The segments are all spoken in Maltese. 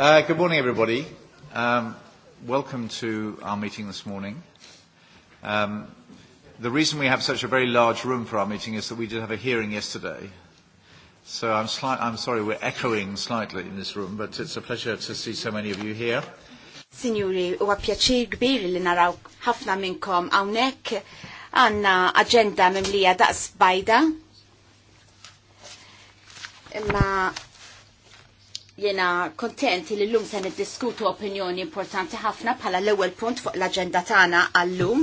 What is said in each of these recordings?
Uh, good morning, everybody. Um, welcome to our meeting this morning. Um, the reason we have such a very large room for our meeting is that we did have a hearing yesterday. So I'm, slight, I'm sorry, we're echoing slightly in this room, but it's a pleasure to see so many of you here. Signori, huwa pjaċir kbir li naraw ħafna minnkom hawnhekk għandna agenda mimlija daqs bajda. Imma Jena kontent li l-lum se niddiskutu opinjoni importanti ħafna bħala l-ewwel punt fuq l-aġenda tagħna għall-lum.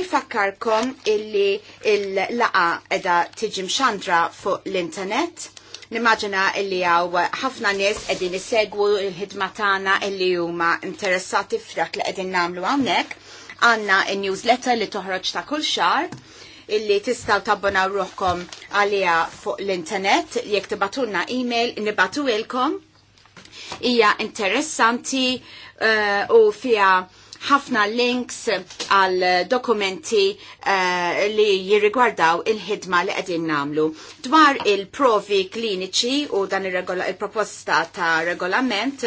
Infakkarkom illi l-laqa edha tiġi mxandra fuq l-internet. Nimmaġina illi għaw ħafna nies edin isegwu il-ħidma tagħna illi huma interessati f'dak li qegħdin nagħmlu hawnhekk. Għanna n-newsletter li toħroġ ta' kull xahar illi tistaw tabbonaw ruħkom għalija fuq l-internet, jek tibatunna e-mail, nibatu ilkom hija interessanti uh, u fija ħafna links għal dokumenti uh, li jirrigwardaw il-ħidma li qegħdin namlu. Dwar il-provi kliniċi u dan il-proposta il ta' regolament,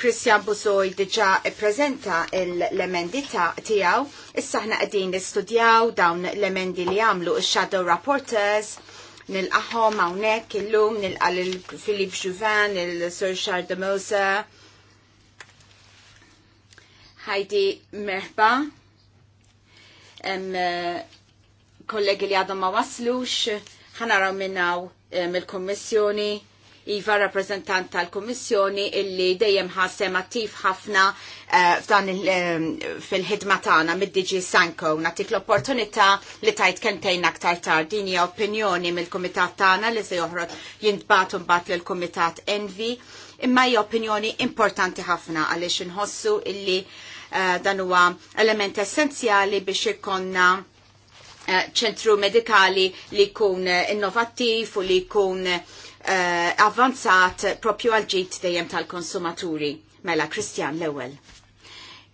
Christian Buzoj diġa prezenta l-emendi tiegħu, issa ħna qegħdin nistudjaw dawn l-emendi li għamlu il-Shadow Rapporters, nil-qaħom għawnek il-lum, nil-qal il-Filip Juvan, il-Sir Charles de Mosa, Heidi Merba, eh, kollegi li għadhom ma waslux, ħanaraw minnaw eh, mill-Kommissjoni Iva rappresentant tal-Kommissjoni illi dejjem ħassem attiv ħafna eh, f'dan eh, fil-ħidma tagħna mid-DG Sanko. Natik l-opportunità li tajt kentejn aktar tard din hija opinjoni mill-Kumitat tagħna li se joħroġ jintbagħtu mbagħad lill-Kumitat Envi imma hija opinjoni importanti ħafna għaliex inħossu illi eh, dan huwa element essenzjali biex ikonna ċentru medikali li jkun innovattiv u li jkun uh, uh, avvanzat propju għal ġit dejjem tal-konsumaturi. Mela, Kristjan l ewwel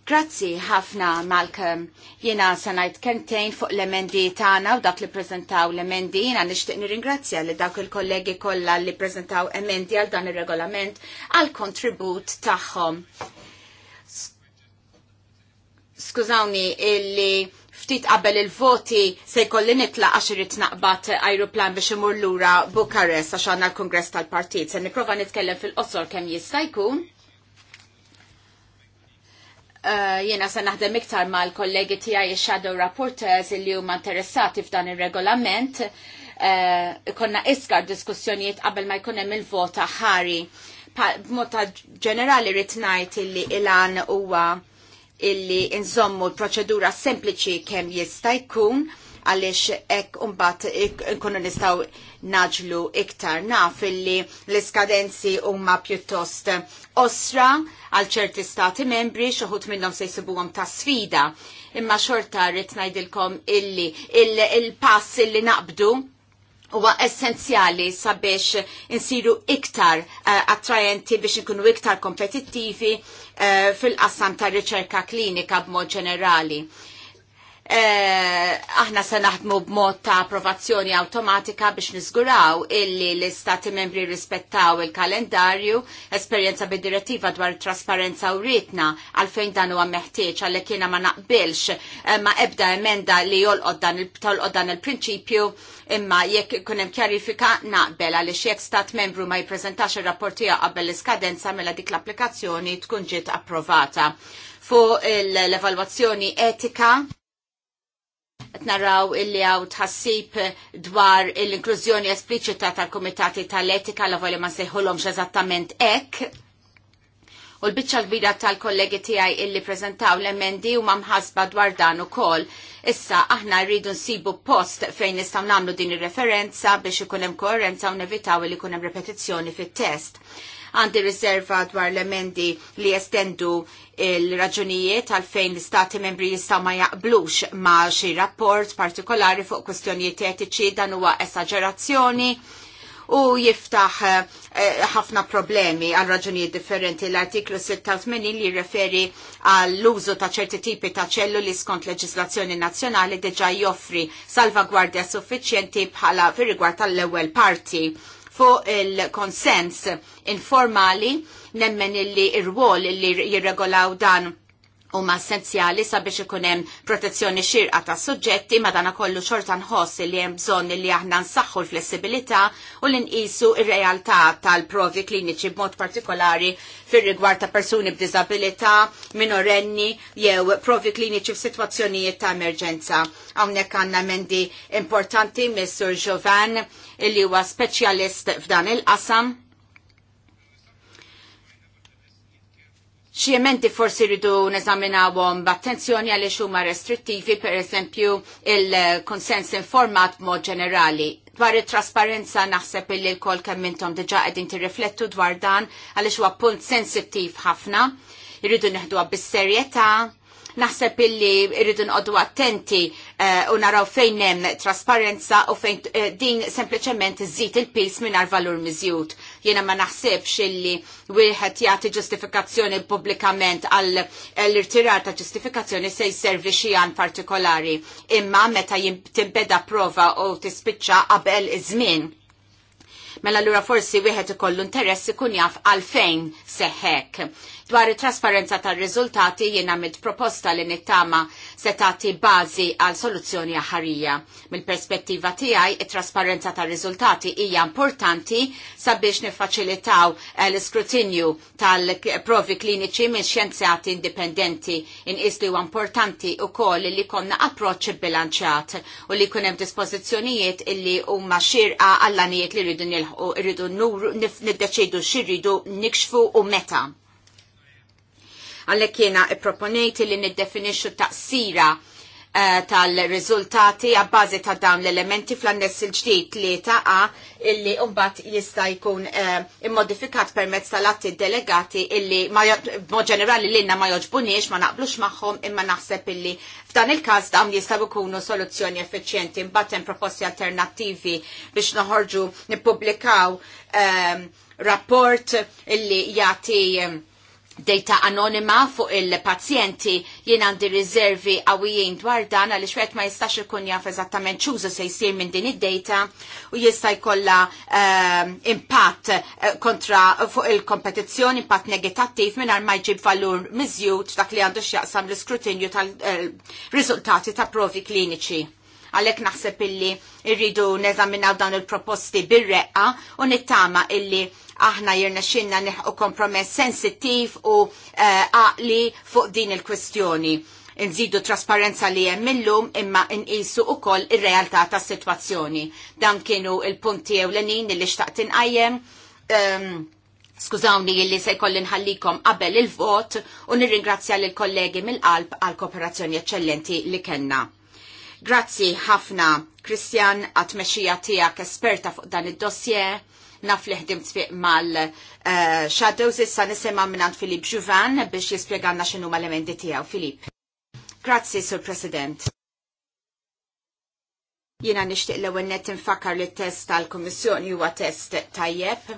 Grazzi ħafna Malcolm. Jena sanajt kentejn fuq l-emendi tagħna u dak li prezentaw l-emendi. Jena nixtieq nirringrazzja li dawk il-kollegi kollha li prezentaw emendi għal dan ir regolament għal kontribut tagħhom. Skużawni illi ftit qabel il-voti se jkolli nitla għax irrid naqbad ajruplan biex imur lura Bukarest għax għandna l-Kongress tal-Partit. Se nipprova nitkellem fil-qosor kemm jista' jkun. Uh, jiena jena se naħdem iktar mal kollegi tiegħi shadow rapporters li huma interessati f'dan ir-regolament. ikonna uh, iskar diskussjonijiet qabel ma jkun hemm il-vota ħari. B'mod ġenerali rrid ngħid illi ilan huwa illi nżommu l-proċedura sempliċi kemm jista' jkun għalix ek unbat nkunu nistaw naġlu iktar naf illi l-iskadenzi umma pjuttost osra għal ċerti stati membri xoħut minnom se jisibuhom ta' sfida imma xorta rritnajdilkom illi il-pass illi naqbdu huwa essenzjali sabiex insiru iktar uh, eh, attrajenti biex inkunu iktar kompetittivi uh, fil-qassam ta' riċerka klinika b'mod ġenerali. Eh, aħna se naħdmu b'mod ta' approvazzjoni awtomatika biex niżguraw illi l-istati membri rispettaw il-kalendarju, esperjenza bid-direttiva dwar trasparenza u ritna għalfejn dan huwa meħtieġ għal kiena ma naqbilx eh, ma ebda emenda li jolqod dan il-prinċipju imma jekk kun hemm kjarifika naqbel għaliex jekk stat membru ma jippreżentax ir-rapport tiegħu qabel l-iskadenza mela dik l-applikazzjoni tkun ġiet approvata. Fu l-evalwazzjoni etika naraw illi għaw tħassib dwar l-inklużjoni espliċita tal-komitati tal-etika la voli ma seħħulhom eżattament ek. U l-bicċa l-bida tal-kollegi tiegħi illi prezentaw l-emendi u mamħasba dwar dan ukoll. Issa aħna rridu nsibu post fejn nistgħu nagħmlu din ir-referenza biex ikun hemm koerenza u nevitaw li jkun hemm repetizzjoni fit-test. Għandi riserva dwar l-emendi li estendu il-raġunijiet għalfejn l-istati membri jistaw ma jaqblux ma xi rapport partikolari fuq kwestjonijiet etiċi dan huwa esagerazzjoni u jiftaħ eh, ħafna eh, problemi għal raġunijiet differenti. L-artiklu 86 li referi għall-użu ta' ċerti tipi ta' ċelluli skont leġislazzjoni nazzjonali deġa joffri salvagwardja suffiċjenti bħala fir-rigward tal-ewwel parti fuq il-konsens informali nemmen il-li ir-wol il-li jirregolaw dan huma essenzjali sabiex ikun hemm protezzjoni xirqa ta' suġġetti madana kollu xorta nħoss li hemm bżonn li aħna nsaħħu l-flessibilità u li nqisu r realtà tal-provi kliniċi b'mod partikolari fir-rigward ta' persuni b'diżabilità, minorenni jew provi kliniċi f'sitwazzjonijiet ta' emerġenza. Hawnhekk għandna mendi importanti Mr. sur Jovan li huwa speċjalist f'dan il-qasam Xi jementi forsi rridu neżaminawhom b'attenzjoni għaliex huma restrittivi, pereżempju il-konsens informat mod ġenerali. Dwar it-trasparenza naħseb illi l-kol kemm intom diġa' qegħdin tirriflettu dwar dan għaliex huwa punt sensittiv ħafna. Irridu neħduha bis-serjetà, Naħseb illi irridu nqoddu attenti eh, u naraw fejn hemm trasparenza u fejn eh, din sempliċement iżid il-pis mingħajr valur miżjud. Jiena ma naħsebx illi wieħed jagħti ġustifikazzjoni pubblikament għal eh, l-irtirar ta' ġustifikazzjoni se jservi xi għan partikolari. Imma meta timbeda prova u tispiċċa qabel iż-żmien mela l forsi wieħed ikollu interess ikun jaf għalfejn seħħek. Dwar it-trasparenza tar-riżultati jiena mid proposta li nittama setati tagħti bażi għal soluzzjoni aħarija. Mill-perspettiva tiegħi it-trasparenza tar-riżultati hija importanti sabiex niffaċilitaw eh, l-iskrutinju tal-provi kliniċi minn xjenzjati indipendenti inqis li huwa importanti wkoll li konna approċċ bilanċjat u li jkun hemm dispożizzjonijiet illi huma xirqa għall anijiet li rridu nilħu, niddeċidu xirridu nikxfu u meta. Għallek jena proponejti li niddefinixxu taqsira eh, tal-rizultati għabbażi ta' dawn l-elementi fl-annes il-ġdijt li ta' a illi umbat jista' jkun eh, immodifikat permezz tal-atti delegati illi mod ġenerali l-inna ma joġbunix ma naqblux maħħom imma naħseb illi f'dan il-kas dawn jistaw jkunu soluzzjoni effiċjenti imbatten proposti alternativi biex noħorġu nipublikaw eh, rapport illi jati data anonima fuq il-pazjenti jien għandi riservi għawijin dwar dan għal xwet ma jistax ikun jaf eżattament ċużu se jsir minn din id-data u jista' jkollha uh, impatt eh, kontra fuq il-kompetizzjoni, impatt negattiv mingħajr ma jġib valur miżjud dak li għandu x'jaqsam l-iskrutinju tal-riżultati eh, ta' provi kliniċi għalek naħseb illi irridu neżaminaw dan il-proposti bir-reqqa u nittama illi aħna jirna xinna neħu kompromess sensittiv u eh, għaqli fuq din il-kwestjoni. Nżidu trasparenza li hemm illum imma nqisu wkoll ir-realtà tas-sitwazzjoni. Dan kienu il-punti ewlenin li xtaqt inqajjem. Ehm, skużawni li se jkolli nħallikom qabel il-vot u nirringrazzja lil kollegi mill-qalb għal kooperazzjoni eccellenti li kenna. Grazzi ħafna Kristjan għat mexxija tiegħek esperta fuq dan id-dossier naf li ħdimt fiq mal-Shadows eh, issa nisema minnant Filip Juvan biex jispiegħanna xinu mal-emendi tijaw. Filip. Grazzi, Sur President. Jina nishtiq li ewel net infakar li test tal-Komissjoni huwa test tajjeb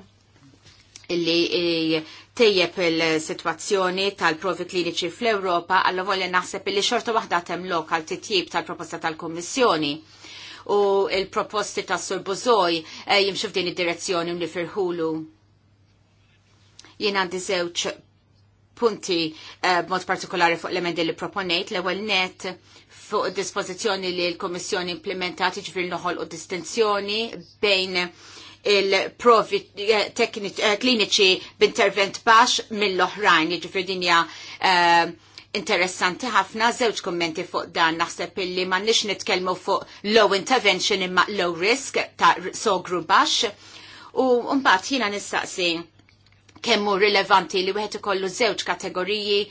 illi tejjeb il-situazzjoni tal-provi kliniċi fl-Europa, għallu volja naħseb illi xorta waħda tem lokal titjib tal-proposta tal komissjoni u il-proposti ta' Sur Bozoj eh, jimxu f'din id-direzzjoni li firħulu. Jien għandi żewġ punti eh, b'mod partikolari fuq l-emendi li proponejt l-ewwel net fuq dispożizzjoni li l komissjoni implementati ġifir noħol u distinzjoni bejn il-provi eh, kliniċi b'intervent baxx mill-oħrajn, ġifir dinja uh, interessanti ħafna żewġ kummenti fuq dan naħseb illi m'għandniex nitkellmu fuq low intervention imma low risk ta' sogru baxx. U mbagħad jiena nistaqsi kemm hu rilevanti li wieħed ikollu żewġ kategoriji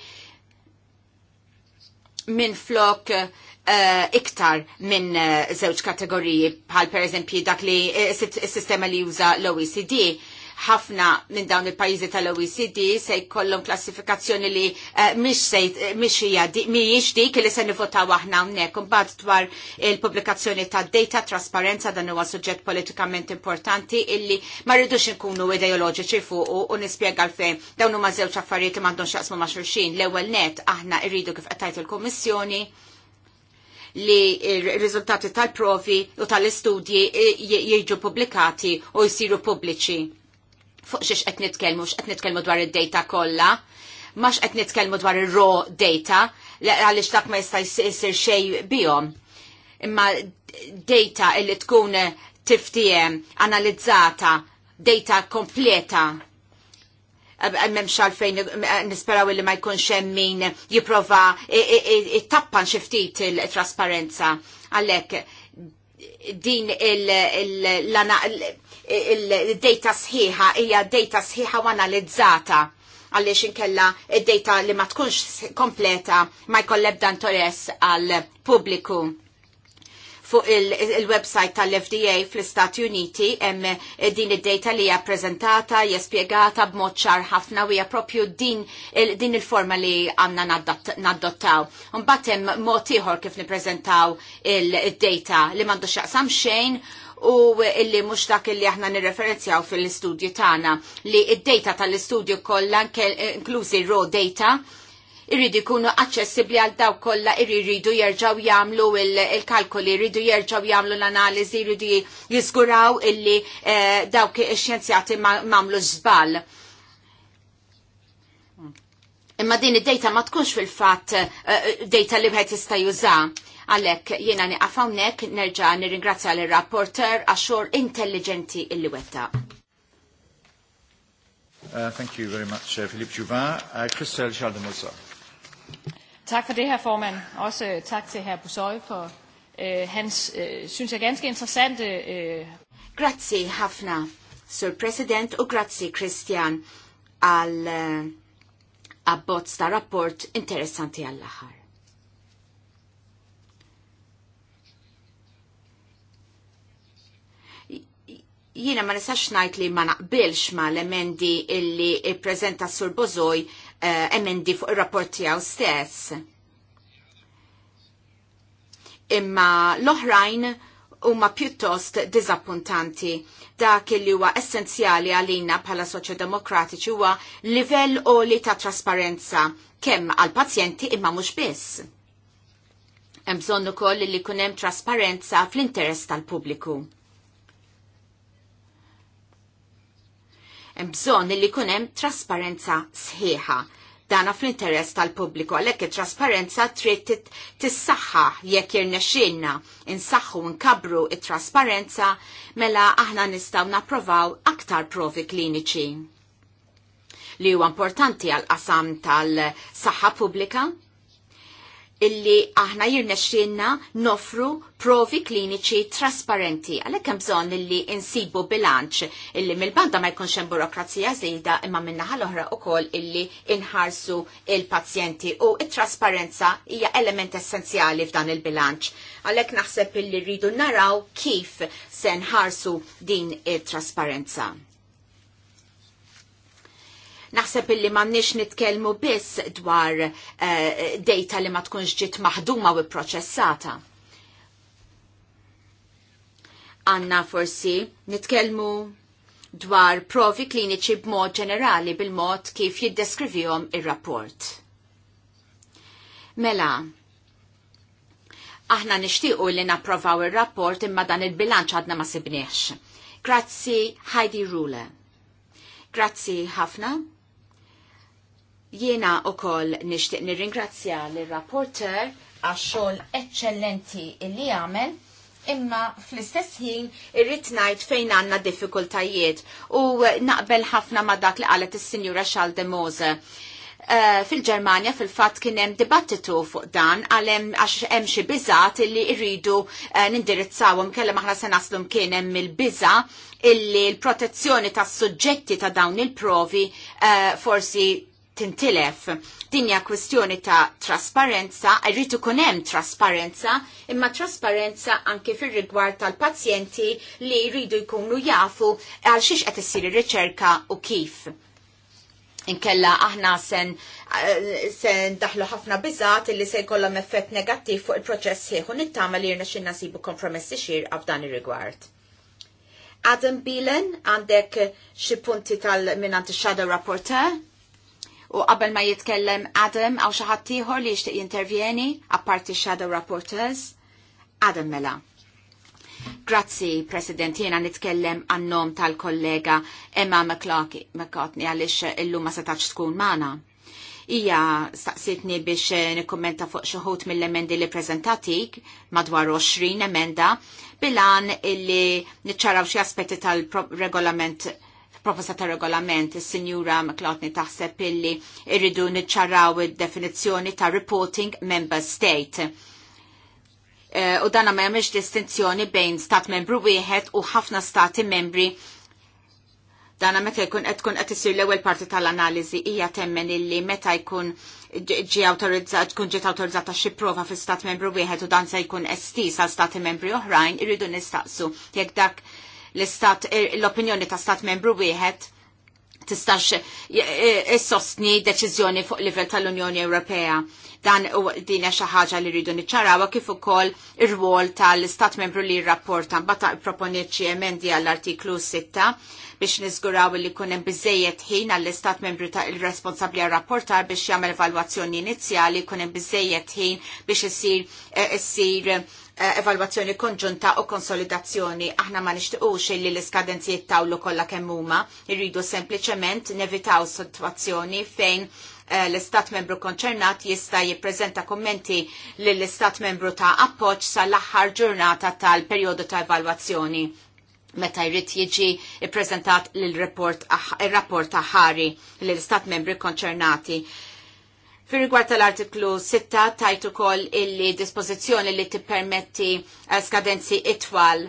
minn flok uh, iktar minn uh, eh, zewċ kategoriji bħal per dak li uh, sistema li juża l-OECD ħafna minn dawn il-pajjiżi tal-OECD se jkollhom klassifikazzjoni li eh, mhix se eh, mhixija hija mhijiex dik li se nivotaw aħna hawnhekk imbagħad dwar il-pubblikazzjoni tad-data trasparenza dan huwa suġġett politikament importanti illi ma rridux inkunu ideoloġiċi fuq u nispjega l-fejn dawn huma żewġ affarijiet li m'għandhomx jaqsmu ma' xulxin. L-ewwel net aħna rridu kif qed il-Kummissjoni li r-riżultati tal-provi u tal-istudji jiġu publikati u jisiru pubbliċi fuq xiex qed nitkellmu x'qed nitkellmu dwar id-data kollha, ma qed nitkellmu dwar ir-raw data għaliex dak ma jista' jsir xejn bihom. Imma data illi tkun tiftiem analizzata, data kompleta memx għalfejn eh, nisperaw li ma jkunx hemm min jipprova it-tappan xi ftit il-trasparenza. Għalhekk din il-data sħiħa hija data sħiħa u analizzata għalliex inkella id-data li ma tkunx kompleta ma jkolleb dan tores għal pubbliku fuq il-website tal-FDA fl-Istati Uniti hemm din id-data li hija preżentata, hija spjegata b'mod ċar ħafna u hija propju din il-forma li għandna naddottaw. Mbagħad hemm mod ieħor kif nippreżentaw il-data li m'għandu x'aqsam xejn u illi mhux dak illi aħna nirreferenzjaw fil-istudju tagħna li id-data tal-istudju kollha eh, inklużi raw data irridu jkunu aċċessibbli għal daw kollha irridu jerġgħu jagħmlu il-kalkoli, irridu jerġgħu jagħmlu l-analiżi, irridu jiżguraw illi eh, dawk ix-xjenzjati m'amlu żball. Imma din id-dejta ma tkunx fil-fatt eh, data li bħet jista' juża. Għalhekk jiena nieqaf hawnhekk nerġa' nirringrazzja lir rapporter għaxor intelligenti illi wetta. Uh, thank you very much, uh, Philippe Juvin. Uh, Christelle Chaldemosa. Tak for det her, formand. Også øh, tak til her Busøj for uh, hans, uh, synes jeg, ganske interessante... Uh... Grazie, Hafna, Sir President, og grazie, Christian, al uh, abbozz ta' rapport interessanti għall-aħħar. Jiena ma nistax ngħid li ma naqbilx ma l-emendi illi ppreżenta Sur Bozoj Eh, emendi fuq ir-rapport tiegħu stess. Imma l-oħrajn huma pjuttost diżappuntanti dak li huwa essenzjali għalina bħala soċjodemokratiċi huwa livell oli ta' trasparenza kemm għal pazjenti imma mhux biss. Hemm bżonn ukoll li jkun hemm trasparenza fl-interess tal-pubbliku. bżonn li jkun hemm trasparenza sħiħa dana fl-interess tal-pubbliku għalhekk it-trasparenza trid tissaħħa jekk irnexxinna insaħħu nkabru it-trasparenza mela aħna nistgħu napprovaw aktar provi kliniċi. Li huwa importanti għal qasam tal-saħħa pubblika illi aħna jirnexxinna nofru provi kliniċi trasparenti. Għalhekk hemm bżonn illi insibu bilanċ illi mill-banda ma jkunx hemm burokrazija żejda imma minnaħa l-oħra wkoll illi inħarsu il-pazjenti u it-trasparenza hija element essenzjali f'dan il-bilanċ. Għalhekk naħseb illi rridu naraw kif se nħarsu din it-trasparenza. Naħseb illi m'għandniex nitkellmu biss dwar uh, data li ma tkunx ġiet maħduma u pproċessata. Anna forsi nitkellmu dwar provi kliniċi b'mod ġenerali bil-mod kif jiddeskrivihom ir-rapport. Mela, aħna nixtiequ li napprovaw ir-rapport imma dan il-bilanċ għadna ma sibniex. Grazzi Heidi Rule. Grazzi ħafna. Jiena u koll nishtiq nirringrazzja l-rapporter għax-xogħol eċċellenti illi għamel imma fl-istess ħin irrid ngħid fejn għandna diffikultajiet u naqbel ħafna ma dak li qalet is-Sinjura Xalde Mose. Uh, eh, fil ġermania fil-fatt kien hemm dibattitu fuq dan għalem għax hemm xi biżat illi rridu uh, nindirizzawhom kellha aħna se naslum kien hemm il-biża illi l-protezzjoni tas-suġġetti ta' dawn il-provi uh, forsi tintilef. Dinja kwestjoni ta' trasparenza, irritu kunem trasparenza, imma trasparenza anke fir rigward tal-pazjenti li jridu jkunu jafu għal xiex qed issir riċerka u kif. Inkella aħna sen, eh, sen daħlu ħafna biżat illi se jkollhom effett negattiv fuq il-proċess sieħu nittama li jirna xinna sibu kompromessi xir f'dan ir-rigward. Adam Bielen, għandek xi punti tal-minant shadow rapporteur? U qabel ma jitkellem Adam għaw xaħat li jishtiq jintervjeni, apparti Shadow Rapporteurs, Adam mela. Grazzi, President, jena nitkellem għannom tal-kollega Emma McCartney għalix illum ma setax tkun mana. Ija staqsitni biex nikkommenta fuq xoħut mill-emendi li prezentatik, madwar 20 emenda, bilan illi nitċaraw xie aspetti tal-regolament proposta ta' regolament, il-Sinjura McLaughlin taħseb illi irridu niċċaraw id-definizzjoni ta' reporting member state. Uh, u dan ma jamiex distinzjoni bejn stat membru wieħed u ħafna stati membri dana meta jkun qed tkun qed isir l-ewwel parti tal-analiżi hija temmen illi meta jkun ġi awtorizzat tkun ġiet awtorizzata xi prova fi stat membru wieħed u dan se jkun estis għal stati membri oħrajn irridu nistaqsu jekk dak l-istat, eh, l-opinjoni ta' stat membru wieħed tistax issostni eh, eh, deċiżjoni fuq livell tal-Unjoni Ewropea. Dan u dina xi ħaġa li rridu niċċarawa kif ukoll ir-rwol tal-Istat Membru li rrapporta mbagħad proponiċi emendi għall-artiklu 6 biex niżguraw li jkun hemm biżejjed ħin għall-Istat Membru ta' il-responsabbli għar-rapportar biex jagħmel evalwazzjoni inizjali jkun hemm biżejjed ħin biex isir isir Eh, evalwazzjoni konġunta u konsolidazzjoni. Aħna ma nixtiqux li l-iskadenzijiet tawlu kollha kemm huma, irridu sempliċement nevitaw situazzjoni fejn eh, l-istat membru konċernat jista' jippreżenta kommenti lill-istat membru ta' appoġġ sal-aħħar ġurnata tal-perjodu ta' evalwazzjoni meta jrid jiġi ppreżentat l rapport aħari lill-istat membri konċernati Fir rigward tal-artiklu 6 tajt ukoll illi dispożizzjoni li tippermetti eh, skadenzi itwal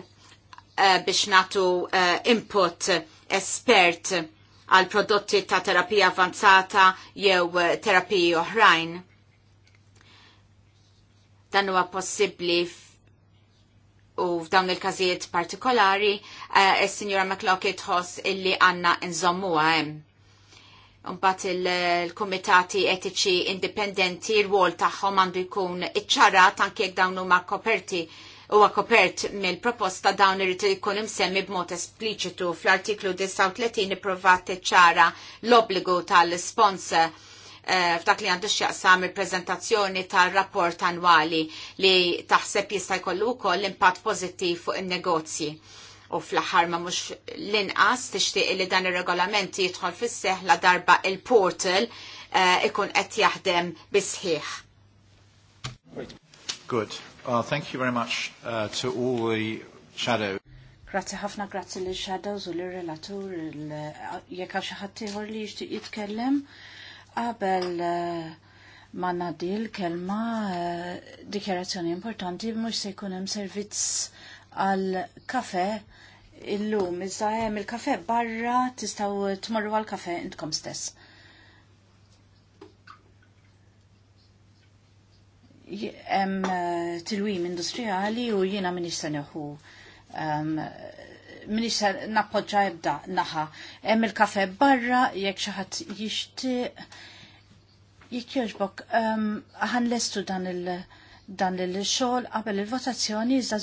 eh, biex natu eh, input espert għal prodotti ta' terapija avanzata jew terapiji oħrajn. Dan huwa possibbli u f'dawn il-każijiet partikolari, is-Sinjura McLaughlin tħoss illi għandna nżommuha hemm. Unbat il-kumitati etiċi indipendenti r-wol tagħhom għandu jkun iċċara anke jekk dawn huma koperti u kopert mill-proposta dawn irid ikun imsemmi b'mod espliċitu fl-artiklu 39 ipprovat iċċara l-obbligu tal-sponsor eh, f'dak li għandu x'jaqsam il-preżentazzjoni tar-rapport annwali li taħseb jista' jkollu wkoll impatt pożittiv fuq in-negozji u fl-aħħar ma mhux l-inqas tixtieq li dan ir-regolament jidħol fis-seħ la darba il-portal eh, ikun qed jaħdem bisħiħ. Good. Well, thank you very much uh, to all the shadows. Grazzi ħafna grazzi li shadows u l-relatur jekk għax ħaddieħor li jixtieq jitkellem qabel uh, ma nadil kelma uh, dikjarazzjoni importanti mhux se jkun hemm servizz għal kafe illum, iżda hemm il-kafe barra tistgħu tmorru għal kafe intkom stess. Hemm eh, tilwim industrijali u jiena m'iniex se neħu ehm, m'iniex se nappoġġa ebda naħa. Hemm il-kafe barra jekk xi ħadd jixtieq jekk jogħġbok ehm, ħanlestu dan il- dan il-xogħol qabel il-votazzjoni iżda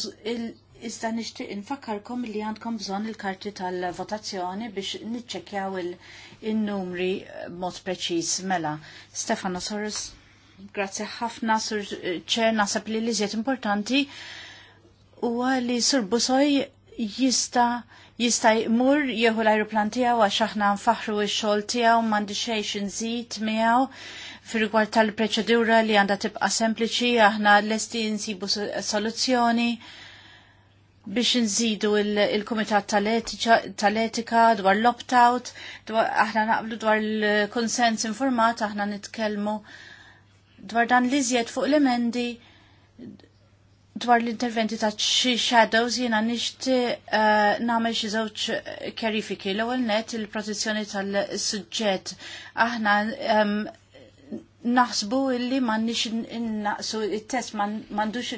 Iżda nixtieq infakkarkom li għandkom bżonn il-karti tal-votazzjoni biex niċċekjaw il-numri eh, mod preċiż mela. Stefano Soros, grazzi ħafna sur ċer eh, nasab li liżjed importanti u li sur Busoj jista jista jmur jieħu l-ajruplan tiegħu għax aħna nfaħru x-xogħol tiegħu m'għandi xejn nżid miegħu fir-rigward tal-proċedura li għandha tibqa' sempliċi aħna lesti nsibu soluzzjoni. So biex nżidu il-Komitat tal-Etika dwar l-opt-out, aħna naqblu dwar l-konsens informat, aħna nitkellmu dwar dan li zjed fuq l-emendi dwar l-interventi ta' xi shadows jiena nixti eh, nagħmel xi żewġ kerifiki. L-ewwel net il-protezzjoni tal-suġġett aħna naħsbu illi nix innaqsu il-test ma mandux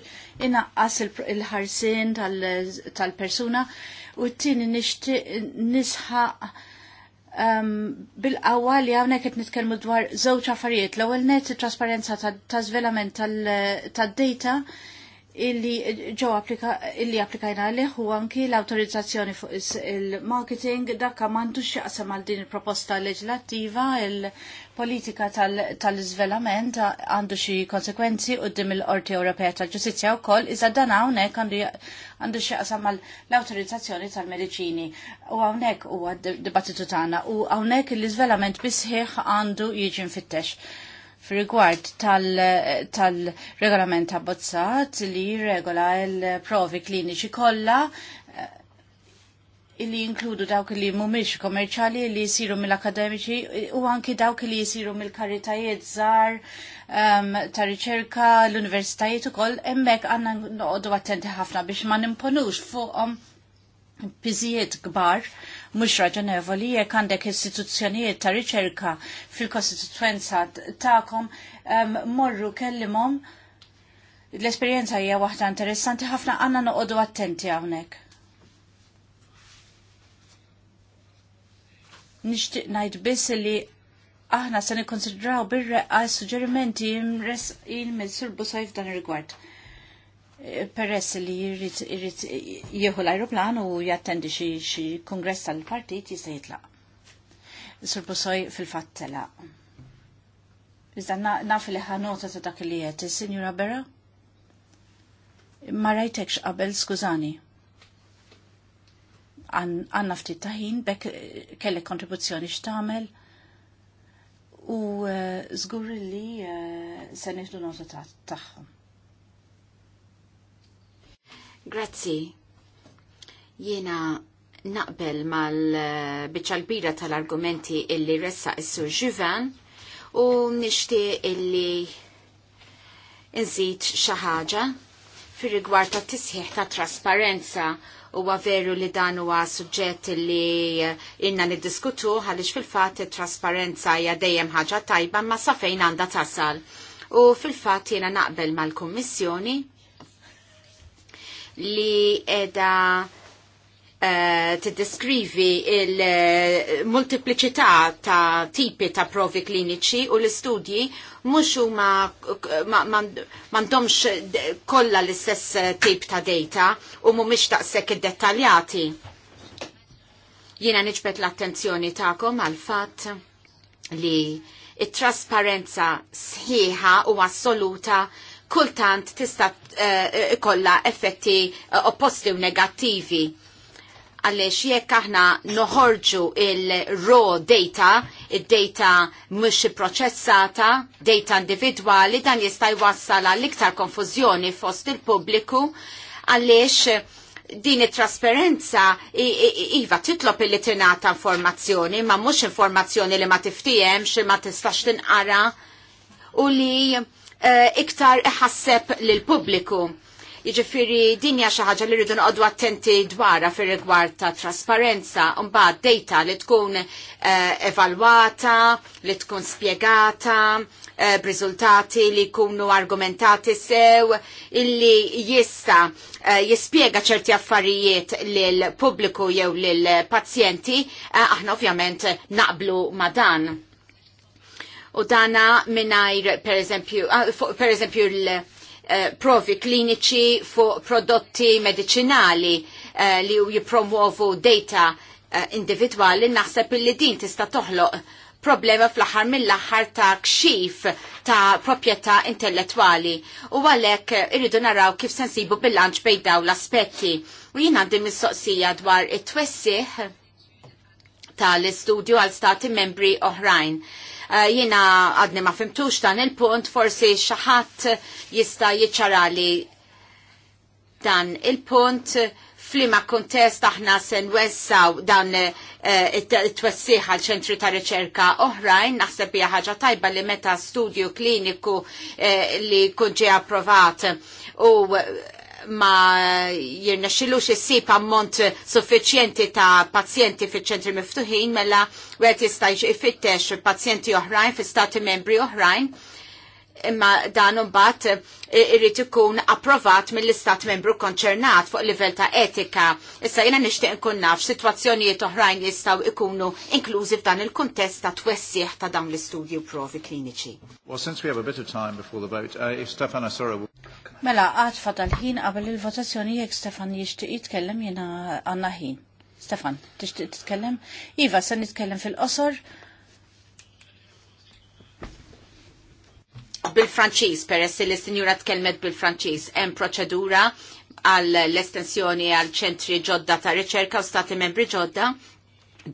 innaqqas il-ħarsin tal-persuna u t-tini nisħaq um, bil-qawwa li hawnhekk qed nitkellmu dwar żewġ affarijiet. L-ewwel net it-trasparenza taż-żvelament tad-data illi ġew illi applikajna għalih u anki l-awtorizzazzjoni fuq il-marketing dakka m'għandux x'jaqsam għal din il-proposta leġislattiva politika tal-izvelament tal għandu xi konsekwenzi qudiem il-Qorti Ewropea tal-Ġustizzja wkoll iżda dan hawnhekk għandu xi qasam l-awtorizzazzjoni tal-mediċini. U hawnhekk huwa dibattitu tagħna u hawnhekk l-iżvelament bisħiħ għandu jiġi mfittex f'rigward tal-regolament tal abbozzat li regola l-provi kliniċi kollha li jinkludu dawk li mumiex komerċali li jisiru mill-akademiċi u anki dawk li jisiru mill-karitajiet zar um, ehm, ta' riċerka l-universitajiet u koll emmek għanna noqdu attenti ħafna biex ma nimponux fuqom pizijiet gbar mux raġonevoli jek għandek istituzzjonijiet ta' riċerka fil-kostituenza ta'kom um, ehm, morru kellimom l-esperienza hija waħda interessanti ħafna għanna noqdu attenti għawnek nixtieq ngħid biss li aħna se nikkonsidraw bir suġerimenti suġġerimenti il minn surbu Sajf dan ir-rigward. E, peress li jrid jieħu l-ajruplan u jattendi xi kongress tal-partit jista' jitlaq. Surbu Soj fil fat telaq. Iżda naf li ħanota ta' dak li qed is-Sinjura Berra? Ma rajtekx qabel, skużani għanna ftit taħin bekk eh, kellek kontribuzzjoni x'tagħmel u eh, żgur li eh, se nieħdu nota tagħhom. Grazzi. Jiena naqbel mal-biċċa kbira tal-argumenti illi ressa is-Sur Juvan u nixtieq illi nżid xi ħaġa fir-rigward tat-tisħiħ ta' trasparenza huwa veru li dan huwa suġġett li inna niddiskutu għaliex fil-fatt it-trasparenza hija dejjem ħaġa tajba ma sa fejn għandha tasal. U fil-fatt jiena naqbel mal-Kummissjoni li edha Eh, t-deskrivi il-multipliċità ta' tipi ta' provi kliniċi u l-istudji mhux huma m'għandhomx kollha l-istess eh, tip ta' data u mhumiex taqsek iddettaljati. Jiena nġbet l-attenzjoni tagħkom għal fatt li it-trasparenza sħiħa u assoluta kultant tista' eh, kolla effetti opposti u negattivi għaliex jekk aħna noħorġu il-raw data, il-data mux proċessata, data individwali, dan jistaj jwassal għal iktar konfużjoni fost il-pubbliku għaliex din it-trasparenza iva titlob illi tingħata informazzjoni, ma mhux informazzjoni li ma tiftijemx, ma tistax tinqara u li eh, iktar iħasseb l pubbliku Jiġifieri din hija xi ħaġa li rridu noqogħdu attenti dwarha fir-rigward ta' trasparenza, mbagħad data li tkun eh, evalwata, li tkun spjegata, eh, b'riżultati li jkunu argumentati sew, illi jista eh, jispjega ċerti affarijiet lil pubbliku jew lil pazjenti, aħna ovvjament naqblu ma' dan u dana minnajr per eżempju ah, per eżempju Eh, provi kliniċi fuq prodotti medicinali eh, li u jipromuovu data eh, individuali naħseb li din tista' toħloq problema fl-aħħar mill-aħħar ta' kxif ta' proprjetà intellettwali u għalhekk irridu naraw kif sensibu bilanċ bejn dawn l-aspetti. U jien għandi mistoqsija dwar it-twessih tal-istudju għal stati membri oħrajn. Eh, Jiena għadni ma fimtux dan il-punt, forsi xaħat jista jiċċarali dan il-punt flima kontest aħna sen wessaw dan eh, it-twessiħ għal ċentri ta' riċerka oħrajn, naħseb hija ħaġa tajba li meta studju kliniku eh, li kun ġie approvat u ma jirnexxilux issib ammont suffiċjenti ta' pazjenti fiċ-ċentri miftuħin mela wieħed jista' jfittex pazjenti oħrajn fi stati membri oħrajn imma dan mbagħad eh, irrit ikun approvat mill-istat membru konċernat fuq livell ta' etika. Issa jiena nixtieq nkun naf sitwazzjonijiet oħrajn jistgħu ikunu inklużi f'dan il-kuntest ta' twessieħ ta' dawn l-istudju provi kliniċi. Well, since we have a bit of time before the vote, uh, if Stefan Asura Mela, għad fadal ħin qabel il-votazzjoni jekk Stefan jixtieq jitkellem jiena għandna ħin. Stefan, tixtieq titkellem? Iva, se nitkellem fil-qosor bil-Franċiż, peress li s-Sinjura tkellmet bil-Franċiż, hemm proċedura għall l-estensjoni għal ċentri ġodda ta' riċerka u stati membri ġodda.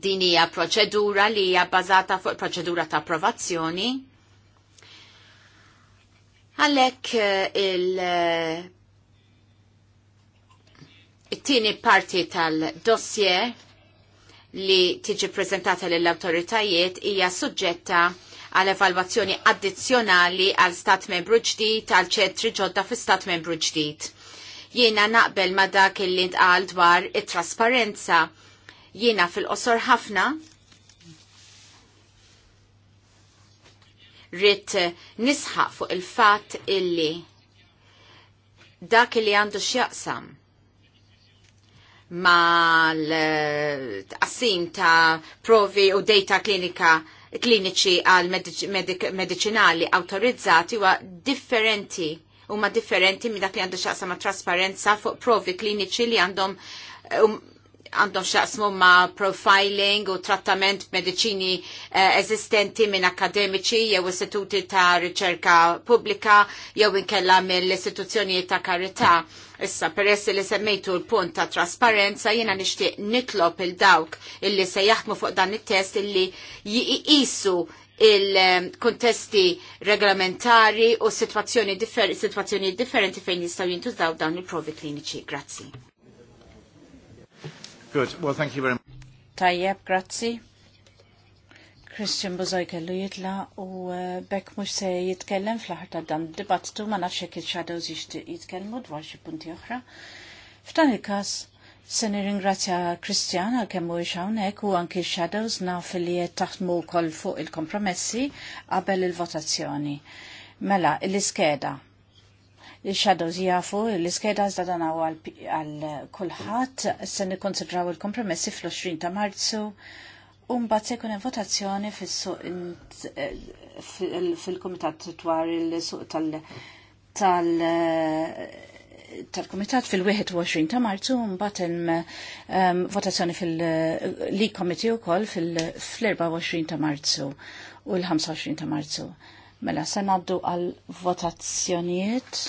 Din hija proċedura li hija bbażata fuq proċedura ta' approvazzjoni. Għalhekk eh, il- eh, it-tieni parti tal-dossier li tiġi prezentata lill-awtoritajiet hija suġġetta għal evalwazzjoni addizzjonali għal stat membru ġdid għal ċentri ġodda fi stat membru ġdid. Jiena naqbel ma dak il ntqal dwar it-trasparenza. Jiena fil-qosor ħafna Rrid nisħaq fuq il-fat illi dak li għandu x'jaqsam mal tqassim ta' provi u data klinika kliniċi għal medicinali autorizzati huwa differenti huma differenti minn dak li għandu xaqsa ma' trasparenza fuq provi kliniċi li għandhom um, għandhom xaqsmu ma' profiling u trattament medicini uh, eżistenti minn akademiċi jew istituti ta' riċerka pubblika jew inkella mill istituzzjoni ta' karità. Issa, peress li semmejtu l-punt ta' trasparenza, jena nishtiq nitlob il-dawk illi se jaħdmu fuq dan il-test illi jiqisu il-kontesti reglamentari u situazzjoni, differ differenti fejn jistaw daw dawn il-provi kliniċi. Grazzi. Good. Well, thank you very much. Tajjeb, grazzi. Christian Bozoj kellu jitla u eh, bekk mux se jitkellem fl-ħar ta' dan dibattitu ma nafx jekk il-shadows jitkellmu dwar xi punti oħra. F'dan il-każ se nirringrazzja Christian għal kemm mhuwiex hawnhekk u anki shadows naf li qed taħdmu wkoll fuq il-kompromessi qabel il-votazzjoni. Mela, l-iskeda. Il-shadows jafu l-iskeda iżda għal kulħadd se nikkonsidraw il-kompromessi fl-20 ta' Marzu Umbat se kunem votazzjoni fil-komitat dwar il-suq tal- tal-komitat komitat fil 21 ta' marzu mbagħad hemm ehm, votazzjoni fil-League Committee wkoll fil-24 ta' marzu u l-25 ta' marzu. Mela se ngħaddu għal votazzjonijiet.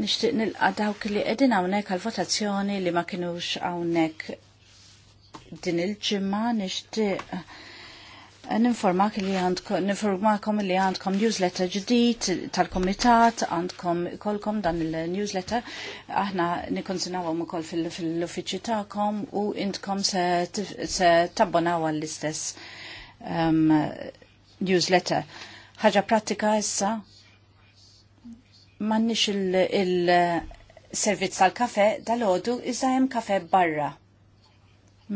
Nixtieq nilqa' dawk li edin hawnhekk għal votazzjoni li ma kinux hawnhekk din il-ġimma nixtieq eh, Ninformak li għandkom, ninformakom li għandkom newsletter ġdid tal-komitat, għandkom kolkom dan il-newsletter, aħna nikonsinawom għom kol fil-uffiċi ta'kom u intkom se tabbonaw għall-istess um, newsletter. ħaġa pratika issa, mannix il-servizz il, eh, tal kafe dal-ħodu, iżda kafe barra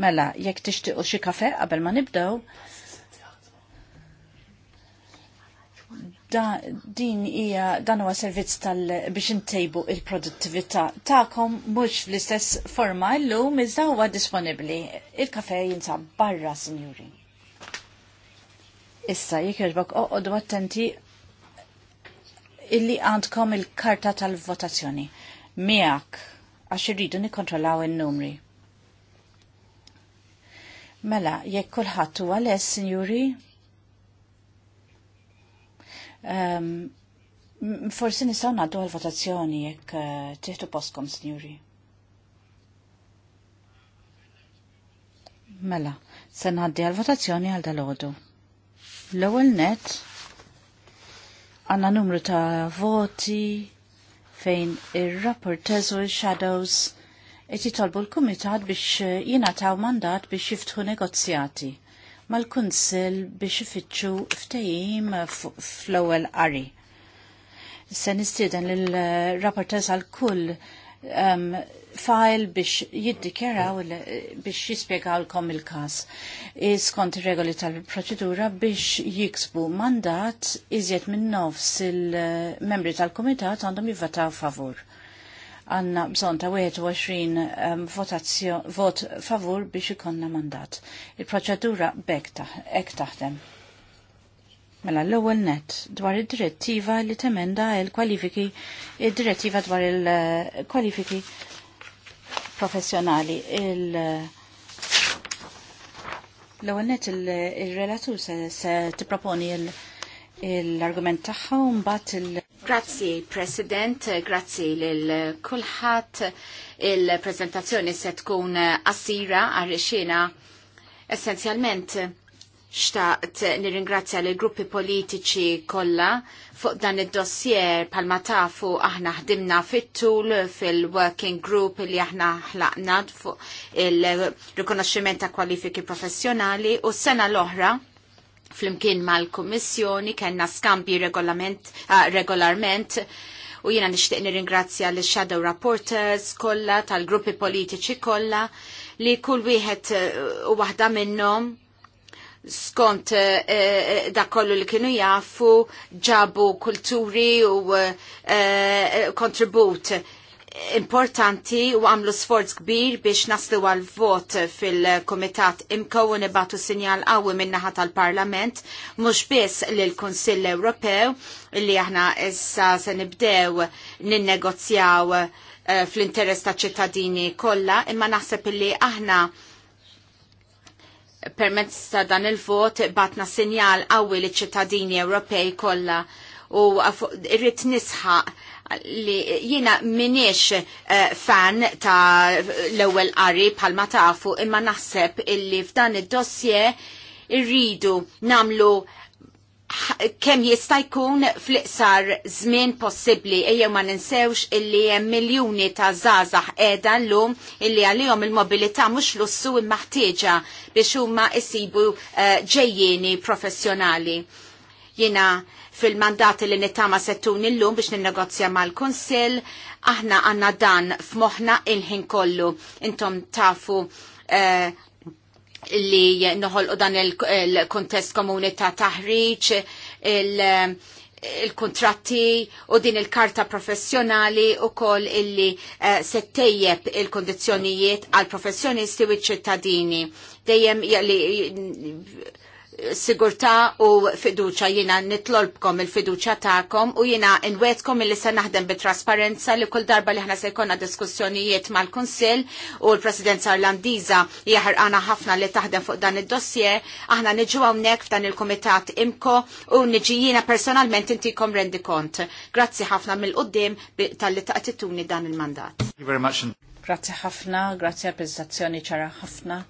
Mela, jekk tixtiqu xi kafe qabel ma nibdew, da, din hija dan huwa servizz tal biex intejbu il-produttività tagħkom mhux fl-istess forma llum iżda huwa disponibbli. Il-kafe jinsab barra, sinjuri. Issa jekk jogħġbok oqgħodu attenti illi għandkom il-karta tal-votazzjoni miegħek għax irridu nikkontrollaw in-numri. Mela, jekk kulħadd huwa les, sinjuri? Um, forsi nistgħu ngħaddu għall votazzjoni jekk uh, tieħdu postkom, sinjuri. Mela, se ngħaddi għall votazzjoni għal dalodu. L-ewwel net għandna numru ta' voti fejn ir-rapportez u shadows qed jitolbu l-Kumitat biex eh, jingħataw mandat biex jiftħu negozjati mal-Kunsill biex ifittxu ftehim fl-ewwel qari. Se nistieden lill rapportez għal kull um, file biex jiddikjaraw biex l-kom il-kas. Skont regoli tal-proċedura biex jiksbu mandat iżjed minn nofs il-membri eh, tal kumitat għandhom jivvataw favur għanna bżon ta' 21 um, ehm, vot favur biex ikonna mandat. Il-proċedura bek ek taħdem. Mela l-ewwel net dwar id-direttiva li temenda il-kwalifiki id-direttiva dwar il-kwalifiki professjonali il- L-ewwel net il-relatur se tipproponi l-argument tagħha un mbagħad il Grazzi, President, grazzi l-kulħat. Il-prezentazzjoni se tkun assira għarrexina. Essenzjalment, xtaqt nirringrazzja l gruppi politiċi kollha fuq dan id-dossier palma tafu aħna ħdimna fit-tul fil-working group li aħna ħlaqna fuq il-rikonoxximent ta' kwalifiki professjonali u s-sena l-oħra Flimkien mal-Kommissjoni kellna skambi ah, regolarment u jiena nixtieq nirringrazzja l shadow Rapporters kollha tal-gruppi politiċi kollha li kull wieħed eh, u waħda minnhom skont eh, eh, da kollu li kienu jafu ġabu kulturi u kontribut importanti u għamlu sforz kbir biex naslu għal vot fil-Komitat imkow u nibatu sinjal għawi minnaħat tal-Parlament, mux biss l-Konsill Ewropew, li aħna issa se nibdew ninnegozjaw eh, fl-interess ta' ċittadini kollha, imma naħseb li aħna permezz ta' dan il-vot batna sinjal għawi li ċittadini Ewropej kollha u irrit nisħaq li jiena minix uh, fan ta' l-ewwel qari bħalma tafu imma naħseb illi f'dan id-dossier irridu namlu kem jista' jkun fl-iqsar żmien possibbli ejjew ma ninsewx illi hemm miljuni ta' żgħażagħ l llum illi għalihom il-mobilità mhux lussu immaħtieġa biex huma jsibu eh, ġejjieni professjonali. Jiena fil-mandati li nittama settun illum biex ninnegozja mal-Konsil, aħna għanna dan f'moħna il-ħin kollu. Intom tafu li eh, li noħolqu dan il-kontest komuni ta' taħriċ, il- il-kontratti u din il-karta professjonali u kol illi uh, settejjeb il-kondizjonijiet għal professjonisti u ċittadini. Dejjem jali sigurta u fiduċa jina nitlolbkom il-fiduċa ta'kom u jina nwetkom il-li se naħdem bit-trasparenza li kull darba li ħna se jkonna diskussjonijiet mal konsil u l-Presidenza Irlandiza jaħarqana ħafna li taħdem fuq dan id-dossier, aħna niġu hawnhekk f'dan il-Kumitat Imko u niġi jina personalment intikom rendi kont. Grazzi ħafna mill qoddim tal-li taqtituni dan il-mandat. Grazzi ħafna, grazzi għal prezentazzjoni ċara ħafna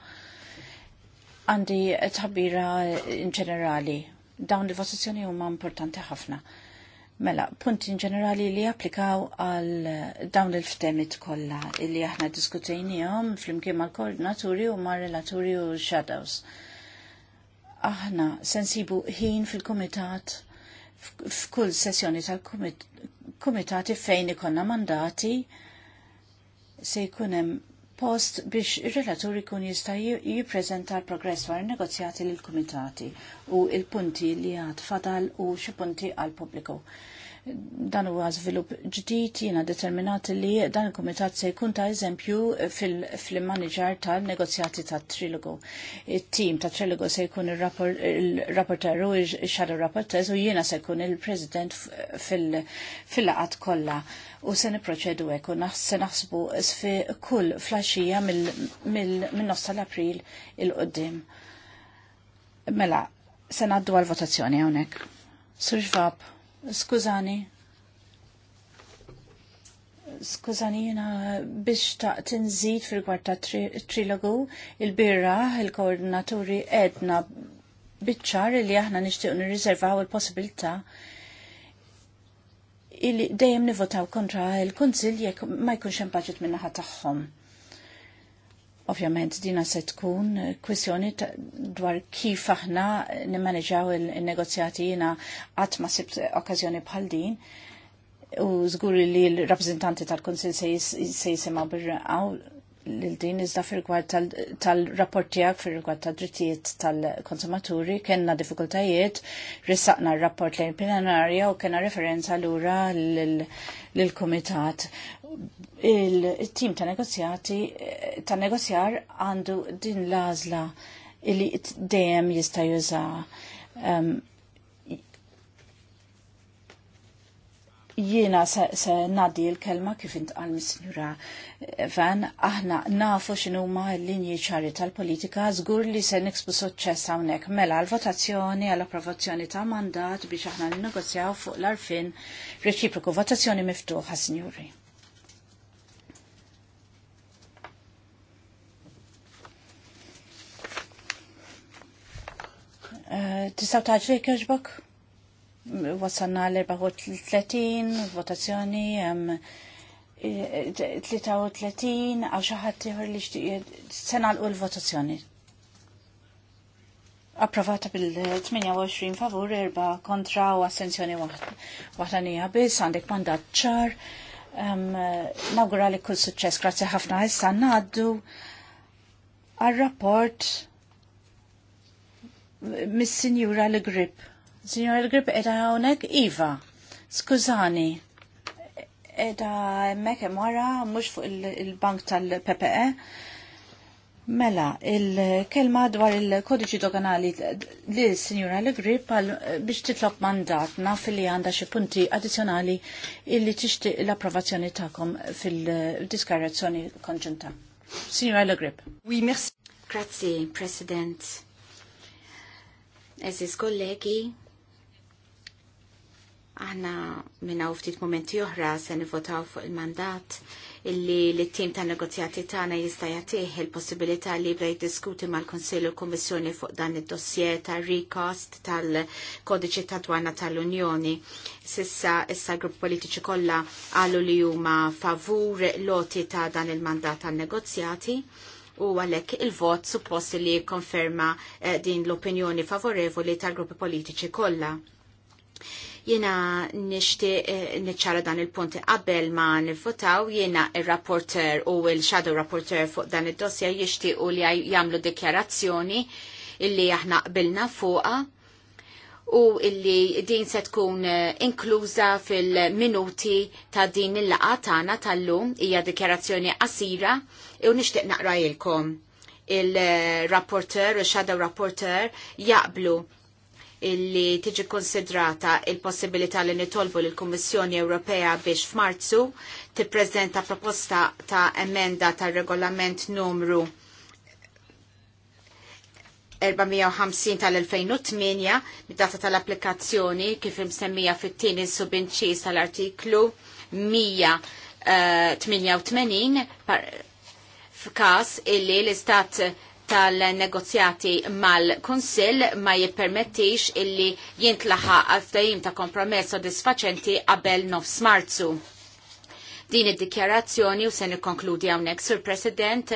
għandi tħabira in ġenerali. Dawn il votazzjoni huma importanti ħafna. Mela, punti in ġenerali li applikaw għal dawn il-ftemit kollha li aħna fl flimkien mal-koordinaturi u mar-relaturi u shadows. Aħna sensibu ħin fil-komitat f'kull sessjoni tal-komitati fejn ikonna mandati se jkun hemm post biex il-relatur ikun jista jippreżenta l-progress war negozjati l-komitati u il-punti li għad fadal u xi punti għal-pubbliku. Dan huwa żvilupp ġdid jiena determinati li dan il-kumitat se jkun ta' eżempju fil-manager tal-negozjati ta' Trilogo. It-tim ta' Trilogo se jkun il-rapporter u il-shadow rapporters u jiena se jkun il-president fil-laqat kollha u se niproċedu hekk u se naħsbu fi kull flasġija mill-nofs tal-April il-qoddim. Mela, se naddu għal-votazzjoni hawnhekk. Sur ġvab. Skużani. Skużani jena biex taqt tinżid fil ta' trilogu il-birra il-koordinaturi edna bitċar li aħna nixtieq nirriservaw il-possibilità il dejjem nivotaw kontra il-Kunsill jekk ma jkunx hemm budget min-naħa tagħhom Ovvjament dina se tkun eh, kwestjoni dwar kif aħna nimmaneġaw il-negozjati jina qatt ma sibt okkażjoni bħal din u żguri li l-rappreżentanti tal konsil se jisema birraqgħu lil din iżda fil gwad tal-rapport tiegħek fil-rigward tad-drittijiet tal-konsumaturi kena diffikultajiet, rissaqna r-rapport lejn plenarja u kellna referenza lura lill-kumitat il-tim ta' negozjati ta' negozjar għandu din l-għażla li dejjem jista' juża um, jiena se, se nadi l-kelma kif intqal mis-Sinjura Van, aħna nafu x'inhuma l-linji ċari tal-politika, żgur li se niksbu suċċess hawnhekk mela l-votazzjoni għall approvazzjoni ta' mandat biex aħna n-negozjaw fuq l-arfin reċiproku votazzjoni miftuħa, Sinjuri. Eh, tistaw taġri kħiġbok? Wasanna l-34, votazzjoni, 33, għaw xaħat tiħor li sena l-votazzjoni. Approvata bil-28 favur, erba kontra u assenzjoni waħda nija bis, għandek mandat ċar. Um, Nawgura li kull suċċess, grazie ħafna issa naddu għal-rapport mis-Sinjura l-Grip. Sinjura l-Grip edha hawnhekk Iva. Skużani. Edha hemmhekk hemm wara mhux fuq il-bank il bank tal ppe Mela, il-kelma dwar il-kodiċi doganali li s-Sinjura Legrip biex titlop mandat naf li għanda xie punti addizjonali illi tixti l-approvazzjoni ta'kom fil-diskarazzjoni konġunta. Sinjura l-Grip. Oui, merci. Grazie, President eżis kollegi, aħna minna ftit momenti oħra se nivotaw fuq il-mandat illi l-tim ta' negozjati tagħna jista' jagħtih il-possibilità li jibda jiddiskuti mal-Konsilju Kummissjoni fuq dan id-dossier ta' recost tal-Kodiċi ta' Dwana tal-Unjoni. Sissa issa grupp politiċi kollha għalu li huma favur loti ta' dan il-mandat tan-negozjati u għalhekk il-vot suppost li konferma eh, din l-opinjoni favorevoli tal-gruppi politiċi kollha. Jiena nishti eh, niċċara dan il-punt qabel ma nifotaw, jiena il-rapporter u il-shadow rapporter fuq dan id-dossier jixtiequ li jagħmlu dikjarazzjoni illi aħna qbilna fuqa u illi din se tkun eh, inkluża fil-minuti ta' din il-laqa tagħna tal-lum hija dikjarazzjoni qasira u nixtieq naqrajilkom il-rapporter, il-shadow rapporter jaqblu illi tiġi konsidrata il-possibilità li nitolbu l-Kommissjoni Ewropea biex f'Marzu tippreżenta proposta ta' emenda tar regolament numru 450 tal-2008 mid-data tal-applikazzjoni kif imsemmija fit-tieni subinċis tal-artiklu 188 eh, f'każ illi l-istat tal-negozjati mal kunsill ma jippermettix illi jintlaħa għal ta' kompromess sodisfaċenti qabel nofs Marzu din id-dikjarazzjoni u se nikkonkludi hawnhekk sur President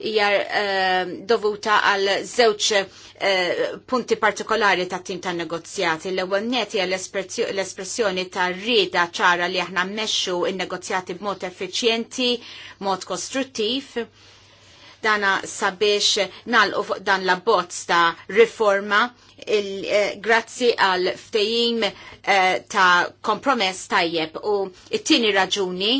hija eh, dovuta għal żewġ eh, punti partikolari ta' tim ta' negozjati. L-ewwel net hija l-espressjoni ta' rieda ċara li aħna mmexxu in-negozjati b'mod effiċjenti, mod kostruttiv dana sabiex nalqu fuq dan la bozz ta' riforma eh, grazzi għal ftejim ta' kompromess tajjeb u it-tieni raġuni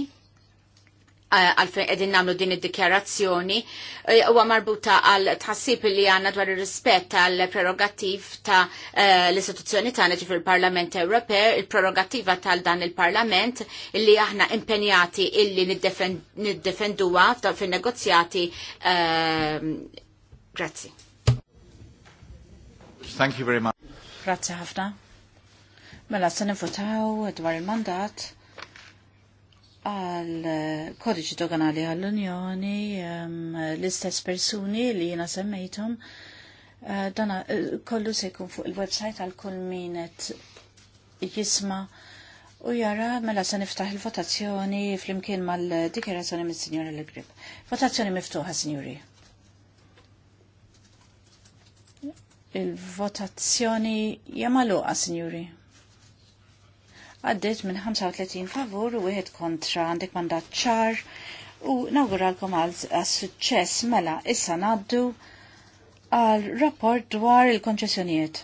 Eh, għalfejn edin namlu din id-dikjarazzjoni eh, huwa marbuta għal tħassib li għanna dwar ir-rispett għal prerogattiv ta' eh, l-istituzzjoni tagħna ġifir il-Parlament Ewropew, il-prerogattiva tal dan il-Parlament illi aħna impenjati illi niddefenduha fin-negozjati. Ehm, grazzi. Thank you very much. Grazzi ħafna. Mela se sanifutaw dwar il-mandat għal eh, kodiċi doganali għall-Unjoni ehm, l-istess persuni li jina semmejtum eh, dana eh, kollu se jkun fuq il-websajt għal kull minet jisma u jara mela se niftaħ il-votazzjoni fl-imkien mal-dikjerazzjoni mis sinjora l grib Votazzjoni miftuħa, Sinjuri. Il-votazzjoni jamaluqa, Signori għaddit minn 35 favur u wieħed kontra għandek mandat ċar u nawguralkom għal suċċess mela issa naddu għal rapport dwar il-konċessjonijiet.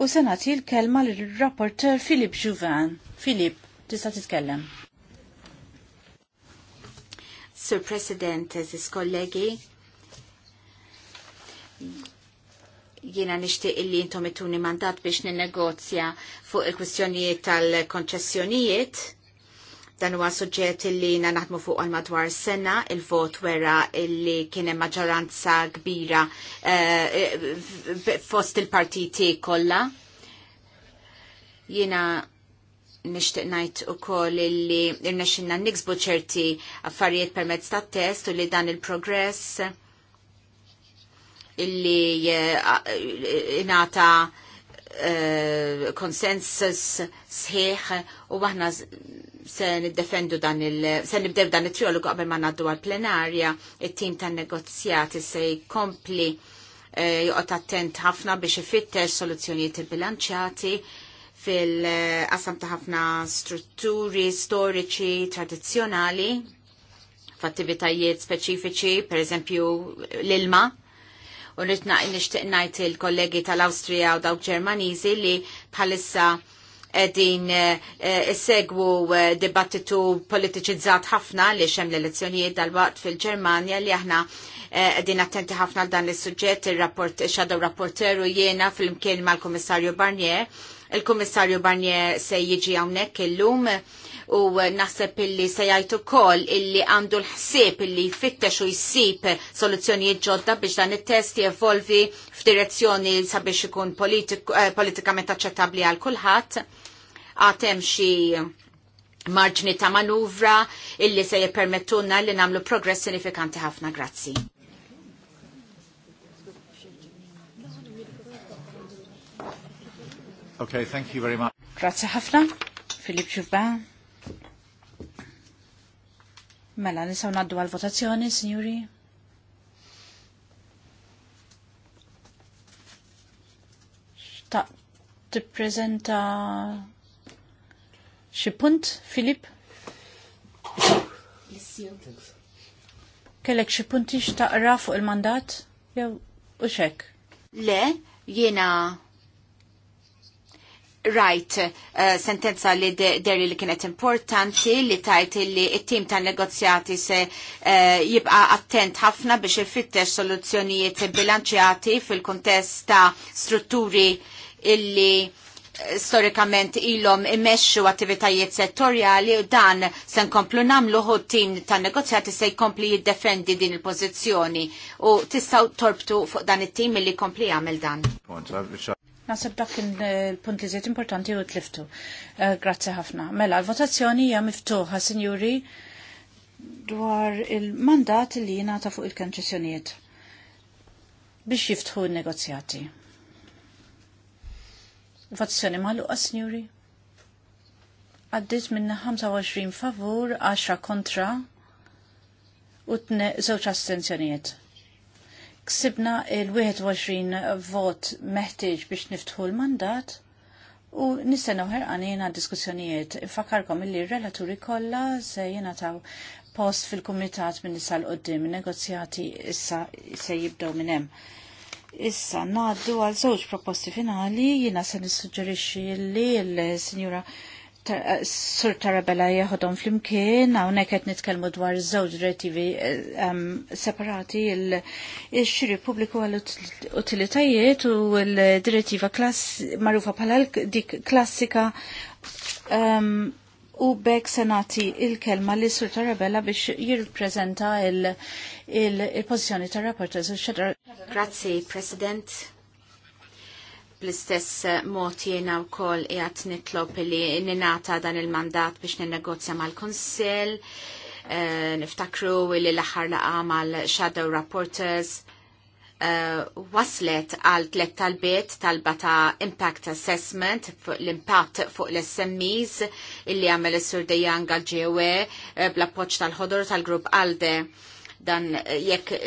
U senati l-kelma l-rapporter Filip Juvan. Filip, tista' titkellem. Sir President, eżis kollegi, jiena nixtieq illi intom ituni mandat biex ninnegozja fuq il-kwistjonijiet tal-konċessjonijiet. Dan huwa suġġett illi jiena naħdmu fuq għal madwar sena il-vot wera illi kien hemm maġġoranza kbira eh, fost il-partiti kollha. Jiena nishtiq najt u koll illi irnexinna niksbu ċerti affarijiet permezz tat test u li dan il-progress illi eh, eh, inata eh, konsensus sħiħ u maħna se niddefendu dan il se nibdew dan it-triologu qabel ma ngħaddu għall-plenarja, it-tim tan-negozjati se jkompli joqgħod attent ħafna biex ifittex soluzzjonijiet ibbilanċjati fil-qasam ta' ħafna strutturi storiċi tradizzjonali f'attivitajiet speċifiċi, per eżempju l-ilma, u nixtieq ngħid il-kollegi tal-Awstrija u dawk Ġermaniżi li bħalissa din eh, eh, segwu eh, dibattitu politiċizzat ħafna li xem l-elezzjonijiet dal-waqt fil-Ġermanja li aħna din attenti ħafna dan is-suġġett il-rapport xadow rapporteru jiena fil-mkien mal-Kummissarju Barnier. Il-Kummissarju Barnier se jiġi hawnhekk illum u naħseb illi se jgħid ukoll illi għandu l-ħsieb illi jfittex u jsib soluzzjonijiet ġodda biex dan it-test jevolvi f'direzzjoni sabiex ikun eh, politikament aċċettabbli għal kulħadd għatem xi marġni ta' manuvra illi se jippermettuna li namlu progress sinifikanti ħafna grazzi. Okay, thank you very much. Grazie ħafna, Filip Ġubba. Mela, nisaw naddu għal-votazzjoni, signori? Ta' t-prezenta xie punt, Filip? Kellek xie punti xtaqra fuq il-mandat? Jew, xek? Le, jena rajt uh, sentenza li deri li kienet importanti li tajt li it-tim ta' negozjati se uh, jibqa attent ħafna biex ifittex soluzzjonijiet bilanċjati fil-kontest ta' strutturi illi uh, storikament ilhom imexxu attivitajiet settorjali u dan se nkomplu nagħmlu tim tan negozjati se jkompli jiddefendi din il pożizzjoni u tistgħu torbtu fuq dan it-tim milli jkompli jagħmel dan. Nasib dak il-punt li ziet importanti u tliftu. Eh, grazzi ħafna. Mela, l votazzjoni hija miftuħa, sinjuri, dwar il-mandat li ta' fuq il kanċessjonijiet biex jiftħu n-negozjati. Votazzjoni maluqa, sinjuri? Għaddit minna 25 favur, 10 kontra u 2 astenzjonijiet ksibna il-21 vot meħtieġ biex niftħu l-mandat u nistennew ħerqanina diskussjonijiet. Infakarkom illi r-relaturi kollha se jingħataw post fil-kumitat minn issa l qoddim negozjati issa se jibdew minn hemm. Issa ngħaddu għal żewġ proposti finali jiena se nissuġġerixxi li l-Sinjura il Eh, Sur Tarabella fl flimkien, hawnhekk qed nitkellmu dwar żewġ direttivi eh, separati il-xiri pubbliku għal utilitajiet u l-direttiva magħrufa bħala dik klassika u bek senati il-kelma li Sur Tarabella biex jirrappreżenta il pozizjoni tar rapporta Grazzi, President bl-istess mod jiena wkoll qiegħed nitlob li ninata dan il-mandat biex ninnegozja mal-Kunsill, eh, niftakru li l-aħħar laqa mal-Shadow Rapporters uh, waslet għal tlet talbiet talba ta' impact assessment l-impatt fuq l-SMEs illi għamel is-sur Dejan għal-ġewe eh, bla poċ tal-ħodur tal-grupp Alde dan jekk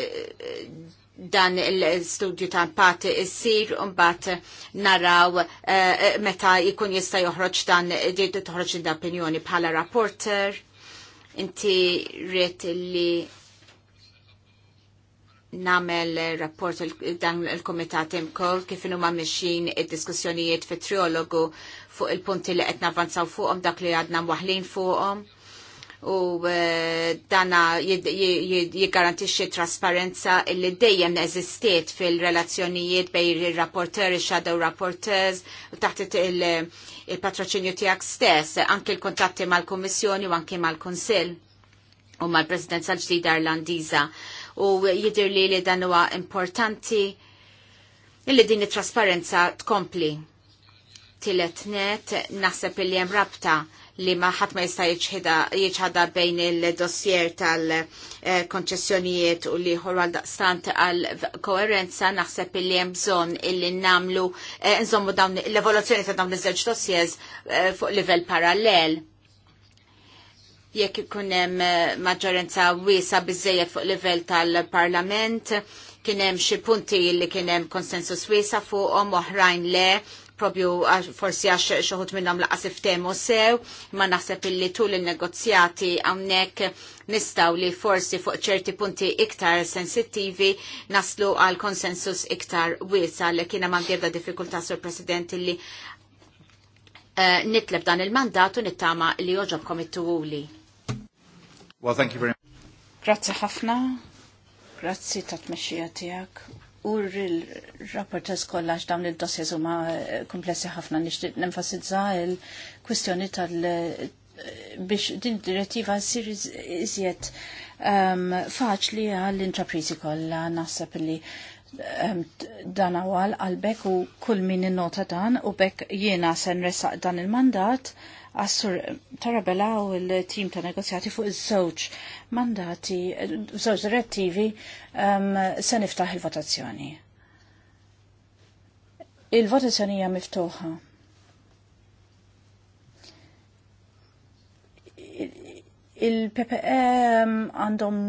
dan il-studju ta' s-sir issir mbagħad naraw eh, meta jkun jista' joħroġ dan toħroġ l-opinjoni bħala rapporter. Inti rrit li namel rapport dan il-komitat imkoll kif huma mixin id-diskussjonijiet fit triologu fuq il-punti li qed navanzaw fuqhom dak li għadna waħlin fuqhom u eh, dana jiggarantixxi trasparenza illi dejjem eżistiet fil-relazzjonijiet bej il il shadow rapporters, u taħt il-patroċinju tiegħek stess, anki l-kontatti mal komissjoni u anki mal-Kunsill u mal-Presidenza l-ġdida Irlandiża. U jidir li li dan huwa importanti illi din it-trasparenza tkompli. Tilet net naħseb li hemm rabta li ma ħadd ma jista' jiċħada bejn il-dossier tal-konċessjonijiet u li għal daqstant għal koerenza naħseb li hemm bżonn illi nagħmlu eh, nżommu dawn l-evoluzzjoni ta' dawn iż-żewġ dossiers eh, fuq livell parallel jekk ikun hemm eh, maġġoranza wiesa biżejjed fuq livell tal-Parlament, kien hemm xi punti li kien hemm konsensus wiesa fuqhom oħrajn le probju forsi għax xoħut minnom laqas iftemu sew, ma naħseb illi tul il-negozjati għamnek nistaw li forsi fuq ċerti punti iktar sensittivi naslu għal konsensus iktar wisa li kiena ma għedda diffikulta sur president illi uh, eh, nitleb dan il-mandatu nittama li joġob komittu għuli. Well, thank you very much. Grazzi ħafna, grazzi tat-mexxija tiegħek u il-rapportes kollax dawn il-dossiers huma eh, komplessi ħafna nixtieq nenfasizza il-kwistjoni tal- eh, biex din direttiva sir iżjed ehm, faċli għall intraprizi kollha naħseb li ehm, dan għal għalbek u kull min innota dan u bekk jiena sen resaq dan il-mandat Assur tara belaw il tim ta' negozjati fuq iż-żewġ mandati, żewġ direttivi um, se niftaħ il-votazzjoni. Il-votazzjoni hija miftuħa. Il-PPE um, għandhom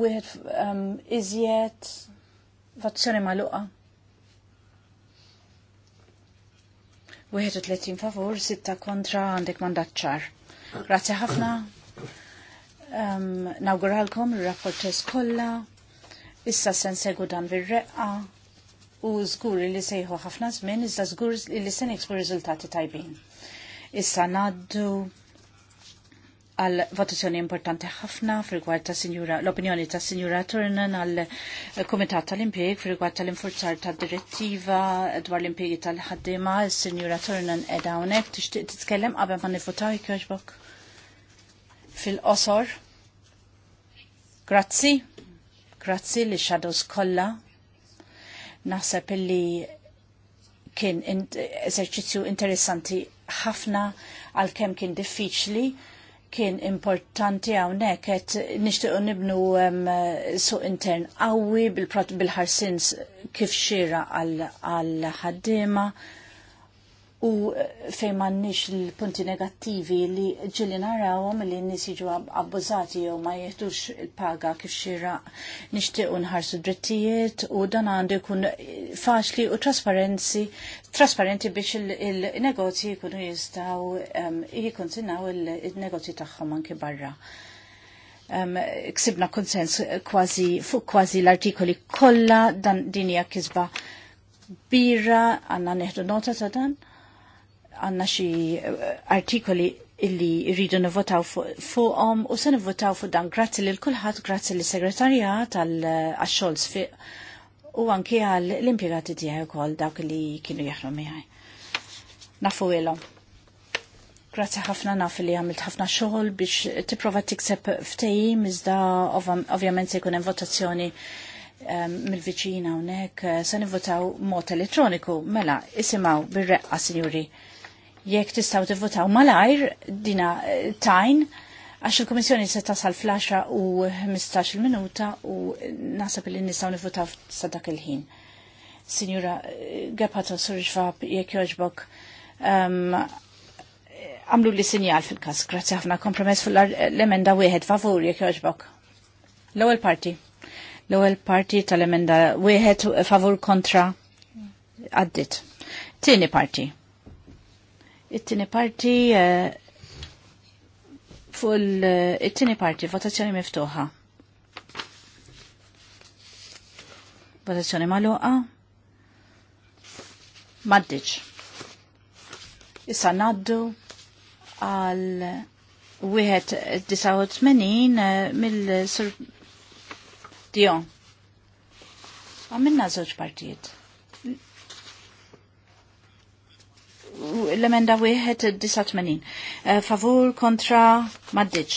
wieħed um, iżjed votazzjoni maluqa. 31 favur, 6 kontra għandek mandat ċar. Grazie ħafna. Um, nawguralkom il-rapporters kolla. Issa sen segu dan vir-reqqa. U zgur li sejħu ħafna żmien, iżda zgur li sen riżultati tajbin. Issa naddu għal votazzjoni importanti ħafna fil-gwar ta' sinjura, l-opinjoni ta' sinjura Turnen għal Komitat tal-Impjeg fil-gwar tal-Infurzar ta' Direttiva dwar l impieg tal-ħaddima, sinjura Turnen edha unek, t titkellem qabel ma nifutaw jkjoġbok fil-qosor. Grazzi, grazzi li shadows kollha. Naħseb li kien eżerċizzju interessanti ħafna għal kem kien diffiċli kien importanti għawnek et nishtiqu nibnu um, suq intern għawi bil ħarsins kif xira għal-ħaddima u eh, fejn m'għandniex l-punti negattivi li ġili narawhom li n abbużati jew ma jieħtux il-paga kif xieraq nixtiequ nħarsu drittijiet u dan għandu jkun eh, faċli u trasparenzi trasparenti biex il-negozji jkunu jistgħu jikkonsinnaw il-negozji tagħhom anki barra. Um, ksibna konsens kważi fuq kważi l-artikoli kollha dan din hija kisba bira għanna neħdu nota ta' dan għanna xi eh, artikoli illi rridu nivvotaw fuqhom u se nivvotaw fuq dan grazzi lil kulħadd grazzi lis segretarja tal-xogħol eh, sfiq u anke għal l-impjegati tiegħi wkoll dawk li kienu jaħru miegħi. Nafu ilhom. Grazzi ħafna naf li għamilt ħafna xogħol biex tipprova tikseb ftehim iżda ovvjament se jkun hemm votazzjoni ehm, mill-viċina hawnhekk se nivvotaw mod elettroniku mela isimgħu bir-reqqa, sinjuri. Jekk tistaw tivvotaw malajr dina eh, tajn għax il-Komissjoni se tasal fl-10 u 15 minuta u nasab li nistgħu nivvotaw sa dak il-ħin. Signora eh, Gepato Surġvab, jekk joġbok, ehm, għamlu li sinjal fil-kas, grazzi ħafna kompromess fil-emenda wieħed favur jekk joġbok. L-ewwel parti. L-ewwel parti tal-emenda wieħed favur kontra għaddit. Tieni parti. It-tieni parti eh, fuq eh, it-tieni parti votazzjoni miftuħa. Votazzjoni magħluqa. Maddiċ. Issa naddu għal wieħed 89 eh, mill-Sur Dion. Għamilna żewġ partijiet. l-emenda wieħed 89. Eh, favur kontra maddiċ.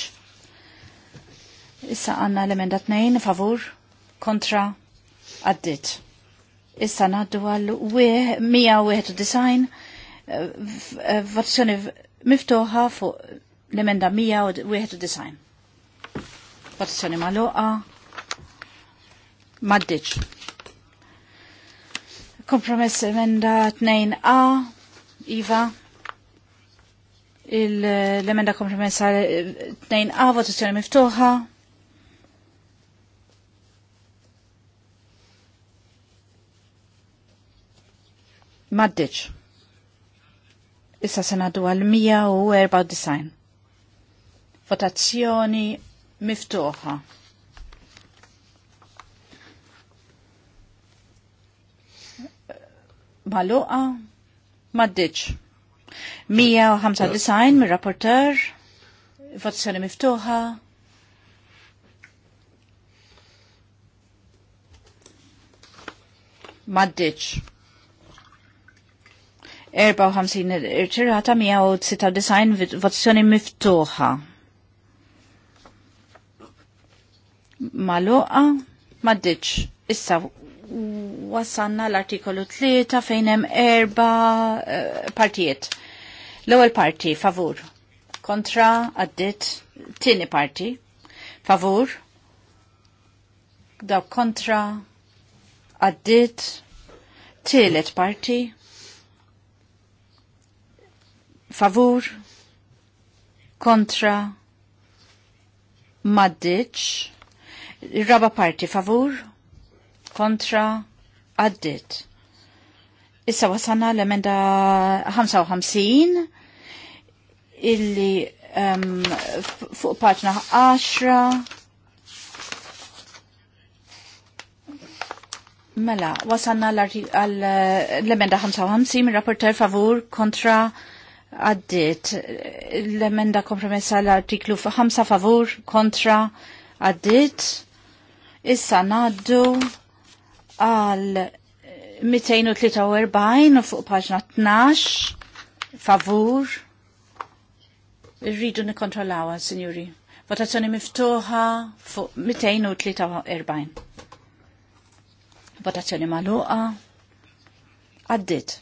Issa għanna l-emenda 2 favur kontra għaddit. Issa naddu għal 191 eh, eh, votazzjoni miftuħa fuq l-emenda 191. Votazzjoni maluqa maddiċ. Kompromess emenda 2A Iva, l-emenda kompromessa 2A, ah, votazzjoni miftuħa. Maddiċ. Issa senadu għal 194. Votazzjoni miftuħa. Maluqa. Maddiċ. 195 mir rapporter votazzjoni miftuħa. Maddiċ. 54 irċirata 196 votazzjoni miftuħa. Maluqa, maddiċ. Issa wasanna l-artikolu 3 fejn hemm erba eh, partijiet. L-ewwel parti favur. Kontra għaddit tieni parti. Favur. Daw kontra għaddit tielet parti. Favur. Kontra maddiċ. Raba parti favur kontra għaddit. Issa wasanna l-emenda 55 illi um, fuq paġna 10 Mela, wasanna l-emenda 55 rapporter favur kontra għaddit l-emenda kompromessa l-artiklu 5 favur kontra għaddit issa naddu għal 243 fuq paġna 12 favur irridu nikontrollawa, sinjuri. Votazzjoni miftuħa fuq 243. Votazzjoni maluqa għaddit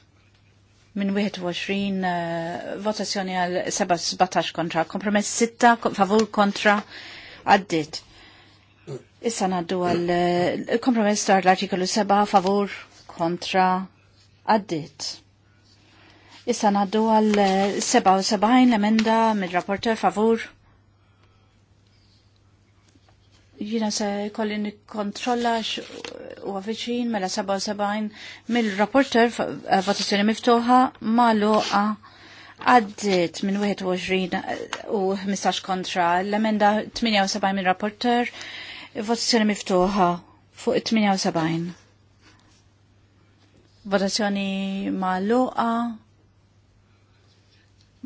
minn 21 uh, votazzjoni għal 17 kontra, kompromess 6 favur kontra għaddit. Issa naddu għal eh, kompromess tar l-artikolu 7 favur kontra għaddit. Issa naddu għal 77 eh, l-emenda mid-rapporter favur. Jina se kolli nikkontrolla u għafiċin mela 77 mill-rapporter eh, votazzjoni miftuħa ma loqa għaddit minn 21 u 15 kontra l-emenda 78 mill-rapporter Votazzjoni miftuħa fuq 78. Votazzjoni luqa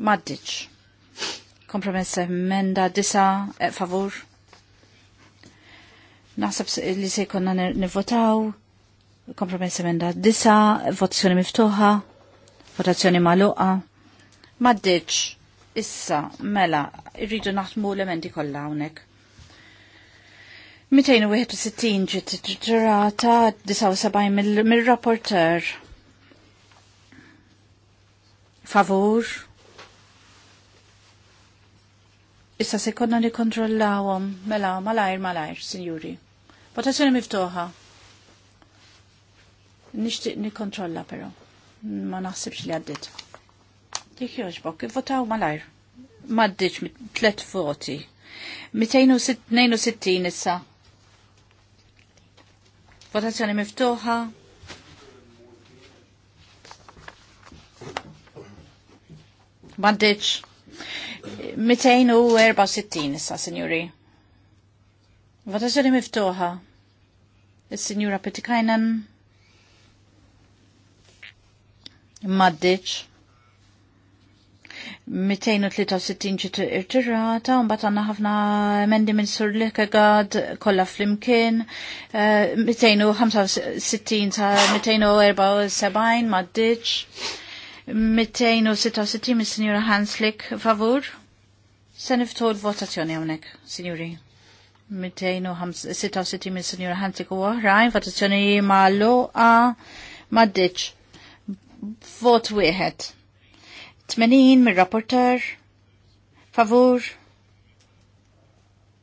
maddiċ. Kompromess emenda disa e favur. Naħseb li se jkollna nivvotaw. Kompromess emenda disa, votazzjoni miftuħa, votazzjoni luqa Maddiċ. Issa, mela, irridu naħdmu l emendi kollha hawnhekk. 261 ġiet ġurata 79 mill-rapporter. Favur. Issa se konna kontrollawom, mela malajr malajr, sinjuri. Votazzjoni miftuħa. Nixtieq nikkontrolla però. Ma naħsibx li għaddit. Dik joġbok, votaw malajr. Maddiċ tlet voti. 262 issa. Votazzjoni miftuħa. Bandiċ. 264 issa, signori. Votazzjoni miftuħa. Is-signora Petikajnan. Maddiċ. 263 ġiet un bat għanna ħafna mendi minn Sur Likegad kollha flimkien, 265 eh, sa 274 maddiċ, 266 minn Sinjura Hanslik favur. Se niftħu votazzjoni hawnhekk, Sinjuri. 266 minn Sinjura Hanslik u għahrajn, votazzjoni ma' loqa ma' Ditch. Vot wieħed Tmenin, mir-rapporter. Favur.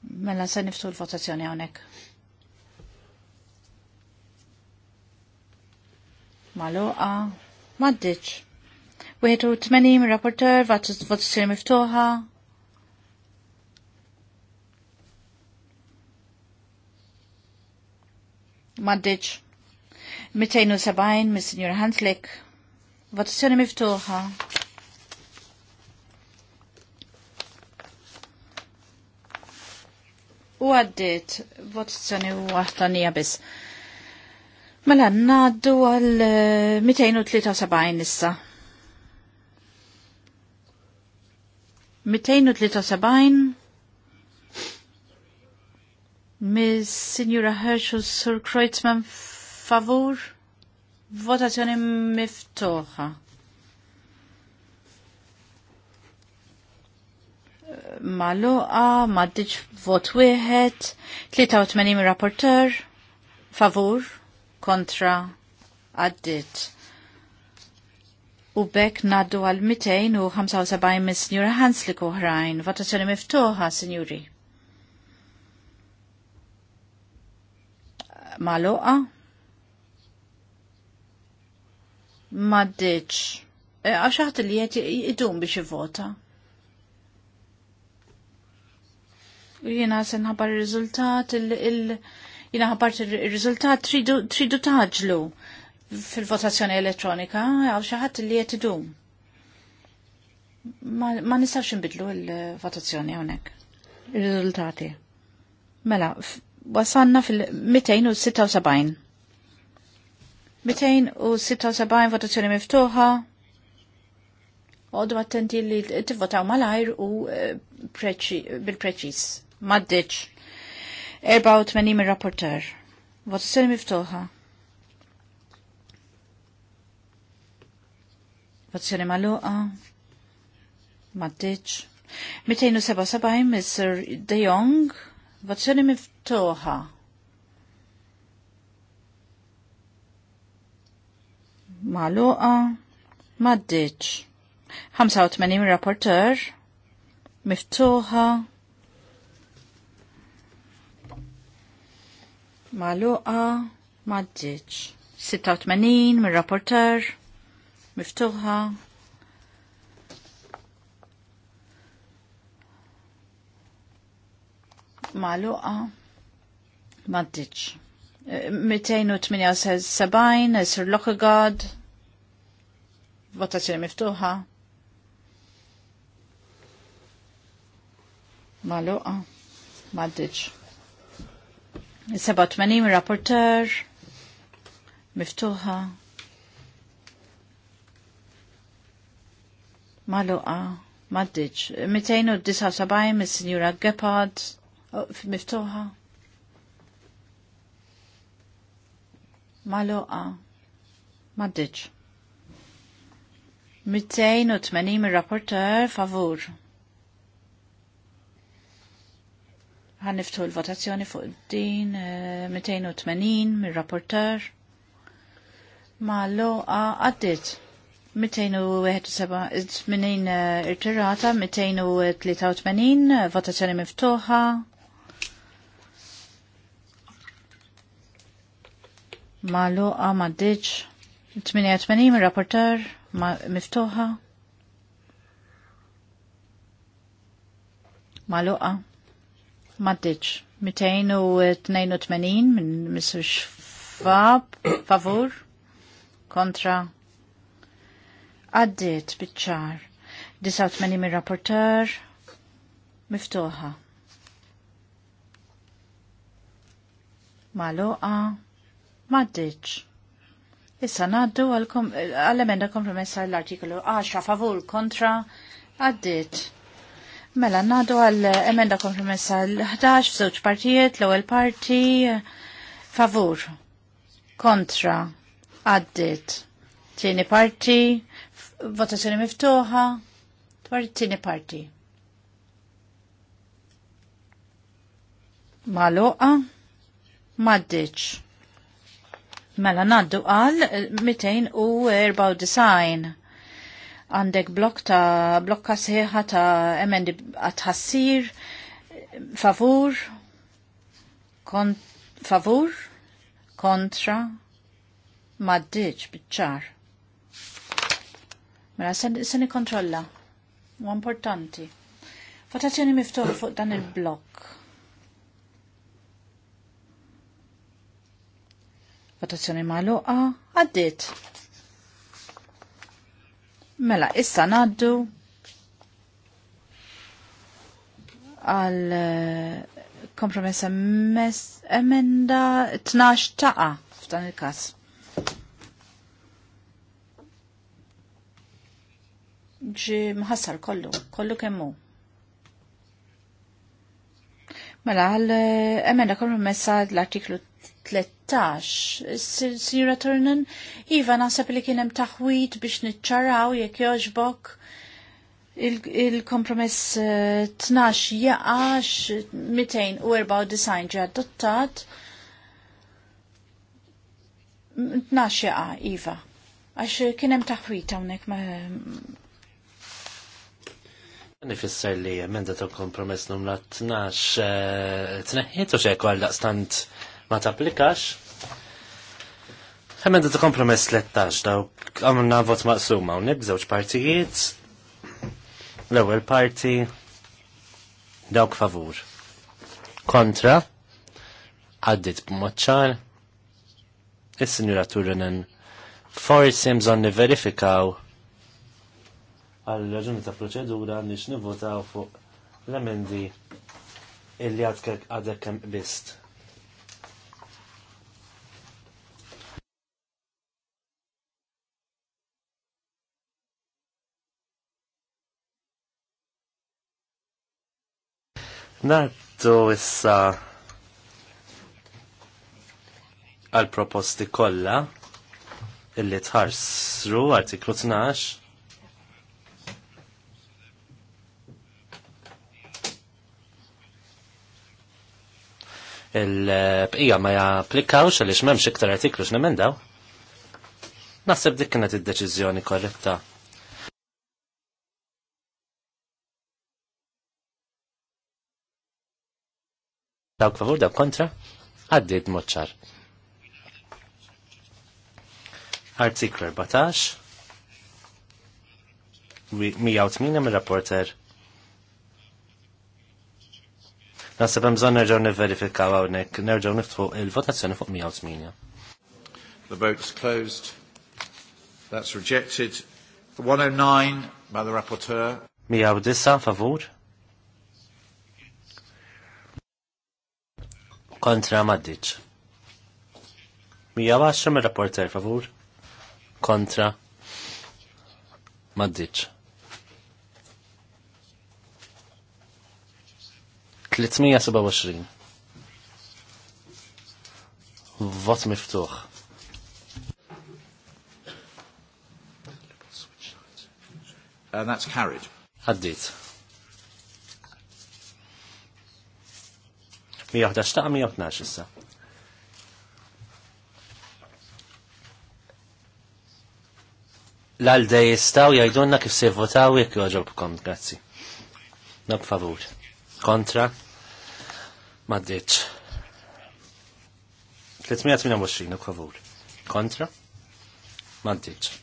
Mela se niftu l-votazzjoni hawnhekk. Maluqa. Maddiċ. 81 mir-rapporter, votazzjoni miftuħa. Maddiċ. 270 mis-Sinjur Hanslik. Votazzjoni miftuħa. u għaddit votazzjoni u waħtanija biss. Mela naddu għal 273 eh, issa. 273 Miss Signora Hirsch u Sir Kreutzmann favur votazzjoni miftuħa. maluqa, maddiċ vot wieħed, 83 rapporter, favur, kontra, għaddit. U bekk naddu għal 275 minn Signora Hanslik uħrajn, votazzjoni miftuħa, Signori. Maluqa? Maddiċ. E, Għaxaħt li jett idum biex jivvota. vota se nħabbar il-rizultat, jiena ħabbar il-rizultat tridu taġlu fil-votazzjoni elettronika, għaw xaħat li idum. Ma nistax nbidlu il-votazzjoni għonek, il-rizultati. Mela, wasanna fil-276. 276 votazzjoni miftuħa, Għoddu attenti li tivvotaw mal-ajr u eh, bil-preċis maddiċ. 84 mir rapporter s miftuħa. s Votazzjoni maluqa. Maddiċ. 277 Mr. De Jong. s Votazzjoni miftuħa. Maluqa. Maddiċ. 85 rapporter Miftuħa. Maluqa, maġġiċ. 86 mir rapporter miftuħa. Maluqa, maġġiċ. 278 esir loħgħad. votazzjoni miftuħa maluqa maddiċ 87 rapporter miftuħa maluqa maddiċ 279 mis-Sinjura Gepard oh, miftuħa maluqa maddiċ 280 rapporter favur ħanniftu l-votazzjoni fuq din 280 eh, mir-rapporter ma l-loqa għaddit 281 eh, irtirata 283 votazzjoni miftuħa ma l-loqa ma 88 mir-rapporter miftuħa ma l-loqa maddiċ. 282 minn Misux Fab favur, kontra. Għaddit, bitċar. 89 minn rapporter, miftuħa. Maluqa, maddiċ. Issa naddu għal-emenda kompromessa l-artikolu 10 favur kontra għaddit. Mela, nadu għal emenda kompromessa l-11 f'żewġ partijiet, l-ewwel parti favur, kontra, għaddit. Tieni parti, votazzjoni miftuħa, dwar tieni parti. Maluqa, maddiċ. Mela naddu għal 294 għandek blok ta' blokka seħħa ta' emendi għatħassir, favur, kont, favur, kontra, maddiċ, bitċar. Mela, sen, kontrolla. U importanti. Votazzjoni miftuħ fuq dan il-blok. Votazzjoni maluqa, għaddit. Mela, issa naddu għal eh, kompromess emenda 12 taqa f'dan il-kas. Ġi mħassar kollu, kollu kemmu. Mela, għal eh, emenda kompromessa l-artiklu 13. Signora Turnen, Iva nasab li kienem taħwit biex nitċaraw jek joġbok il-kompromess il eh, 12 jaqax 294 ġi adottat. 12 jaqa, Iva. Għax kienem taħwit għonek ma Nifisser li emenda il kompromess numra 12 eh, tneħħiet u kwa l daqstant ma tapplikax. Emenda ta' kompromess 13 daw għamna vot maqsuma u nibżewġ partijiet. L-ewwel parti dawk favur. Kontra għaddit b'moċċar. Is-Sinjura Turinen forsi mżon verifikaw għal raġuni ta' proċedura nix nivotaw fuq l-emendi illi għadek kem bist. Nartu issa għal proposti kollha illi tħarsru artiklu 12 il-bqija ma japplikawx għaliex m'hemmx iktar artiklu x'nemendaw. Naħseb dik kienet id-deċiżjoni korretta. Dawk favur, dawk kontra, għaddit moċċar. Artiklu 14, 108 mir-rapporter Nasib hemm bżonn nerġgħu nivverifikaw hawnhekk, nerġgħu niftħu il-votazzjoni fuq 108. The vote is closed. That's rejected. The 109 by the rapporteur. 109 favur. Kontra maddiċ. 110 mir rapporter favur. Kontra maddiċ. 327. Vot miftuħ. And that's carried. Addit. 111 ta' 112 issa. l għaldej jistaw jajdunna kif se votaw jek joġobkom, grazzi. Nob favur. Kontra. Maddeċ. 328, nob favur. Kontra. Maddeċ.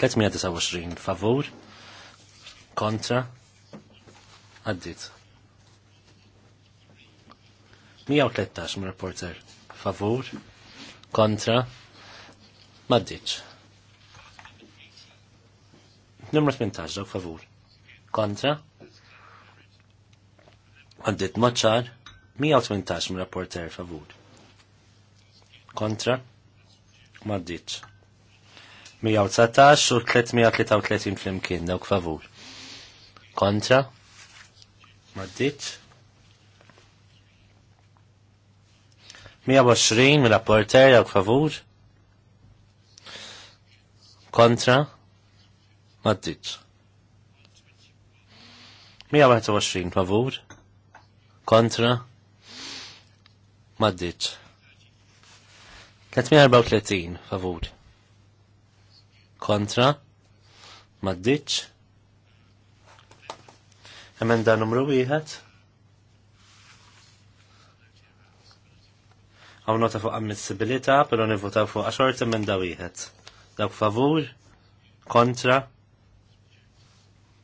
329, favur. Kontra. Għaddit. 113 mir reporter favur kontra maddiċ. Numru 18 dawk favur kontra għaddit maċċar 118 mir reporter favur kontra maddiċ. 119 u 333 flimkien dawk favur kontra maddiċ 120 minn apporter għal favur. Kontra. Maddit. 121 favur. Kontra. Maddit. 334 favur. Kontra. Maddiċ. Emenda numru 1 Għaw nota fuq ammissibilita, pero nivvotaw fuq għaxorti minn daw wieħed. Dawk favur, kontra,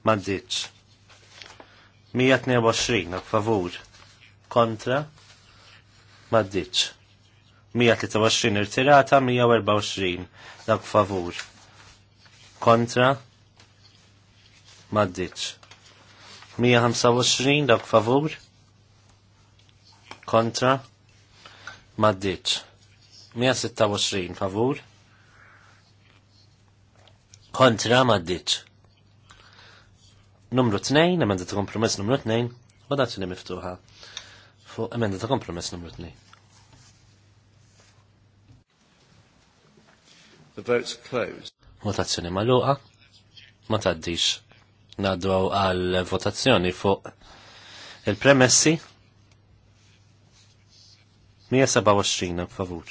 maddiċ. 122, dawk favur, kontra, maddiċ. 123 irtirata, 124, dawk favur, kontra, maddiċ. 125, dawk favur, kontra, maddiċ Maddiċ. 126 favur. Kontra maddiċ. Numru 2, emenda ta' kompromess numru 2, votazzjoni miftuħa fuq emenda ta' kompromess numru 2. The vote's closed. Votazzjoni maluqa. Ma taddix. Naddu għal votazzjoni fuq il-premessi 127 favur.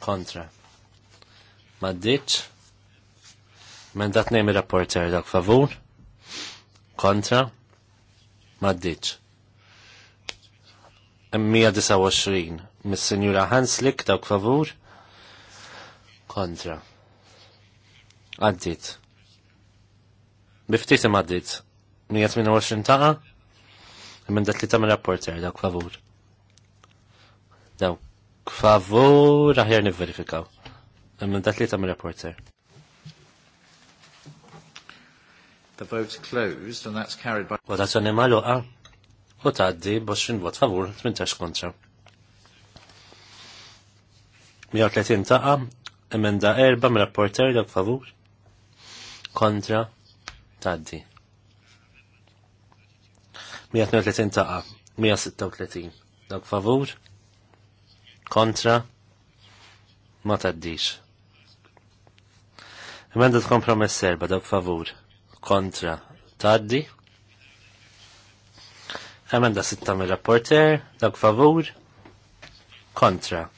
Kontra. Maddiċ. Mendat nemi rapporter dak favur. Kontra. Maddiċ. 129. Mis-senjura Hanslik dak favur. Kontra. Għaddit. Biftit imaddit. 128 taqa. Mendat li tam rapporter dak favur Daw, favur aħjar nivverifikaw. dat li tam reporter. The vote's closed and that's carried by... Votazzjoni loqa. u taddi b'20 vot favur, 18 kontra. 130 taqa, emenda erba mir-rapporter dak favur, kontra taddi. 132 taqa, 136 dak favur, kontra ma taddix. Emenda kompromess serba dawk favur kontra taddi. Emenda sitta mir rapporter dawk favur kontra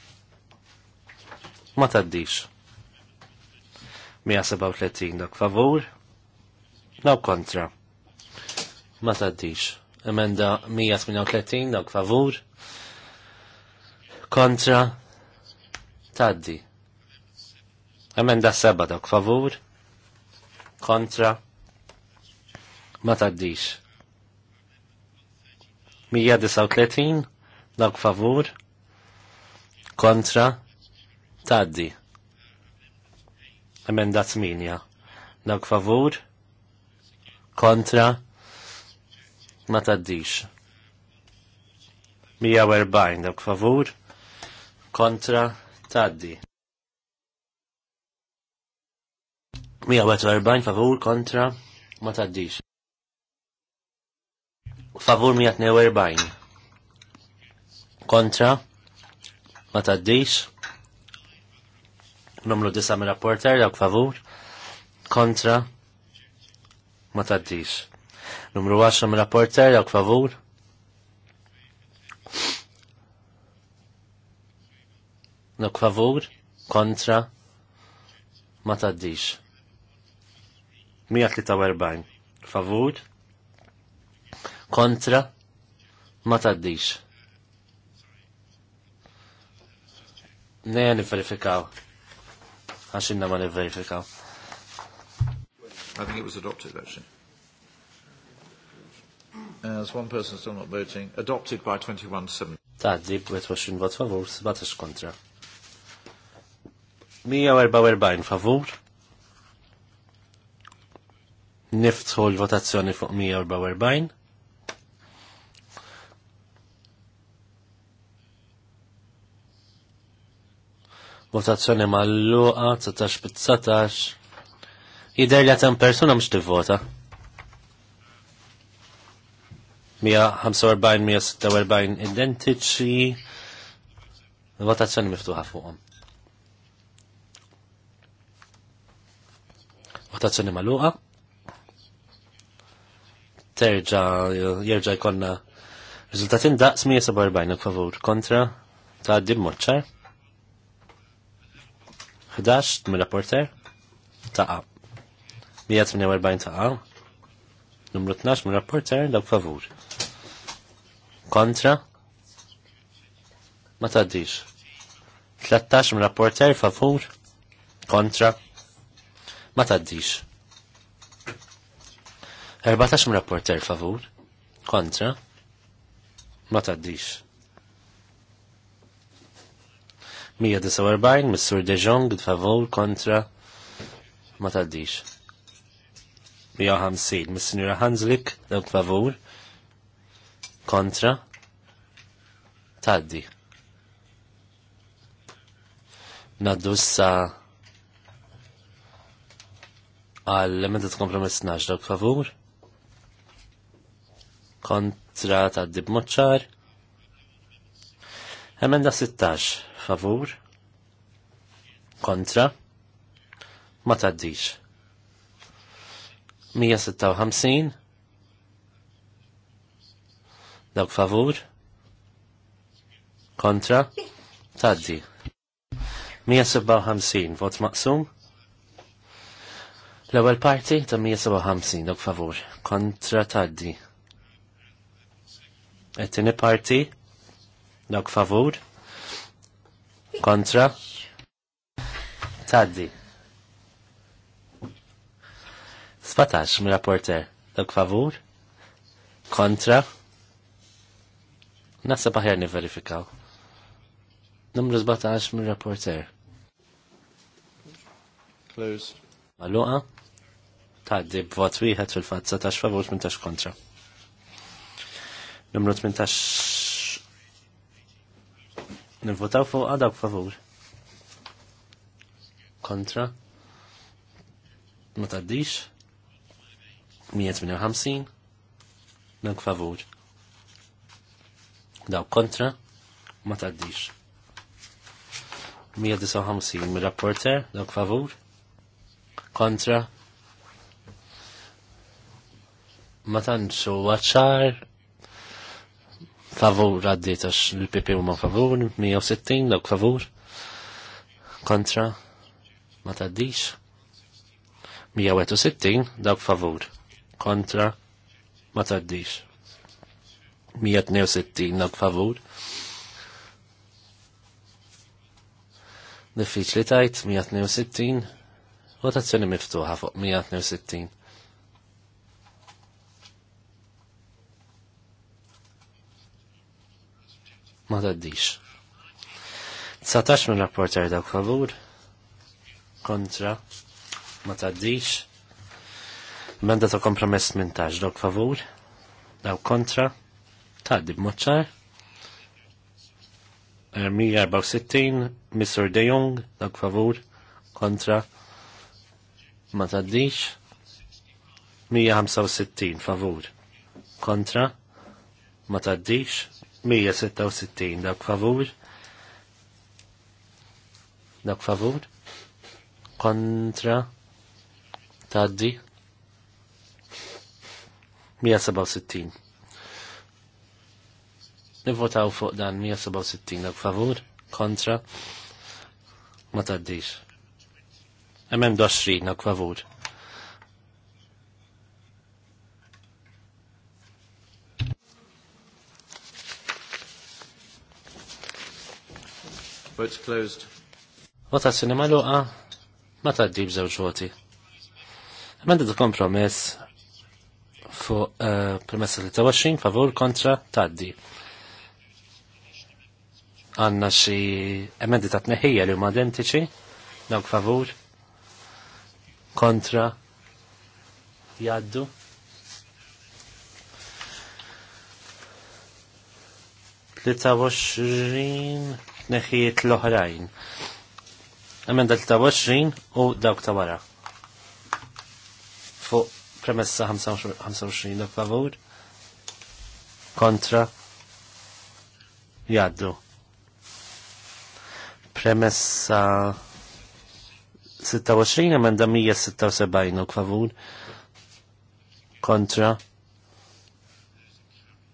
ma taddix. 137 dak favur dawk kontra ma taddix. Emenda 138 dak favur kontra taddi. Emenda seba dok favur kontra ma taddix. 139 dok favur kontra taddi. Emenda t'minja. dok favur kontra ma taddix. 140 dok favur kontra taddi. 140 favur kontra ma taddix. Favur 142 kontra ma taddix. Numru 9 mir rapporter dawk favur kontra ma taddix. Numru 10 mir rapporter dawk favur Nuk favur, kontra, ma taddix. 143. Favur, kontra, ma taddix. Nejja niverifikaw. Għaxinna ma niverifikaw. I think it was adopted, actually. As uh, one person still not voting, adopted by 21-7. Taddi, b'wet 20 vot favur, 17 kontra. 144 favur. Niftħu l-votazzjoni fuq 144. votazzjoni mal-luqa, 19 bit 19. Jider li għatem persona mx tivvota. 145-146 identiċi. Votazzjoni miftuħa fuqom. votazzjoni maluqa. Terġa, jirġa jkonna rizultatin da' 147 favur kontra ta' Dim Moċċar. 11 mir Porter. ta' A. 148 ta' A. Numru 12 mir Porter, da' favur. Kontra ma taddix. 13 mir Porter, favur kontra ma taddix. 14 mir-rapporter favur, kontra, ma taddix. 149 Missur De Jong favur kontra ma taddix. 150 Missur Hanslik favur kontra taddi. Naddu sa għal emenda ta' kompromess 12 dawk favur. Kontra ta' moċċar? Emenda 16 favur. Kontra. Ma taddix. 156 dawk favur kontra taddi 157 vot maqsum L-ewwel parti ta' 157 dok favur kontra taddi. Et-tieni parti dok favur kontra taddi. Sfatax mir-rapporter dok favur kontra Nasa paħjar nivverifikaw. Numru 17 mir-rapporter. Close. Maluqa? tgħaddi b'vot wieħed fil-fatt setax favur tmintax kontra. Numru tmintax nivvotaw fuq għadha b'favur. Kontra. Ma tgħaddix. 158 dak favur. Daw kontra ma tgħaddix. 159 mir-rapporter dak favur kontra ma tantxu għacċar favur għaddit għax l-PP ma favur, 160 dawk favur, kontra ma taddix, 160 dawk favur, kontra ma taddix, 162 dawk favur. Diffiċli tajt 162, votazzjoni miftuħa fuq 162. ma taddix. 19 minn rapporter dawk favur kontra ma taddix. Menda ta' kompromess minn taġ dawk favur dawk kontra taddi b'moċċar. 164 Mr. De Jong dawk favur kontra ma taddix. 165 favur kontra ma taddix. 166 dak favur dak favur kontra taddi 167 nivvotaw fuq dan 167 dak favur kontra ma taddix Emem 20 dak favur Votes closed. Votazzjoni maluqa ma dib b'żewġ voti. Emenda ta' kompromess fuq eh, premessa li tawxin favur kontra tgħaddi. Għanna xi emendi ta' tneħħija li huma identiċi dawk favur kontra jaddu. Tlita neħiet l-oħrajn. Emenda 23 u dawk ta' wara. Fuq premessa 25 dak favur. Kontra. Jaddu. Premessa 26 emenda 176 u favur. Kontra.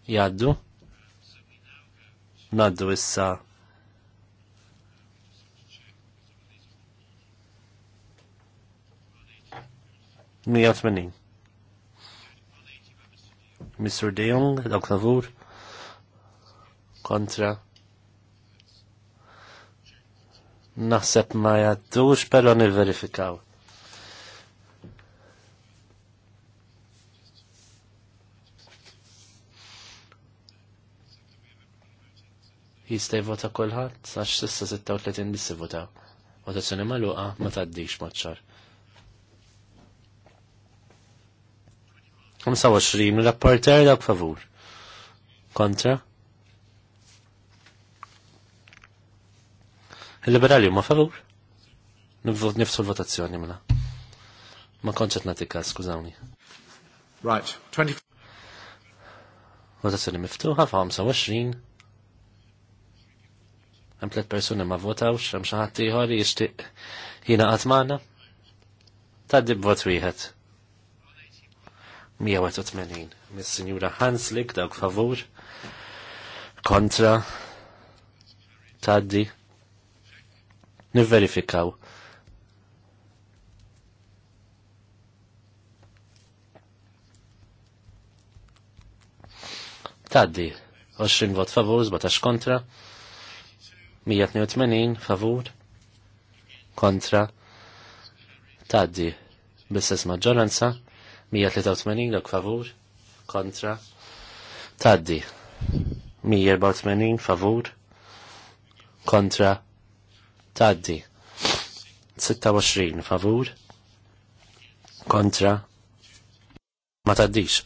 Jaddu. Naddu issa 180. Mr. De Jong, dawk favur. Kontra. Naħseb ma jaddux, pero nil-verifikaw. jista' jvota kulħadd għax s'issa 36 biss ivvotaw. Votazzjoni magħluqa ma tgħaddix maċ 25 rapporter dak favur. Kontra? Il-liberali ma favur? Nifsu l-votazzjoni mela. Ma konċet natika, skużawni. Right, 25. Votazzjoni miftuħa fa' 25. Hemm tliet persuni ma votawx, hemm xi ħadd ieħor jixtieq jingħaqad magħna. Taddi b'vot wieħed. 180 mis-Sinjura Hanslik dawk favur kontra taddi nivverifikaw taddi 20 vot favur zbatax kontra 182 favur kontra taddi bl sess maġġoranza 183 lok favur kontra taddi 184 favur kontra taddi 26 favur kontra ma taddix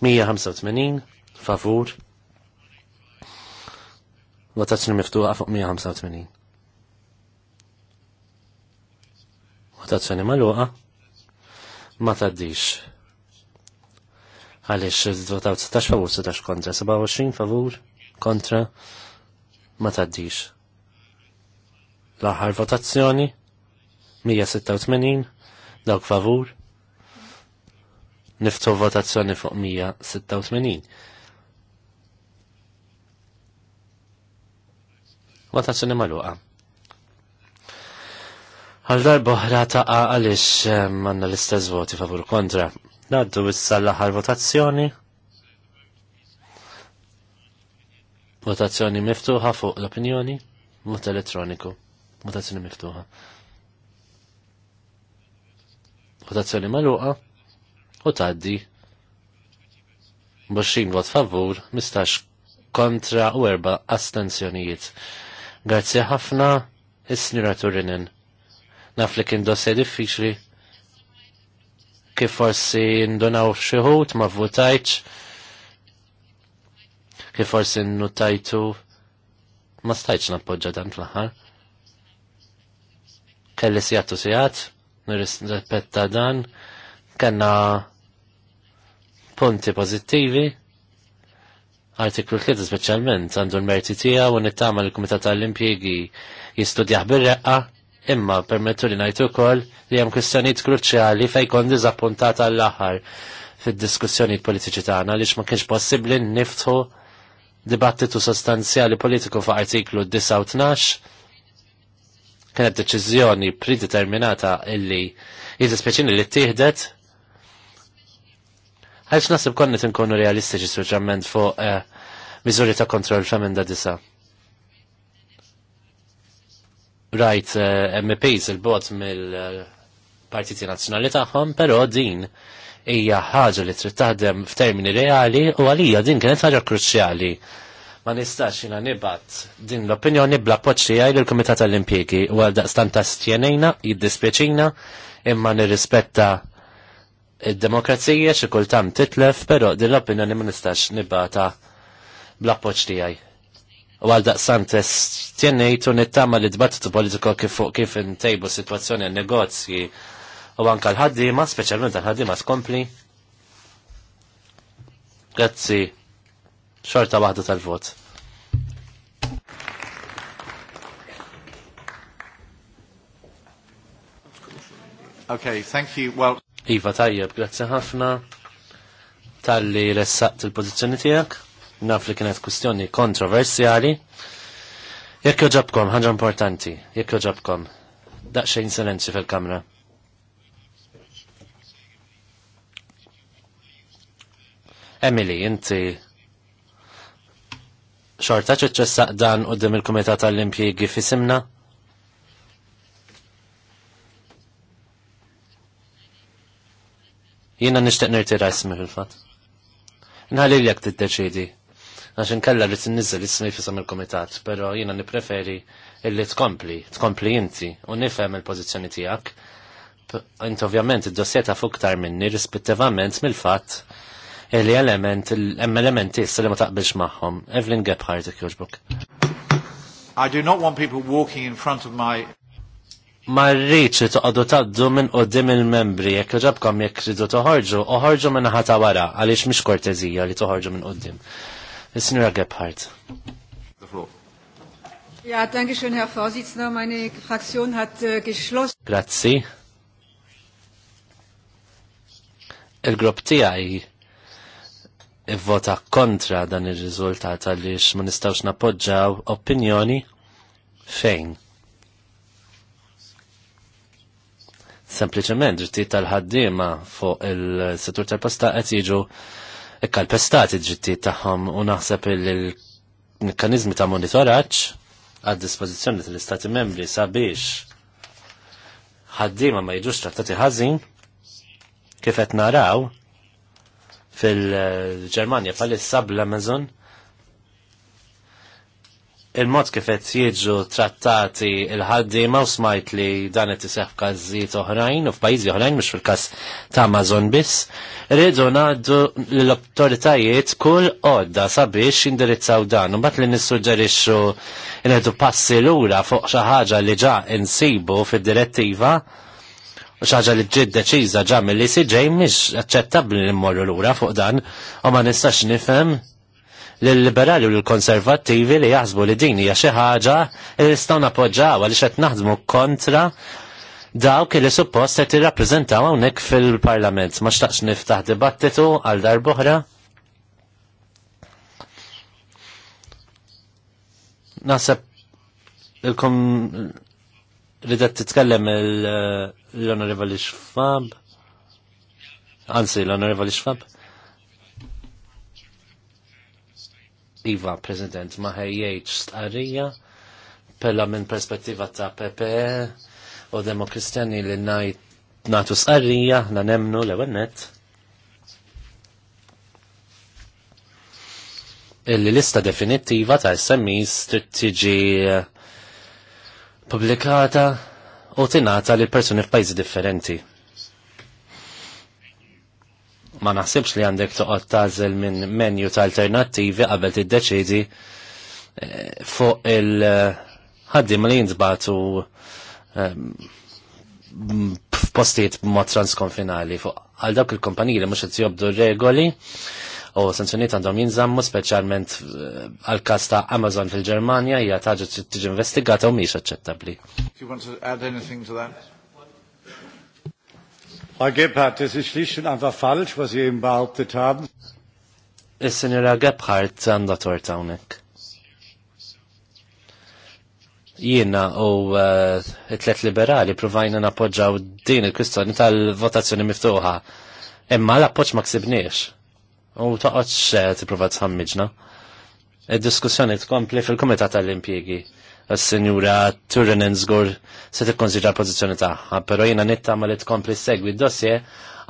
185 favur votazzjoni miftuħa fuq 185 votazzjoni maluqa ma taddix. Għalix, votaw 16 favur, 16 kontra, 27 favur, kontra, ma taddix. L-aħħar votazzjoni, 186, dawk favur, niftu votazzjoni fuq 186. Votazzjoni maluqa għal darba ħra taqa għalix eh, manna l-istess voti favur kontra. Naddu issa l-aħħar votazzjoni. Votazzjoni miftuħa fuq l-opinjoni. Vot elettroniku. Votazzjoni miftuħa. Votazzjoni maluqa. U taddi. Boxin vot favur, mistax kontra u erba astenzjonijiet. Grazie ħafna, is-snira Turinen. Naf li kien dosse diffiċli kif forsi ndunaw xieħut ma votajċ, kif forsi nnutajtu ma stajċ nappoġġa dan fl-ħar. Kelli sijatu sijat, nirrispetta dan, kanna punti pozittivi, artiklu 3 specialment għandu l-merti tijaw u nittama l-Komitat tal-Impjegi jistudjaħ bil-reqqa imma permettu li najtu kol li jem kustjoniet kruċjali fejkon dizappuntat għall-aħħar fil-diskussjoni politiċi tagħna li ma kienx possibbli niftħu dibattitu sostanzjali politiku fuq artiklu 19 kienet deċiżjoni predeterminata illi jiżispeċini li tieħdet għalx nasib konnet nkunu realistiċi suġġament fuq eh, miżuri ta' kontroll f'emenda disa' rajt eh, MPs il-bot mill-partiti nazzjonali tagħhom, però din hija ħaġa li trid taħdem f'termini reali u għalija din kienet ħaġa kruċjali. Ma nistax jina nibat din l-opinjoni bla poċċija il komitat Olimpiki u għal daqstan ta' stjenejna, jiddispieċina, imma nirrispetta id-demokrazija xi kultam titlef, però din l-opinjoni ma nistax nibata bla poċċija. U għal daqsan tjennejt u nittama li dibattitu politiko kif fuq kif intejbu situazzjoni għal e negozji u anka l-ħaddima, specialment l-ħaddima skompli. Grazzi, xorta waħda tal-vot. Okay, thank you. Well... Iva tajjeb, grazzi ħafna tal-li ressaqt il-pozizjoni tijak naf li kienet kustjoni kontroversjali. Jekk joġobkom, ħaġa importanti, jekk joġobkom, daqxejn silenzju fil-kamra. Emily, inti xorta ċeċessaq dan u dim il-Komitat tal-Impjegi fisimna? Jina nishtiq nirtira fil-fat. Nħalli l-jak t-deċidi għax inkella rrid nizzel ismi fisam il-komitat, però jiena nippreferi illi tkompli, tkompli inti u nifhem il-pożizzjoni tiegħek. Int ovvjament id-dossier fuktar minni rispettivament mill-fatt illi element, hemm elementi issa li ma taqbilx magħhom. Evelyn Gebhardt ikjoġbok. I do not want people walking in front of my ma rridx li toqgħodu taddu minn dim il-membri jekk ġabkom jekk ridu toħorġu, uħorġu minn ħata wara għaliex mhix korteżija li toħorġu minn dim. Signora Gebhardt. Ja, danke schön, Herr Vorsitzender. Meine Fraktion hat uh, geschlossen. Grazie. Il-grupp tiegħi ivvota kontra dan ir-riżultat għaliex ma nistgħux napoġġaw opinjoni fejn. Sempliċement drittijiet tal-ħaddiema fuq il-settur tal-posta qed jiġu ikkalpestati ġittijiet tagħhom u naħseb il mekanizmi ta' monitoraġġ għad dispożizzjoni tal-Istati membri sabiex ħaddiema ma jiġux trattati ħażin kif qed naraw fil-Ġermanja bħalissa bl-Amazon il-mod kif qed jiġu trattati il ħaddi u smajt li dan qed iseħħ każijiet oħrajn u f'pajjiżi oħrajn mhux fil-każ ta' Amazon biss, rridu ngħaddu l autoritajiet kull għodda sabiex jindirizzaw dan u mbagħad li nissuġġerixxu ngħidu passi lura fuq xi ħaġa li ġa insibu fid-direttiva u xaġa li ġid deċiża ġa mill-li siġej mhix aċċettabbli li mmorru lura fuq dan u ma nistax nifhem l liberali u l-konservattivi li jaħsbu li din hija xi ħaġa li nistgħu nappoġġaw għaliex qed naħdmu kontra dawk li suppost qed irrappreżentaw hawnhekk fil-Parlament. Ma xtaqx niftaħ dibattitu għal darb'oħra. Naħseb ilkom ridet titkellem l-onorevoli Schwab. Anzi, l-onorevoli Schwab. Iva, President, maħejjeċ stqarrija pella minn perspettiva ta' PPE u demokristjani li najt natu stqarrija na nemnu l ewennet Illi lista definittiva ta' SMEs tiġi eh, publikata u tinata li persuni f'pajzi differenti ma naħsibx li għandek toqgħod tażel minn menju ta' alternattivi qabel tiddeċidi eh, fuq il-ħaddim li jinsbatu ehm, f'postijiet b'mod transkonfinali fuq għal dawk il-kumpaniji li mhux qed jobdu regoli u sanzjoniet għandhom jinżammu speċjalment eh, għal kas ta' Amazon fil-Ġermanja hija taġa tiġi investigata u mhix aċċettabbli. Herr Gebhardt, das ist schlicht und einfach falsch, was Sie eben behauptet haben. Es sind sinjera Gebhardt għandha tort hawnhekk. Jiena u eh, it-tlet liberali provajna napoġġaw din il-kwistjoni tal-votazzjoni miftuħa. Imma l-appoġġ ma ksibniex. U toqgħodx eh, tipprova tħammiġna. Id-diskussjoni tkompli fil-Kumitat tal-Impjiegi s-senjura Turrenen zgur se t l-pozizjoni tagħha, però jiena nittama li tkompli segwi d-dossier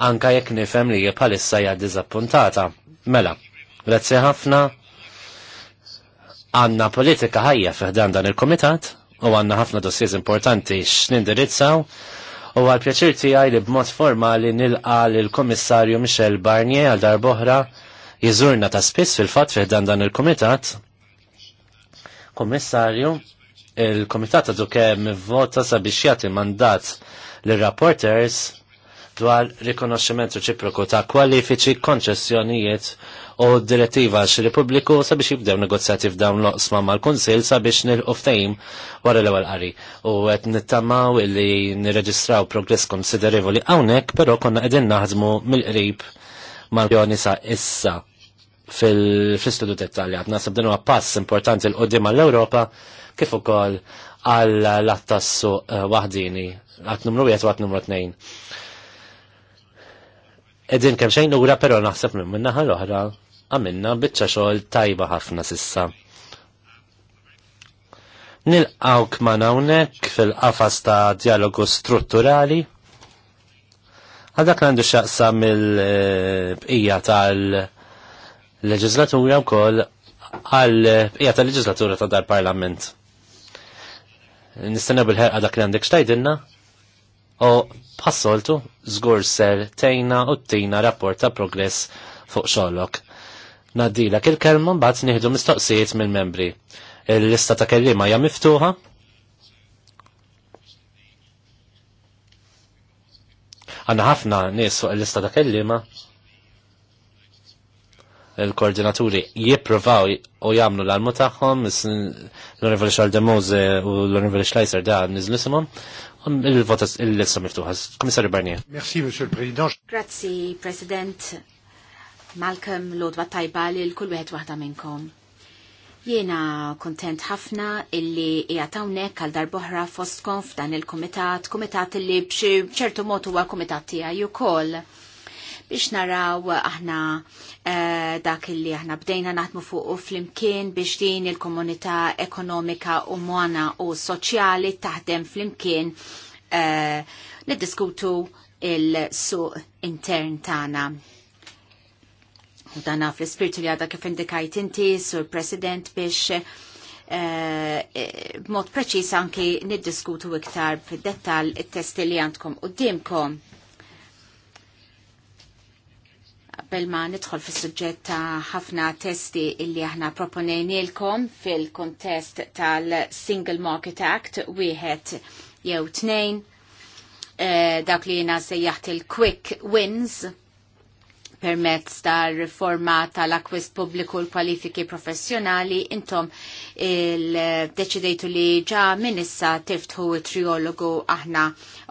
anka jekk nifhem li bħalissa hija dizappuntata. Mela, grazzi ħafna għanna politika ħajja fiħdan dan il-komitat u għanna ħafna dossiers importanti x'nindirizzaw u għal pjaċir tiegħi li b'mod formali nilqa lill-Kummissarju Michel Barnier għal darboħra jiżurna ta' spiss fil-fatt fiħdan dan il-komitat. Kummissarju, il-komitat għadu kem vota sabiex jagħti mandat li rapporters dwar rikonoxximent reċiproku ta' kwalifiċi konċessjonijiet u direttiva x Republiku sabiex jibdew negozjati f'dawn l-oqsma mal-Kunsil sabiex nilqu ftehim wara l-ewwel qari. U qed nittamaw li nirreġistraw progress konsiderevoli hawnhekk, però konna qegħdin naħdmu mill-qrib mal-pjoni sa' issa fil-studu dettaljat. Nasab din huwa pass importanti l qoddim għall-Ewropa kif ukoll għal l-attassu eh, waħdini, għat numru jgħat u għat numru t-nejn. Edin kem xejn ura pero naħseb minn minna ħal oħra għamilna bitċa xogħol tajba ħafna sissa. Nilqawk ma' hawnhekk fil-qafas ta' dialogu strutturali għadak għandu xaqsa mill-bqija tal-leġislatura u koll għal-bqija tal-leġislatura ta' dar parlament. Nistenna bil-ħerqa dak li għandek xtajdinna? u passoltu zgur ser tejna u tina rapport ta' progress fuq xogħlok. Naddilak il kelmu mbagħad nieħdu mistoqsijiet mill-membri. Il-lista ta' kellima hija miftuħa. Għanna ħafna nies fuq il-lista ta' kellima il-koordinaturi jipprovaw u jamlu l-almu taħħom, l-Onorevoli Xaldemose u l-Onorevoli Schleiser da nizlisimum, il-votas il-lissa miftuħa. Komissarju Barnier. Merci, Monsieur President. Président. Grazzi, President. Malcolm, lodwa tajba li l-kull wieħed waħda minnkom. Jiena kontent ħafna illi jgħatawnek għal darboħra fostkom f'dan il-komitat, komitat illi bċertu motu għal komitat tijaj u koll biex naraw aħna eh, dak li aħna bdejna naħdmu fuq flimkien biex din il-komunità ekonomika umana u soċjali taħdem flimkien eh, niddiskutu il-suq intern tagħna. U dana fl-ispirtu li għadha kif indikajt inti, sur President, biex eh, b'mod preċis anki niddiskutu iktar fid-dettal it-testi li għandkom u qabel ma nidħol fis suġġett ta' ħafna testi illi aħna proponejnilkom fil-kontest tal-Single Market Act wieħed jew tnejn eh, dak li jena sejjaħt il-quick wins permezz ta' riforma tal-akwist pubbliku l-kwalifiki professjonali intom il-deċidejtu li ġa minissa tiftħu triologu aħna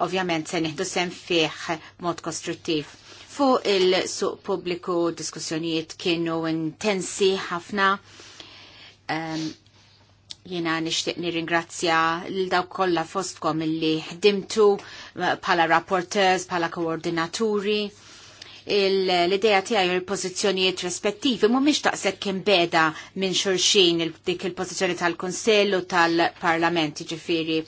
ovvjament se nieħdu sem fih mod kostruttiv fuq il-suq pubbliku diskussjonijiet kienu intensi ħafna. Um, Jiena nixtieq nirringrazzja l dawk kollha fostkom illi ħdimtu eh, bħala rapporteurs, bħala koordinaturi l-ideja tiegħi u l-pożizzjonijiet respettivi mhumiex taqsek kien beda minn xulxin dik il-pożizzjoni tal-Kunsell u tal-Parlament, ġifieri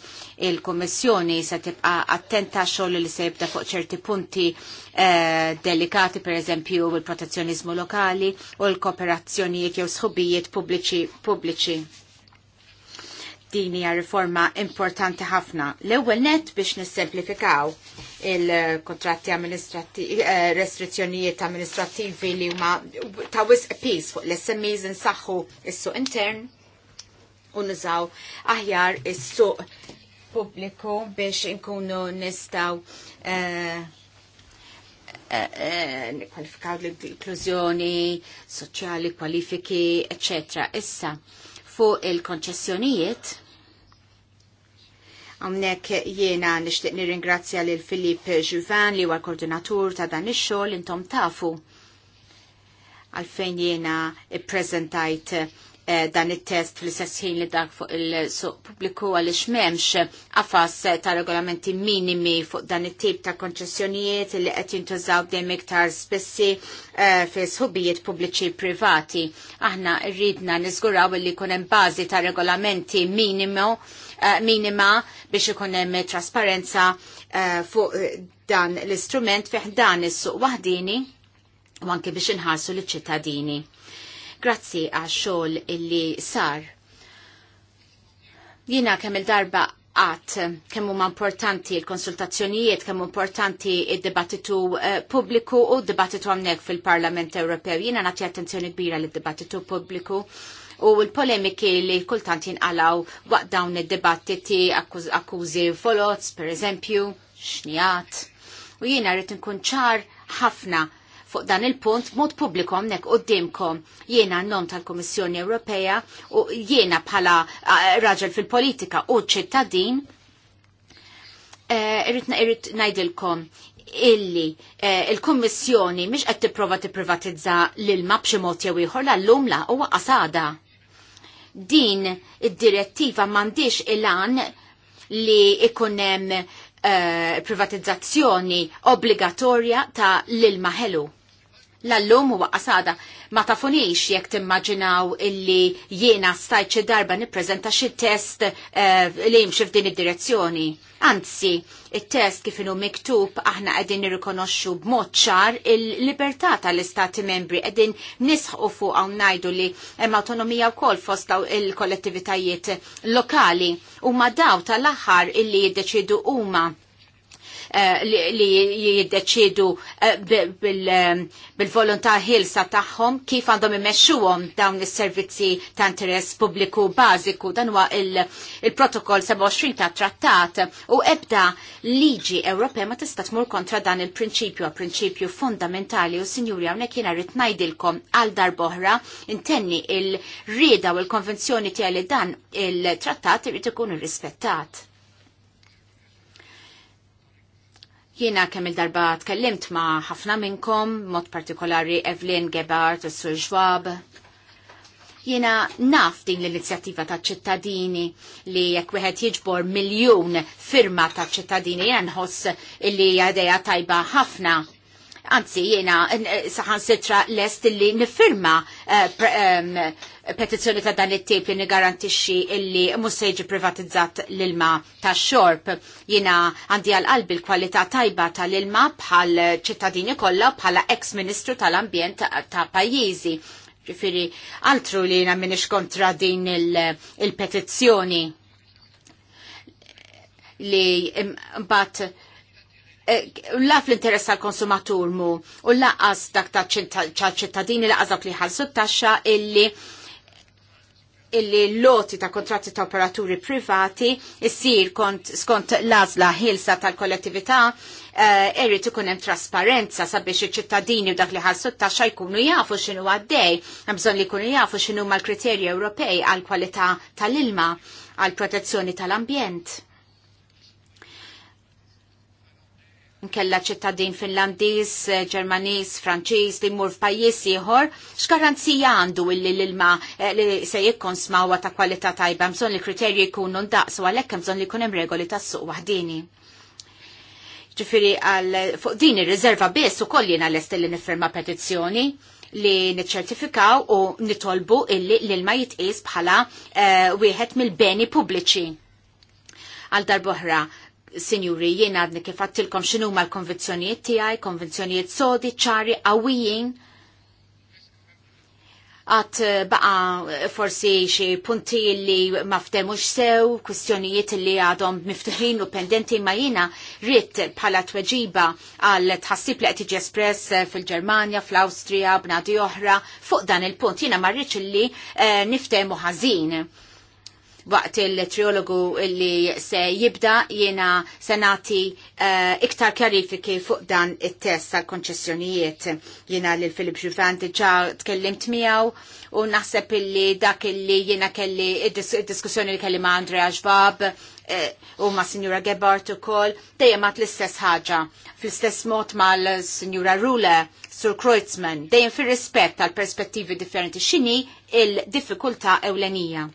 il kummissjoni se tibqa' attenta xogħol li se jibda fuq ċerti punti eh, delikati, per eżempju il-protezzjonizmu lokali u l-kooperazzjonijiet jew sħubijiet pubbliċi pubbliċi din hija riforma importanti ħafna. L-ewwel net biex nissemplifikaw il-kontratti amministrativi, eh, restrizzjonijiet amministrativi li huma ta' wisq piece fuq l-SMEs insaħħu is-suq intern u nużaw aħjar is-suq pubbliku biex inkunu nistaw eh, eh, kwalifikaw l-inklużjoni soċjali, kwalifiki, eccetera. Issa, fuq il-konċessjonijiet. Għamnek jiena nishtiq nirringrazzja lil Filipp Juvan li huwa koordinatur ta' dan ix-xogħol intom tafu għalfejn jiena prezentajt Eh, dan it-test fl-istess ħin li dak fuq il-suq pubbliku għaliex m'hemmx għafas ta' regolamenti minimi fuq dan it-tip ta' konċessjonijiet li qed jintużaw dejjem iktar spessi eh, fi sħubijiet pubbliċi privati. Aħna rridna niżguraw li jkun hemm bażi ta' regolamenti minimo eh, minima biex ikun hemm trasparenza fuq dan l-istrument fih dan is-suq waħdini u anke biex inħarsu l-ċittadini. Grazzi għax xogħol illi sar. Jiena kemm il-darba għat kemm huma importanti l-konsultazzjonijiet, kemm importanti id-dibattitu eh, pubbliku u d-dibattitu għamnek fil-Parlament Ewropew. Jiena nagħti attenzjoni kbira lid-dibattitu pubbliku u l-polemiki li kultant jinqalaw waqt dawn id-dibattiti akkużi folots, per eżempju, xnijat. U jiena rrid nkun ċar ħafna fuq dan il-punt mod publikom nek dimkom jiena nom tal-Kummissjoni Ewropea u jiena bħala raġel fil-politika u ċittadin eh, irrit irrit najdilkom illi eh, il-Kummissjoni mhix qed tipprova tipprivatizza l-ilma b'xi mod jew ieħor l-lum la huwa Din id-direttiva m'għandix il għan li ikunem eh, privatizzazzjoni obbligatorja ta' l-ilma ħelu. L-allum huwa qasada ma tafunix jekk timmaġinaw illi jiena stajt xi darba nippreżenta xi test eh, li jimxi f'din id-direzzjoni. Anzi, it-test kif inhu miktub aħna qegħdin nirrikonoxxu b'mod ċar il-libertà tal-istati membri qegħdin nisħu fuq hawn ngħidu li hemm autonomija wkoll fost il-kollettivitajiet lokali huma daw tal-aħħar illi jiddeċidu huma Eh, li jiddeċidu eh, eh, bil-volontà ħilsa tagħhom kif għandhom imexxuhom dawn is-servizzi ta' interess pubbliku bażiku dan huwa il-protokoll 27 ta' trattat u ebda liġi Ewropea ma tista' tmur kontra dan il-prinċipju prinċipju fundamentali u sinjuri hawnhekk jiena rrid ngħidilkom għal darboħra intenni il-rieda u l-konvenzjoni tiegħi li dan il-trattat irid ikun irrispettat. Jiena kemm il-darba tkellimt ma' ħafna minnkom, mod partikolari Evelyn Gebhardt u Sur Schwab. Jiena naf din l-inizjattiva ta' ċittadini li jekk wieħed jiġbor miljun firma ta' ċittadini jenħoss illi għadeja tajba ħafna Anzi, jena eh, saħan sitra lest li nifirma eh, petizzjoni ta' dan it-tip li nigarantixxi illi mhux se jiġi privatizzat l-ilma tax-xorb. Jiena għandi għal qalbi l-kwalità tajba tal-ilma bħal ċittadini kollha bħala ex-Ministru tal-Ambjent ta' pajjiżi. Ġifieri altru li jiena minix kontra din il-petizzjoni li mbagħad Eh, laf l-interess tal-konsumatur mu u laqas dak ta' ċittadini laqas dak li ħalsu taxxa illi illi loti ta' kontratti ta' operaturi privati jissir skont lazla ħilsa tal-kollettività erri eh, ikun hemm trasparenza sabiex iċ-ċittadini u dak li ħassu taxxa jkunu jafu x'inhu għaddej, hemm bżonn li jkunu jafu x'inhu mal-kriterji Ewropej għal kwalità tal-ilma għal protezzjoni tal-ambjent. nkella ċittadin Finlandiż, eh, Ġermaniż, Franċiż li mur f'pajjiż ieħor, x'garanzija għandu illi l-ilma eh, li se jikkun smawa ta' kwalità tajba bżonn li kriterji jkunu ndaqsu għalhekk hemm bżonn li jkun hemm regoli tas-suq waħdini. Ġifieri għal fuq din ir-riserva biss ukoll jiena lest li nifferma petizzjoni li niċċertifikaw u nitolbu illi l-ilma jitqies bħala eh, wieħed mill-beni pubbliċi. Għal darboħra, Sinjuri, jien għadni kif għattilkom xinu ma l konvenzjoniet tijaj, konvenzjoniet sodi, ċari, għawijin. Għat eh, baqa eh, forsi xie punti li maftemux sew, kwistjonijiet li għadhom miftuħin u pendenti ma jina rrit bħala tweġiba għal tħassib li għetiġi espress eh, fil ġermania fl-Austria, b'nadi oħra, fuq dan il-punt jina marriċ li niftemu ħazin waqt il-triologu li se jibda jiena senati uh, eh, iktar kjarifiki fuq dan it-test tal-konċessjonijiet. Jiena lil Filip Juvan diġa tkellimt miegħu u naħseb illi dak illi jiena kelli id-diskussjoni li kelli ma' Andrea Ġbab eh, u ma' Signora u ukoll dejjem għat l-istess ħaġa. Fl-istess mod mal Signora Rule, Sur Kreutzmann, dejjem fir rispett tal perspettivi differenti x'inhi il-diffikultà ewlenija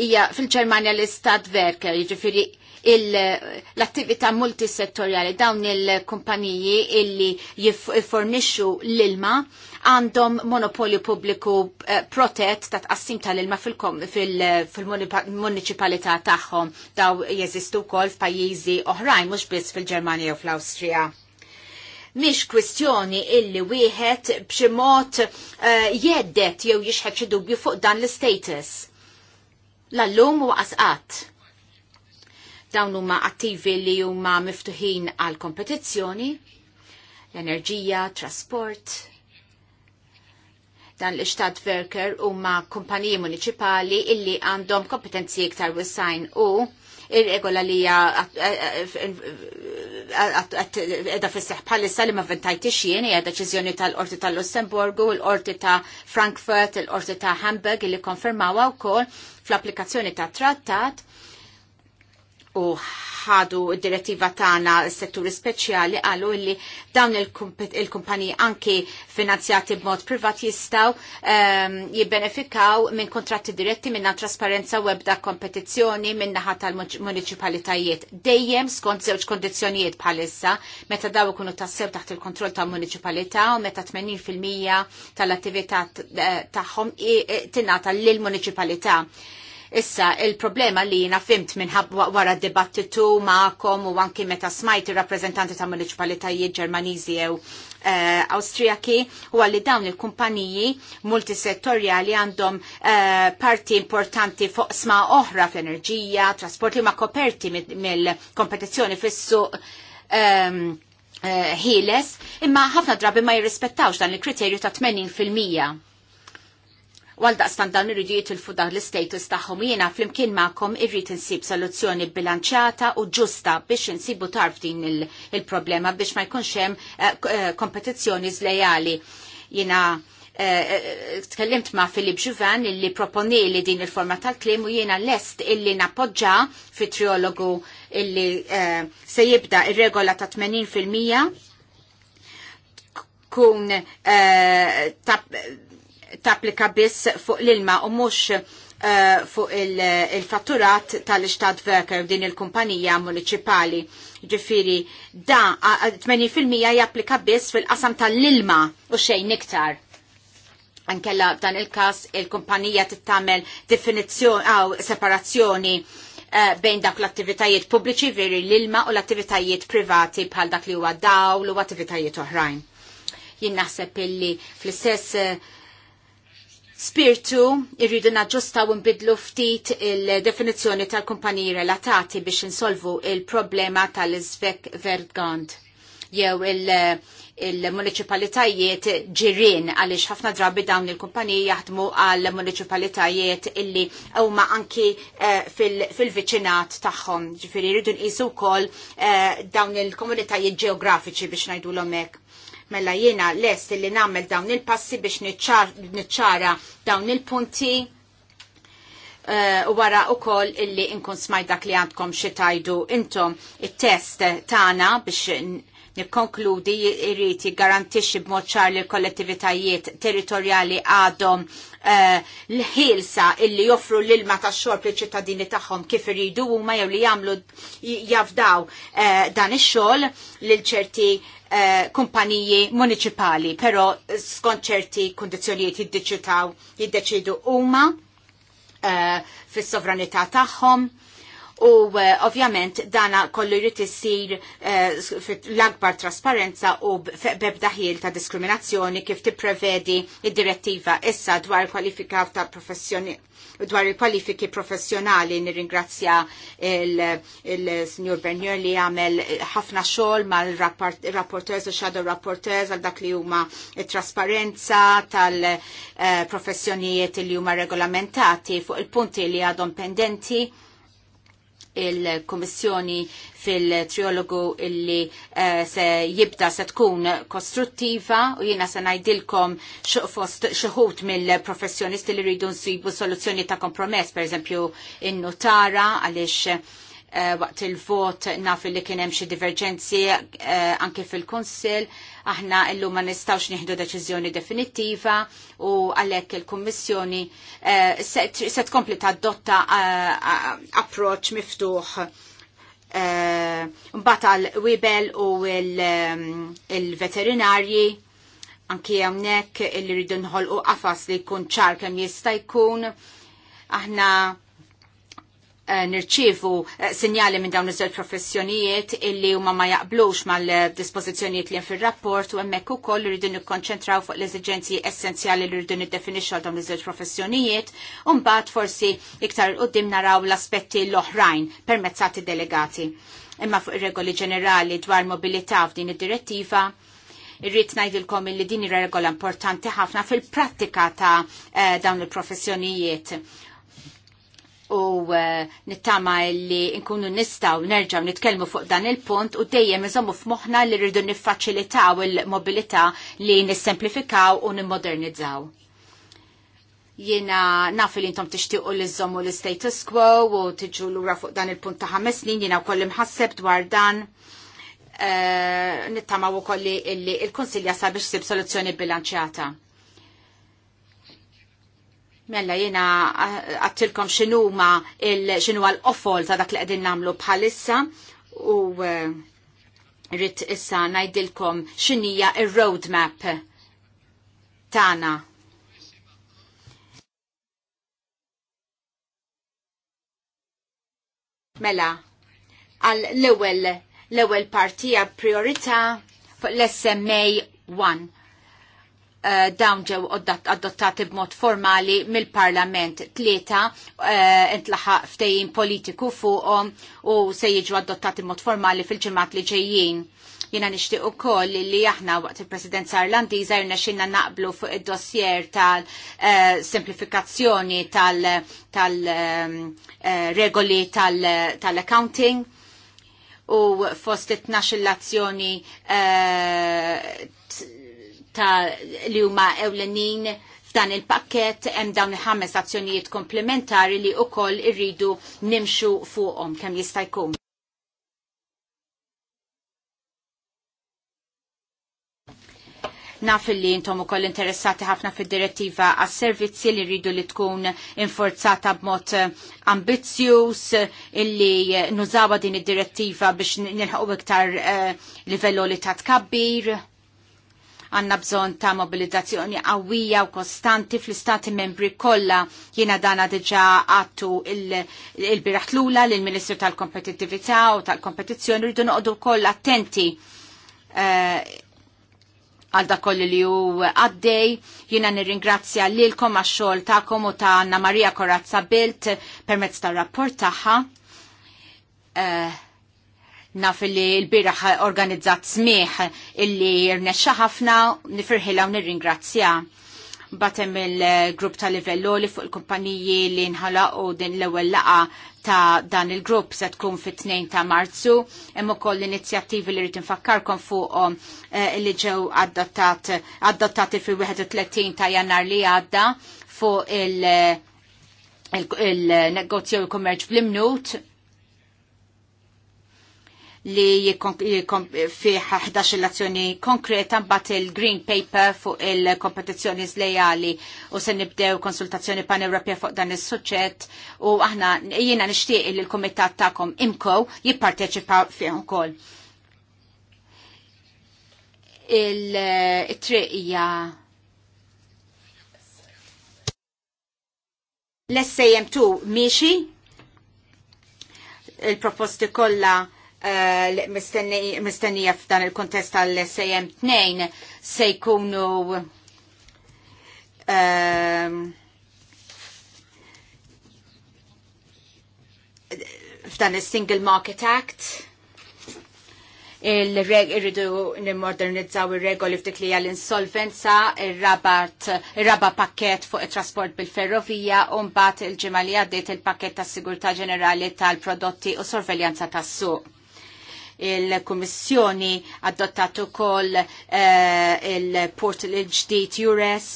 hija fil-Ġermanja l-istat verker, jiġifieri l-attività multisettorjali dawn il-kumpaniji illi jiffornixxu l-ilma għandhom monopolju pubbliku eh, protett ta' tqassim tal-ilma fil-municipalità tagħhom daw jeżistu wkoll f'pajjiżi oħrajn mhux biss fil-Ġermanja u fl-Awstrija. Mhix kwistjoni illi wieħed b'xi mod eh, jeddet jew jixħed xi dubju fuq dan l-status l-allum u għasqat. Dawn huma attivi li huma miftuħin għal kompetizzjoni, l-enerġija, trasport. Dan l-Istat Verker huma kumpaniji municipali illi għandhom kompetenzi iktar wissajn u ir-regola li għedha fisseħ bħalissa li ma ventajtix jien hija deċiżjoni tal-Qorti tal-Lussemburgu, l-Qorti ta' Frankfurt, l-Qorti ta' Hamburg li konfermawa wkoll fl-applikazzjoni ta' trattat u ħadu id-direttiva tagħna s-setturi speċjali għalu li dawn il-kumpaniji il anki finanzjati b'mod privat jistaw um, jibbenefikaw minn kontratti diretti minna trasparenza u ebda kompetizzjoni minna naħat tal-municipalitajiet. Dejjem skont żewġ kondizzjonijiet bħalissa meta daw ikunu tassew taħt il-kontroll tal-municipalità u meta 80% tal-attività eh, tagħhom eh, tingħata lill-municipalità. Ta Issa, il-problema li jina fimt minħab wara dibattitu ma'kom u anki meta smajt il-rappresentanti ta' municipalitajiet ġermaniżi jew uh, Awstrijaki u għalli dawn il-kumpaniji multisettorjali għandhom uh, parti importanti fuq sma oħra f'enerġija, trasport li ma koperti mill-kompetizzjoni fis-suq um, uh, imma ħafna drabi ma jirrispettawx dan il-kriterju ta' 80% għal daqstan dawn jitilfu dan l-status tagħhom jiena flimkien maħkom irrid insib soluzzjoni bilanċjata u ġusta biex insibu tarf din il-problema biex ma jkunx hemm eh, eh, kompetizzjoni zlejali. Jiena eh, tkellimt ma' Filip Juvan illi proponi li din il-forma tal-klim u jiena lest illi napoġġa fi triologu illi se jibda ir-regola ta' 80% kun ta' tapplika biss fuq l-ilma u mhux uh, fuq il-fatturat il tal-istat verker din il-kumpanija municipali. Ġifiri, da 80% japplika biss fil-qasam tal-ilma u xejn iktar. Ankella dan il-kas il-kumpanija tittamel definizzjoni aw, separazzjoni eh, bejn dak l-attivitajiet pubbliċi veri l-ilma u l-attivitajiet privati bħal dak li huwa dawl u attivitajiet oħrajn. Jien naħseb illi fl-istess eh, spirtu irridu naġġustaw nbidlu ftit il-definizzjoni tal-kumpaniji relatati biex insolvu il-problema tal-Svek Verdgand jew il-municipalitajiet il ġirin għaliex ħafna drabi dawn il-kumpaniji jaħdmu għal municipalitajiet illi huma anki uh, fil-viċinat fil tagħhom. Ġifieri jridu nqisu wkoll uh, dawn il-komunitajiet ġeografiċi biex ngħidulhom hekk mela jiena lest li nagħmel dawn il-passi biex niċċara dawn il-punti eh, u wara u koll illi inkun smajt dak li għandkom xi tajdu intom il test tagħna biex nikkonkludi irrit garantixi b'mod ċar li l-kollettivitajiet territorjali għadhom eh, l-ħilsa illi joffru l-ilma ta' xorb li ċittadini tagħhom kif iridu huma jew li jagħmlu jafdaw eh, dan ix-xogħol lil ċerti Eh, kumpaniji municipali, pero skont ċerti kondizjonijiet jiddeċitaw jiddeċidu huma eh, fis-sovranità tagħhom u eh, ovvjament dana kollu jrid isir eh, l-akbar trasparenza u bebdaħil ta' diskriminazzjoni kif tipprevedi id-direttiva issa dwar kwalifika ta' professjoni dwar il-kwalifiki professjonali nirringrazzja il-Sinjur Bernier li għamel ħafna xogħol mal-rapporteurs u shadow rapporteurs għal dak li huma trasparenza tal-professjonijiet eh, li huma regolamentati fuq il-punti li għadhom pendenti il-Komissjoni fil-triologu illi eh, se jibda se tkun kostruttiva u jiena se najdilkom fost xoħut mill-professjonisti li rridu nsibu soluzzjoni ta' kompromess, per eżempju in-notara għaliex eh, waqt il-vot naf li kien hemm xi diverġenzi eh, anke fil-Kunsill Aħna illum ma nistawx nieħdu deċiżjoni definittiva u għalhekk il-Kummissjoni eh, se tkompli tadotta eh, approċ miftuħ eh, mbagħad eh, wibel u eh, il-veterinarji il anki hawnhekk li rridu nħolqu qafas li jkun ċar kemm jista' jkun aħna Eh, nirċivu eh, sinjali minn dawn iż-żewġ professjonijiet illi huma ma jaqblux mal-dispożizzjonijiet li hemm fir rapport u hemmhekk ukoll irridu nikkonċentraw fuq l-eżiġenzi essenzjali li rridu niddefinixxu għal dawn iż-żewġ professjonijiet u mbagħad forsi iktar qudiem naraw l-aspetti l-oħrajn permezzati delegati. Imma fuq ir-regoli ġenerali dwar mobilità f'din id-direttiva irrid ngħidilkom li din regola importanti ħafna fil-prattika ta' eh, dawn il-professjonijiet u uh, nittama li nkunu nistaw nerġaw nitkelmu fuq dan il-punt u dejjem iżommu f'moħna li rridu niffaċilitaw il-mobilità li nissemplifikaw u nimmodernizzaw. Jiena naf li intom tixtiequ li zommu l-status quo u tiġu lura fuq dan il-punt ta' ħames snin jiena kollim imħasseb dwar dan. Uh, nittama u kolli il-Konsilja sabiex sib soluzzjoni bilanċjata Mella jena eh, għattilkom il xinu għal-offol ta' dak li għedin namlu bħalissa u eh, rrit issa najdilkom xinija il-roadmap tana. Mela, għal l-ewel l-ewel partija priorita fuq l-SMA 1 Uh, dawn ġew adottati b'mod formali mill-Parlament tlieta uh, eh, intlaħaq ftejjin politiku fuqhom u se jiġu adottati b'mod formali fil-ġimgħat li ġejjin. Jiena nixtieq ukoll li aħna waqt il-Presidenza Irlandiża jirna xinna naqblu fuq id-dossier tal-simplifikazzjoni eh, uh, tal-regoli ehm, tal, tal-accounting tal u fost it-tnax l-azzjoni ta' li huma ewlenin f'dan il-pakket hemm dawn il-ħames azzjonijiet komplementari li wkoll irridu nimxu fuqhom kemm jista' jkun. Naf li intom ukoll interessati ħafna fid-direttiva għas servizzi li rridu li tkun inforzata b'mod ambizzjuż illi nużawa din id-direttiva biex nilħaqu iktar eh, livello li ta' tkabbir Għanna bżon ta' mobilizzazzjoni qawwija u kostanti fl-istati membri kollha jiena dana diġà għattu il-biraħ lula lill-Ministru tal kompetitività u tal-Kompetizzjoni rridu noqogħdu wkoll attenti eh, għal da kollu li ju għaddej. Jina nirringrazzja lilkom għax xogħol Kom u ta' Anna Marija Korazza Bilt permezz tar rapport tagħha. Uh, naf li l-biraħ organizzat smieħ illi rnexxa ħafna nifirħila u nirringrazzja. Batem il-grupp ta' livello li fuq il-kumpaniji li nħala u din l-ewwel laqa ta' dan il-grupp se tkun fit-2 ta' Marzu, hemm ukoll l-inizjattivi li rrid infakkarkom fuqhom li ġew adottati fil-31 ta' Jannar li għadda fuq il- negozju il kummerċ bl-imnut li fiħ 11 il azzjoni konkreta mbagħad il-Green Paper fuq il-kompetizzjoni zlejali u se nibdew konsultazzjoni pan europja fuq dan is suċet u aħna jiena nixtieq li l-kumitat imko jipparteċipa fih ukoll. Il-triqija l-SAM2 miexi il-proposti kollha Eh, mistennija f'dan il-kontest tal sejem 2 se jkunu ehm, f'dan il-Single Market Act il-reg irridu nimmodernizzaw ir-regoli f'dik li l-insolvenza, il raba pakket fuq it-trasport bil-ferrovija, u mbagħad il-ġimgħa li għaddiet il-pakket tas-sigurtà ġenerali tal-prodotti u sorveljanza tas-suq Il-Kummissjoni adottat ukoll eh, il-portal il-ġdid URES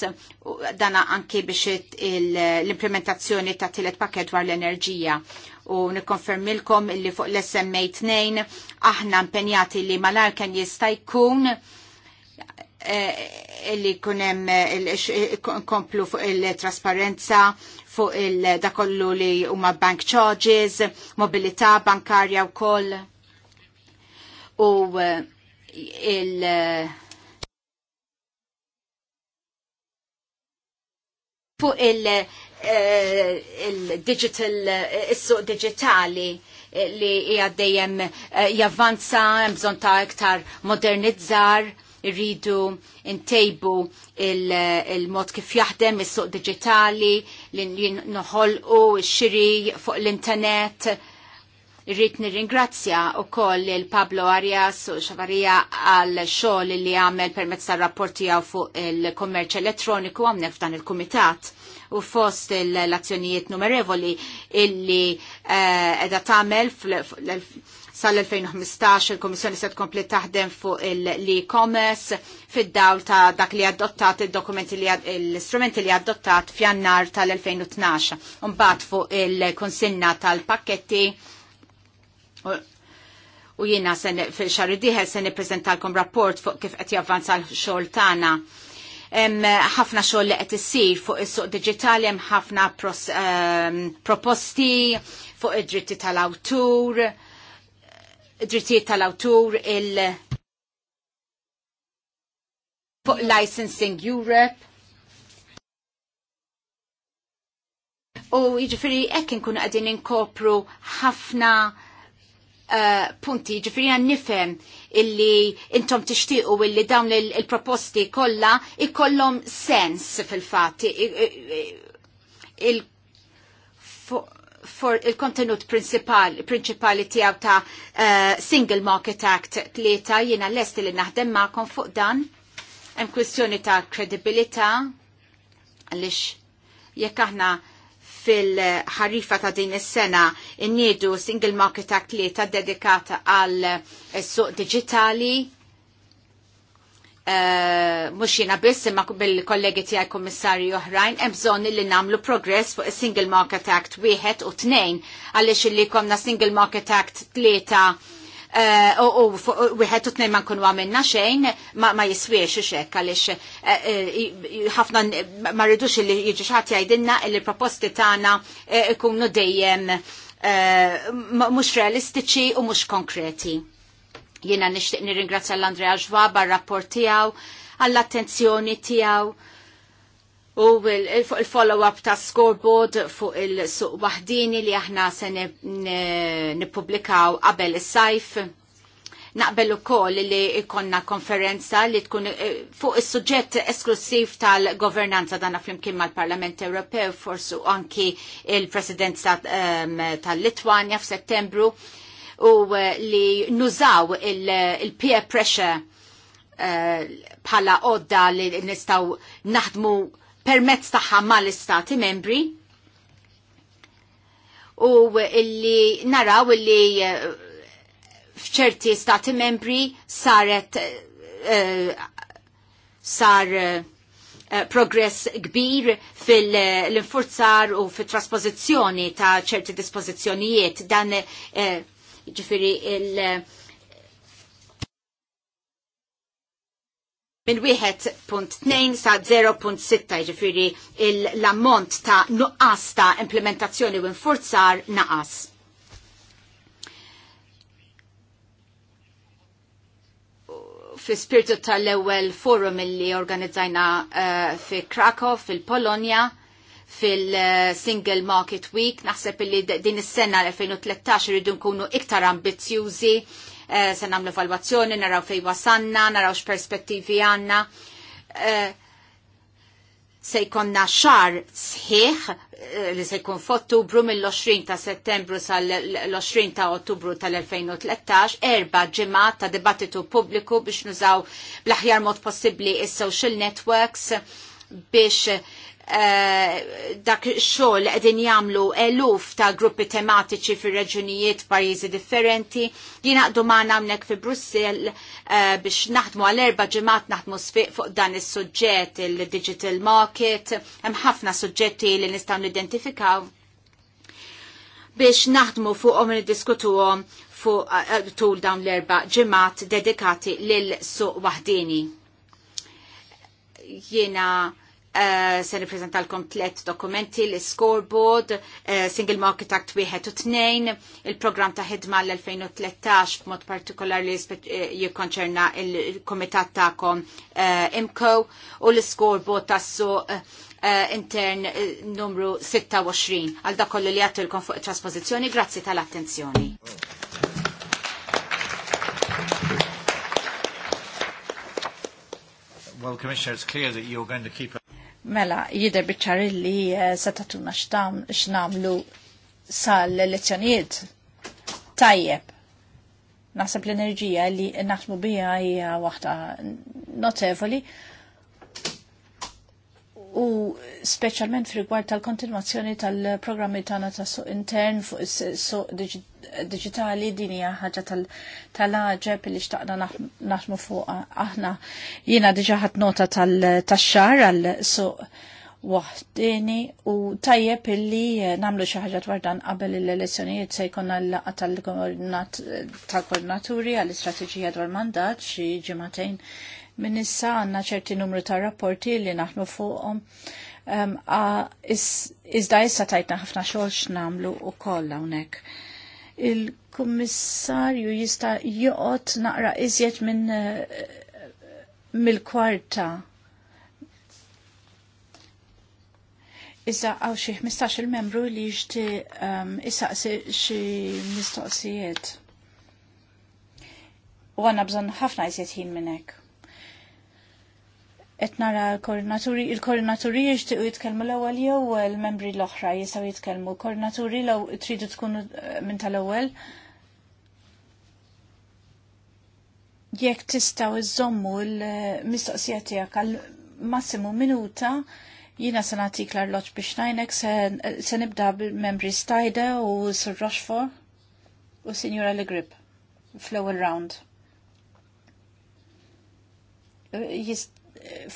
dana anke biex l-implementazzjoni ta' tielet pakket dwar l-enerġija u nikkonfermilkom li fuq l-SMA 2 aħna impenjati li malar kan jista' jkun eh, li kunem komplu fuq il-trasparenza fuq il-dakollu li huma bank charges, mobilità bankarja u koll u eh, il- eh, fuq il-digital, eh, il-suq digitali li dejjem javvanza, bżon ta' iktar modernizzar, irridu ntejbu il-mod kif jaħdem is-suq digitali li noħolqu x-xiri fuq l-internet Irrit nirringrazzja u koll il-Pablo Arias u Xavarija għal xogħol li għamel permezz tar-rapport għaw fuq il-kommerċ elettroniku għamne f'dan il-kumitat u fost l-azzjonijiet numerevoli illi eh, edha tagħmel sal-2015 il-Komissjoni se tkompli taħdem fuq l-e-commerce fid-dawl ta' dak li adottat il-dokumenti li l-istrumenti li adottat f'jannar tal-2012. Mbagħad fuq il-konsinna tal-pakketti U jiena fil-xar diħel sen nippreżentalkom rapport fuq kif qed javvanza l-xogħol tagħna. Hemm eh, ħafna xogħol li qed isir fuq is-suq diġitali hemm ħafna ehm, proposti fuq id-dritti tal-awtur, id-drittijiet tal-awtur il fuq Licensing Europe. U jiġifieri hekk inkunu qegħdin inkopru ħafna Eh, punti, ġifiri għan nifem illi intom tishtiqu illi dawn il-proposti kolla ikollom sens fil-fat il-kontenut principali tijaw ta' eh, Single Market Act tlieta jina l-est li naħdem ma'kom fuq dan hemm kwistjoni ta' kredibilità għaliex jekk aħna fil-ħarifa ta' din is-sena inniedu Single Market Act li ta' dedikata għal eh, suq digitali. Uh, eh, mux jina biss imma bil-kollegi tiegħi kommissarju oħrajn, hemm bżonn li namlu progress fuq Single Market Act wieħed u tnejn għaliex illi komna Single Market Act tlieta Eh, u wieħed u ma nkunu għamilna xejn ma jiswiex xek għaliex eh, eh, ħafna ma rridux li jiġu xaħat għajdinna li proposti tagħna ikunu dejjem mhux realistiċi u mhux konkreti. Jiena nixtieq nirringrazzja l-Andrea Ġwab għar-rapport tiegħu, għall-attenzjoni tiegħu u il-follow-up ta' scoreboard fuq il-suq wahdini li aħna se nipublikaw qabel is-sajf. Naqbel u koll li ikonna konferenza li tkun eh, fuq is suġġett esklusiv tal-governanza dana flimkien mal-Parlament Ewropew forsu anki il-Presidenza ehm, tal-Litwanja f'Settembru u eh, li nużaw il-peer pressure eh, bħala għodda li nistaw naħdmu permezz tagħha mal-istati membri u illi naraw illi eh, fċerti stati membri saret eh, sar eh, progress kbir fil-infurzar u fil-trasposizjoni ta' ċerti dispozizjonijiet dan ġifiri il- minn 1.2 sa 0.6 ġifiri l-ammont ta' nuqqas ta' implementazzjoni u infurzar naqas. fi spiritu tal-ewel forum illi organizzajna uh, fi Krakow, fil-Polonja, fil-Single Market Week. Naħseb illi din is-sena 2013 rridu nkunu iktar ambizjużi Eh, se namlu valvazzjoni, naraw fej wasanna, naraw x-perspettivi għanna. Eh, se jkonna xar sħiħ eh, li se jkun f'Ottubru mill-20 ta' Settembru sal-20 ta' Ottubru tal-2013, erba ġimgħat ta' dibattitu pubbliku biex nużaw bl-aħjar mod possibbli is-social networks biex Eh, dak xogħol qegħdin jagħmlu eluf ta' gruppi tematiċi fir reġunijiet pajjiżi differenti. Jina magħna hawnhekk fi Brussell eh, biex naħdmu għal erba' ġimgħat naħdmu sfiq fuq dan is-suġġett il-digital market, hemm ħafna suġġetti li nistgħu nidentifikaw biex naħdmu fuqhom għom fuq eh, tul dawn l-erba' ġemat dedikati lil suq wahdini. Jiena Eh, se nipprezenta l komplett dokumenti, l-scoreboard, eh, Single Market Act 1 u 2, il-program ta' ħidma l-2013 b'mod partikolari eh, jikkonċerna il-komitat ta'kom uh, IMCO u l-scoreboard ta' su intern numru 26. Għal da kollu li għattilkom fuq trasposizjoni, grazzi tal-attenzjoni. Well, Commissioner, it's clear that you're going to keep Mela, jider biċar li eh, setatuna x'namlu sal-elezzjonijiet. Tajjeb. Nasab l-enerġija li naħdmu bija hija waħda notevoli u speċjalment fil-rigward tal-kontinuazzjoni tal-programmi tagħna ta' suq intern fuq is-suq digitali din hija ħaġa tal-aġeb li xtaqna naħdmu fuq aħna jiena diġa' ħadd nota tal-taxxar għal suq wahdini u tajjeb illi namlu xi ħaġa dwar dan qabel l-elezzjonijiet se jkun laqa tal-koordinaturi għall-istrateġija dwar mandat xi ġimagħtejn Min issa għanna ċerti numru ta' rapporti li naħnu fuqhom. Iżda issa tajtna ħafna xogħol x'namlu wkoll hawnhekk. Il-kummissarju jista' joqgħod naqra iżjed minn eh, mill-kwarta Iżda għaw xie 15 il-membru li jġti um, isaqsi xie mistoqsijiet. U għanna bżon ħafna iżjed ħin minnek qed nara l-koordinaturi, il-koordinaturi u jitkellmu l-ewwel jew l-membri l-oħra jistgħu jitkellmu. Koordinaturi law tridu tkunu eh, minn tal-ewwel. Jekk tistgħu iżommu l-mistoqsija tiegħek għal massimu minuta, jina se nagħtik l-arloġġ biex najnek se nibda bil-membri Stajda u Sir Rochefort u Sinjura Legrib fl-ewwel round eh,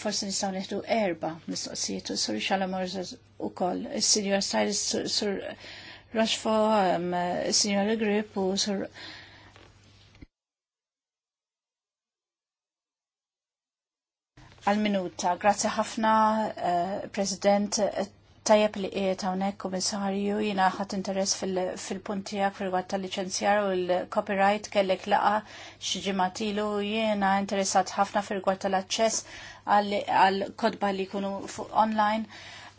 forsi nistaw neħdu erba mistoqsijiet u sur xalamorza u koll. Il-Sinjor Stiles, sur Rashfo, il-Sinjor um, Grip u sur għal-minuta. Grazie ħafna, eh, President, tajjeb li qiegħed hawnhekk kummissarju jiena ħadd interess fil-puntijak fil rigward tal-liċenzjar u l-copyright kellek laqa xi ġimgħat ilu jiena interessat ħafna fil rigward tal-aċċess għal-kodba li jkunu fuq online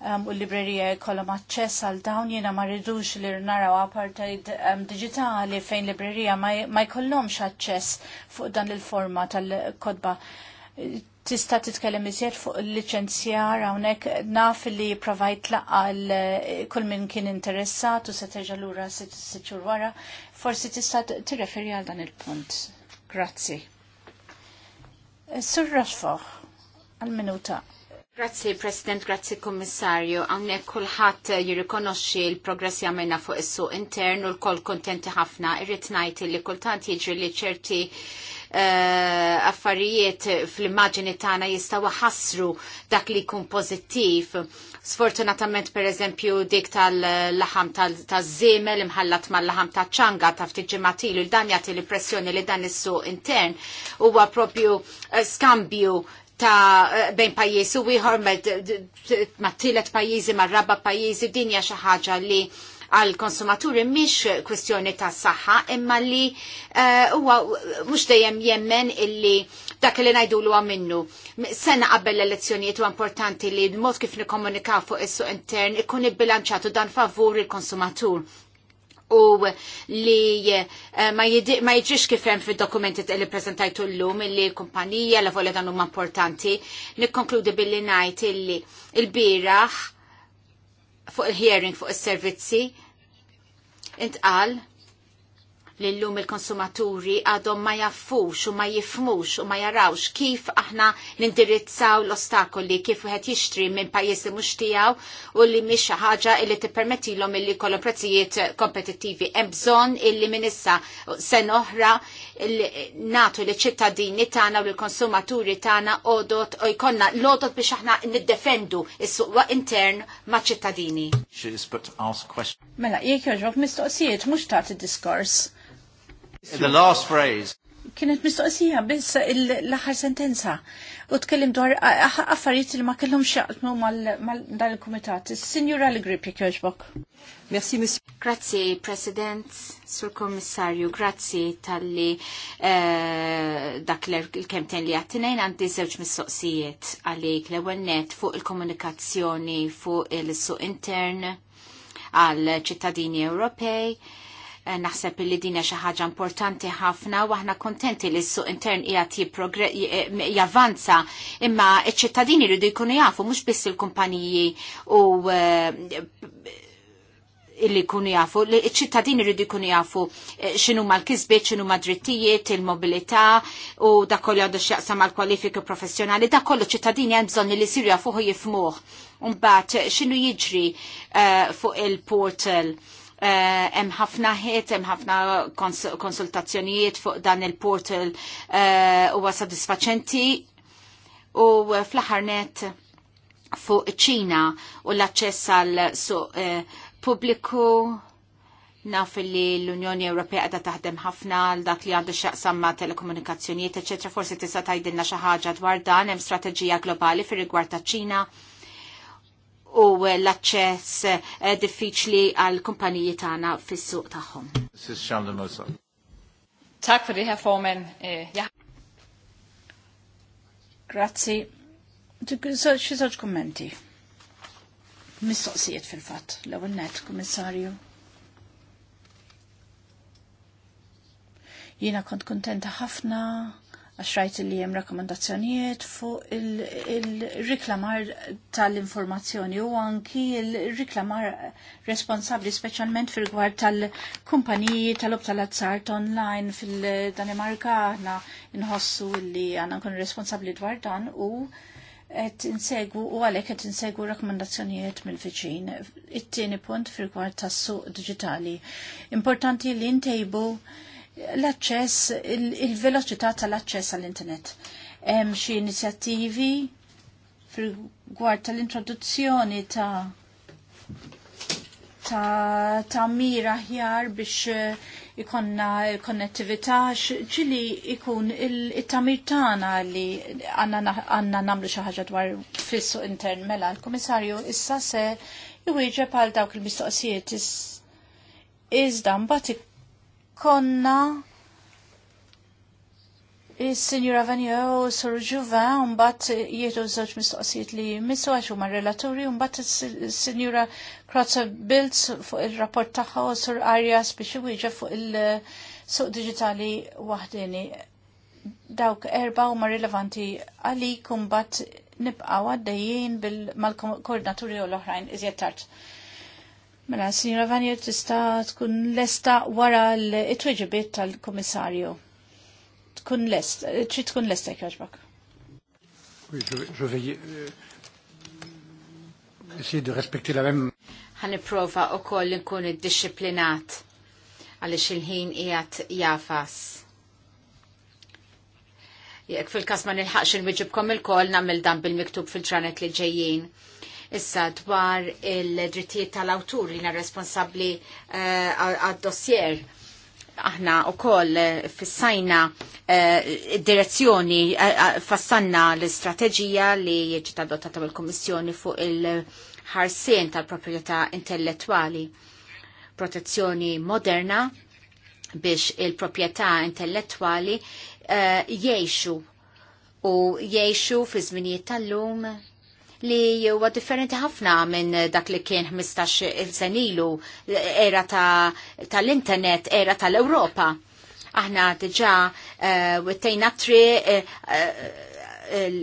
um, u l-librerija jkollhom aċċess għal dawn jiena ma rridux li naraw apartheid um, digitali fejn librerija ma jkollhomx aċċess fuq dan il-forma tal-kodba. Tista titkellem iżjed fuq il-liċenzjar hawnhekk naf li provajt laqal eh, kull min kien interessat u se terġa' lura sitt wara, forsi tista' tirreferi għal dan il-punt. Grazzi. Eh, Sur Rochefort għal-minuta. Grazzi President, grazie Kommissarju. Għawnek kullħat jirrikonoxxi l-progress għamena fuq is-suq intern u l-koll kontenti ħafna. Irrid ngħid li kultant jiġri li ċerti eh, affarijiet fl-immaġini tagħna jistgħu ħassru dak li jkun pożittiv. Sfortunatament per eżempju dik tal-laħam tal-żiemel imħallat mal-laħam ta' ċanga ta' ftit l-dan jagħti l-impressjoni li dan is-suq intern huwa propju eh, skambju ta' bejn pajjiż u ieħor ma' tielet pajjiżi ma' raba pajjiżi din hija xi ħaġa li għal konsumaturi mhix kwestjoni ta' saħħa imma li eh, huwa mhux dejjem jemmen illi dak li ngħidulu huwa minnu. Sena qabel l-elezzjonijiet huwa importanti li l-mod kif nikkomunikaw fuq is-suq intern ikun ibbilanċatu dan favur il-konsumatur u li eh, ma jġiġ kifem fi fid-dokumenti li l llum li kumpanija la volja dan huma importanti. Nikkonkludi billi ngħid illi il-biraħ fuq il-hearing fuq is-servizzi intqal li l-lum il-konsumaturi għadhom ma jaffux u ma jifmux u ma jarawx kif aħna nindirizzaw l-ostakoli kif wieħed jixtri minn pajis li mhux tiegħu u li mhix ħaġa li tippermettilhom illi jkollhom prezzijiet kompetittivi. Hemm bżonn illi minn issa sen oħra natu li ċittadini tagħna u l-konsumaturi tagħna odot u jkollna l-odot biex aħna niddefendu il suqwa intern ma' ċittadini. Mela, jekk joġob mistoqsijiet mhux tagħti diskors The last phrase. Kienet mistoqsija biss l-aħħar sentenza u tkellim dwar affarijiet li ma kellhom xaqtmu mal dan il-kumitat. Signora Legrip jekk jogħġbok. Merci, Monsieur. Grazzi, President, Sur Kommissarju, grazzi tal-li eh, dak l-kemten li għattinajn għandi żewġ mistoqsijiet għalik l-ewwel net fuq il-komunikazzjoni fuq il-suq intern għal ċittadini Ewropej Eh, naħseb li din xi ħaġa importanti ħafna u aħna kontenti li s-suq intern qiegħed eh, javanza imma ċ-ċittadini rridu jkunu jafu mhux biss il-kumpaniji u eh, illi kunu jafu, li ċittadini rridu kunu jafu xinu ma l-kizbiet, xinu ma drittijiet, il-mobilità u da kollu għadu xjaqsa ma l professjonali, da kollu ċittadini għan bżon li siru hu jifmuħ. bat, xinu jiġri uh, fuq il-portal Eh, hemm ħafna ħiet, hemm ħafna konsultazzjonijiet fuq dan il-portal eh, huwa sodisfaċenti u fl-aħħar fuq ċina u l-aċċess għal suq eh, pubbliku naf li l-Unjoni Ewropea għadha taħdem ħafna għal dak li għandu x'jaqsam ma' telekomunikazzjonijiet, eċċetra, forsi tista' tgħidilna xi ħaġa dwar dan hemm strateġija globali fir-rigward taċ-Ċina u l-aċċess eh, diffiċli għal kumpaniji tagħna fis-suq tagħhom. Tak för det, herr formen. Eh, ja. Grazzi. Xi żewġ kummenti. Mistoqsijiet fil-fatt, l-ewwel net, kummissarju. Jiena kont kontenta ħafna għax rajt li jem rakkomandazzjonijiet fuq il-riklamar il riklamar tal informazzjoni u anki il-riklamar responsabli specialment fil gwar tal-kumpaniji tal-ob tal-azzart online fil-Danimarka għana nħossu li għana nkun responsabli dwar dan u et insegu u għalek et insegu rakkomandazzjonijiet mill fiċin. It-tieni punt fil-gwar tas-suq digitali. Importanti li ntejbu l-aċċess, il-veloċità tal-aċċess għall-internet. Hemm xi inizjattivi fil tal-introduzzjoni ta' ta' ta' mira ħjar biex eh, ikonna konnettività ċili ikun il-tamir tagħna li għandna nagħmlu xi ħaġa dwar fissu intern mela l-Kummissarju issa se jwieġeb għal dawk il-mistoqsijiet iżda mbagħad konna Is-Sinjura Vanjo u Sur Ġuva mbagħad jietu żewġ mistoqsijiet li jmissu għax huma relaturi u mbagħad is-Sinjura krotza Bilz fuq ir-rapport tagħha u Sur Arias biex iwieġeb fuq il-suq digitali wahdini. Dawk erba' huma rilevanti għalik u mbagħad nibqgħu għaddejjin mal-koordinaturi u l-oħrajn iżjed tard. Mela, signora Vanier, tista tkun lesta wara l-tweġibiet tal-komissarju. Tkun lest, eh, trid tkun lesta jkjoġbak. Oui, je, je vais euh, essayer u koll nkun id-disciplinat għalix il-ħin ijat jafas jekk fil-kas ma nilħaqx il-wġibkom il koll namil dan bil-miktub fil-ġranet li ġejjin. Issa dwar il-drittijiet tal-awtur li na responsabli eh, għad-dossier aħna u koll eh, fissajna eh, direzzjoni, fassanna l-istrateġija li ġiet adottata mill komissjoni fuq il-ħarsien tal-proprjetà intellettuali, protezzjoni moderna biex il-proprjetà intellettuali uh, jiexu u jiexu fi żminijiet tal-lum li huwa differenti ħafna minn dak li kien 15 il-senilu era tal-internet, ta era tal-Europa. Aħna diġa eh, wittejna tri eh, eh,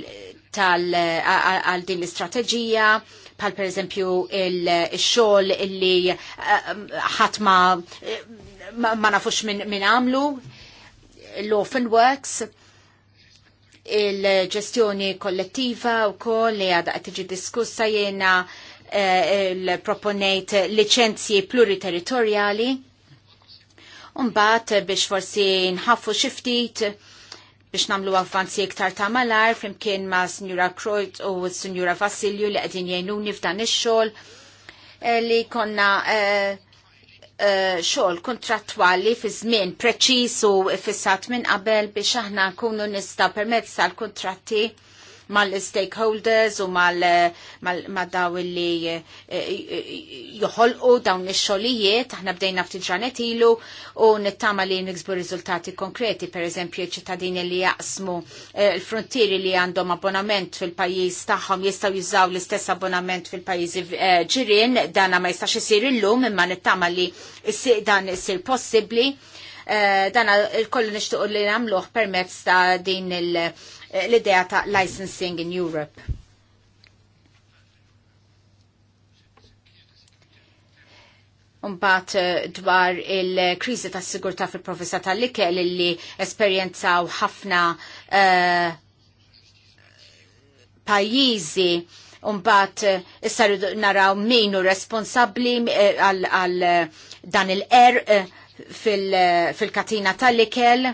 għal din l-istrateġija pal per eżempju il-xol illi ħatma ma nafux minn għamlu l-Open Works il-ġestjoni kollettiva u koll li għada għatiġi diskussa jena eh, il-proponejt licenzji pluriterritoriali. Umbat biex forsi nħaffu xiftit biex namlu avvanzi iktar ta' malar flimkien ma' Signora Kreut u Signora Vassilju li għedin jenuni f'dan ix-xogħol eh, li konna eh, xoħl eh, xogħol kontrattwali fi żmien preċiż u fissat minn qabel biex aħna nkunu nista' permezz tal-kuntratti mal-stakeholders u mal-daw li eh, eh, joħolqu dawn ix-xogħlijiet, aħna bdejna ftit ġranet ilu u nittama li niksbu rizultati konkreti, per eżempju ċittadini li jaqsmu eh, l-frontieri li għandhom abbonament fil-pajjiż tagħhom jistgħu jużaw l-istess abbonament fil-pajjiżi ġirien, dana ma jistax isir illum imma nittama li dan isir possibbli dan il-kollu nishtuq li namluħ permezz ta' din il- Eh, l-idea ta' licensing in Europe. Umbat eh, dwar il-krizi ta' sigurta fil-professa tal-likel li esperienzaw ħafna eh, pajjiżi pajizi Umbat issa naraw minu responsabli għal dan il-er fil-katina tal-likel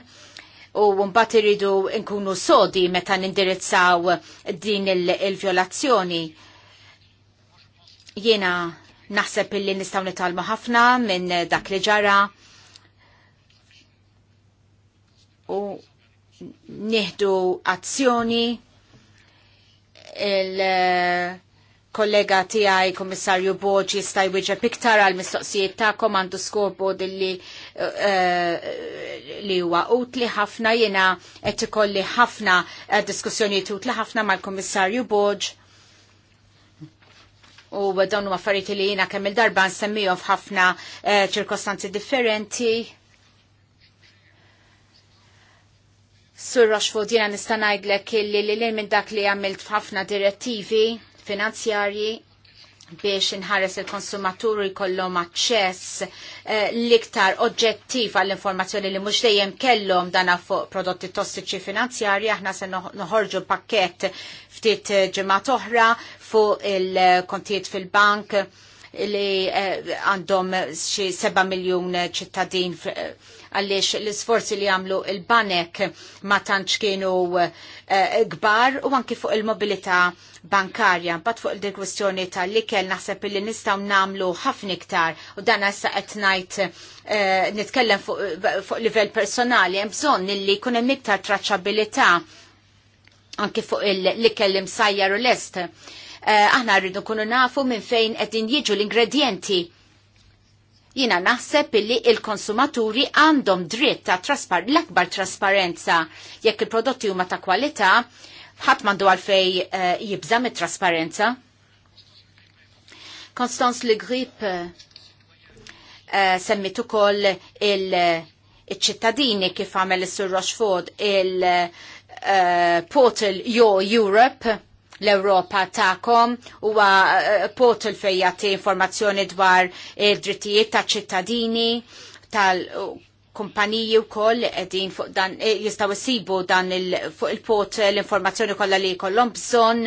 u mbagħad iridu nkunu sodi meta nindirizzaw din il-vjolazzjoni. Jiena naħseb illi nistgħu nitalmu ħafna minn dak li ġara u nieħdu azzjoni il- kollega tiegħi Kummissarju Boġi jista' jwieġeb iktar għal mistoqsijiet tagħkom għandu skorbo li eh, eh, li huwa utli ħafna jiena qed ikolli ħafna eh, diskussjonijiet utli ħafna mal-Kummissarju Boġ. U dawn huma affarijiet li jiena kemm il-darba nsemmihom f'ħafna ċirkostanzi differenti. Sur Roxford jiena nista' ngħidlek li lil minn dak li għamilt f'ħafna direttivi finanzjarji biex inħares il-konsumaturi kollom aċċess l eh, liktar oġġettiv għall-informazzjoni li mhux dejjem kellhom dana fuq prodotti tossiċi finanzjarji, aħna se noħorġu pakkett ftit ġimgħat oħra fuq il-kontijiet fil-bank li eh, għandhom xi 7 miljun ċittadin għaliex l-isforzi li għamlu il-banek ma tantx kienu eh, gbar u anki fuq il-mobilità bankarja. Bat fuq il-kwestjoni tal-likel naħseb li nistaw namlu ħafna iktar u dan issa qed ngħid eh, nitkellem fuq livell personali hemm bżonn illi jkun hemm iktar traċċabilità anki fuq il-likel imsajjar u lest. Eh, aħna rridu kunu nafu minn fejn għedin jiġu l-ingredjenti Jina naħseb illi il-konsumaturi għandhom dritt ta' traspar l-akbar trasparenza jekk il-prodotti huma ta' kwalità ħadd m'għandu għalfej uh, jibża mit-trasparenza. Constance Le Grip uh, semmit ukoll il-ċittadini kif għamel is-Sur Rochefort il-Portal uh, Your Europe l-Europa ta'kom huwa eh, l fejja informazzjoni dwar id-drittijiet ta' ċittadini tal kumpaniji u koll edin fuq dan eh, jistaw sibu dan il, fuq il-pot l-informazzjoni kollha li kollom bżonn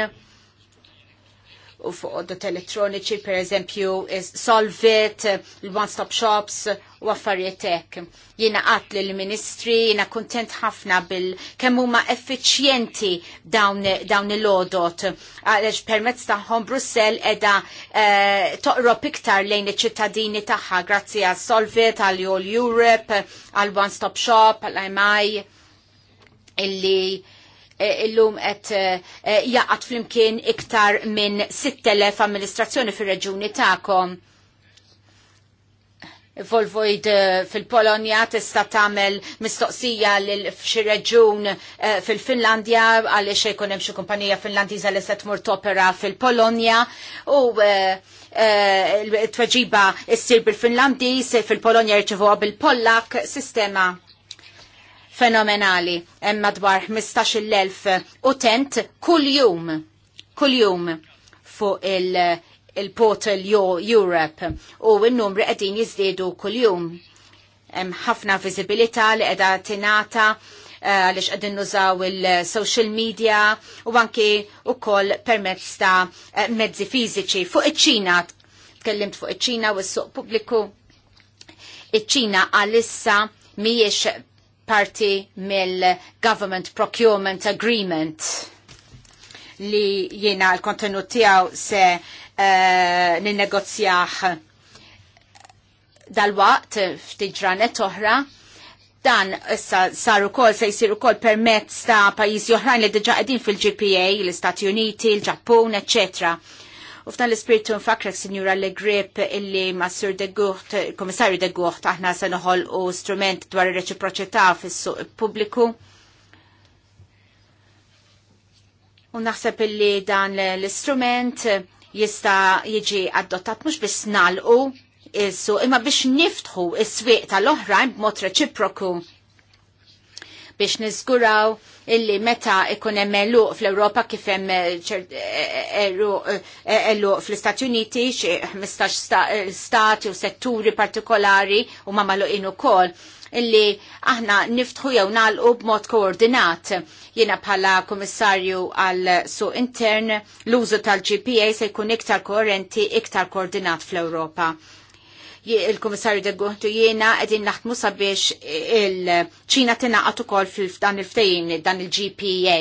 u fuq dot elettroniċi, per eżempju, Solvit, l-one-stop shops u affarijiet hekk. Jiena li lill ministri jiena kuntent ħafna bil kemm huma effiċjenti dawn il-odot għaliex permezz tagħhom Brussell edha eh, toqrob iktar lejn iċ-ċittadini tagħha grazzi għal Solvit, għal All Europe, għal One Stop Shop, għal IMI illi Eh, illum qed eh, eh, jaqat flimkien iktar minn 6,000 amministrazzjoni fir-reġuni tagħkom. Volvoid fil-Polonja tista tagħmel mistoqsija lil f'xi reġun fil-Finlandja għaliex jkun hemm xi kumpanija Finlandiża li se tmur topera fil-Polonja u t-tweġiba ssir bil finlandiż fil-Polonja jirċevuha bil-Pollak, sistema fenomenali, hemm madwar 15.000 utent kull jum, kull jum fuq il- il-portal Europe u n-numri qegħdin jiżdiedu kuljum. Hemm ħafna viżibilità li qiegħda tingħata eh, għaliex qegħdin nużaw il-social media u anki wkoll permezz ta' eh, mezzi fiżiċi fuq iċ-Ċina tkellimt fuq iċ-Ċina u s-suq pubbliku iċ-Ċina għalissa mhijiex parti mill-Government Procurement Agreement li jiena l-kontenut tiegħu se uh, ninnegozjah dal-waqt ftit ġranet oħra dan issa sar ukoll se jsir ukoll permezz ta' pajjiżi oħrajn li diġà qegħdin fil-GPA, l-Istati Uniti, il-Ġappun, eċċetera U f'dan l-ispirtu nfakrek, Signora Le Grip, illi ma' Sur de Gucht, Komissarju de Gucht, aħna se noħol u strument dwar il-reċiproċità fis-suq pubbliku. U naħseb illi dan l-istrument jista jiġi adottat mhux biex nalqu suq imma biex niftħu is-swieq tal-oħrajn b'mod reċiproku biex niżguraw illi meta ikun hemm eluq fl-Ewropa kif hemm eh, eh, eh, fl-Istati Uniti xi 15 stati u setturi partikolari u ma magħluqin ukoll illi aħna niftħu jew nagħlqu b'mod koordinat. Jiena bħala kummissarju għal suq intern l-użu tal-GPA se jkun iktar koerenti, iktar koordinat fl-Ewropa il-Komissarju de Guhtu jiena qegħdin naħdmu sabiex il-Ċina tingħaqad ukoll dan il-ftehim dan il-GPA.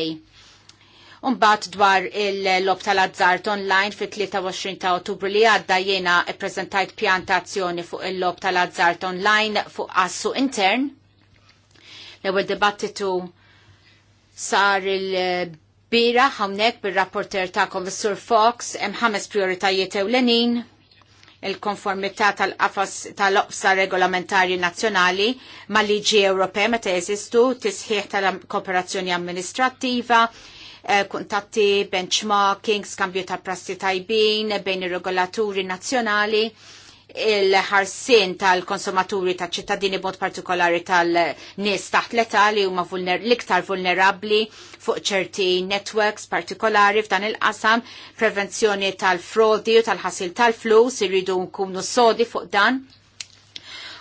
Umbat dwar il-lob tal-azzart online fit-23 ta' ottubru li għadda jiena prezentajt pjantazzjoni fuq il-lob tal-azzart online fuq assu intern. L-ewwel dibattitu sar il- Bira hawnhekk bil rapporter ta' Sur Fox hemm ħames prioritajiet ewlenin il-konformità tal-qafas tal-oqsa regolamentari nazzjonali mal liġi Ewropej meta jeżistu tisħiħ tal-kooperazzjoni amministrattiva, eh, kuntatti, benchmarking, skambju ta' prassi tajbin bejn ir-regolaturi nazzjonali il-ħarsin tal-konsumaturi ta' ċittadini mod partikolari tal-nis taħt l-età li huma l-iktar vulnerabli fuq ċerti networks partikolari f'dan il-qasam, prevenzjoni tal-frodi u tal-ħasil tal-flus, irridu nkunu sodi fuq dan.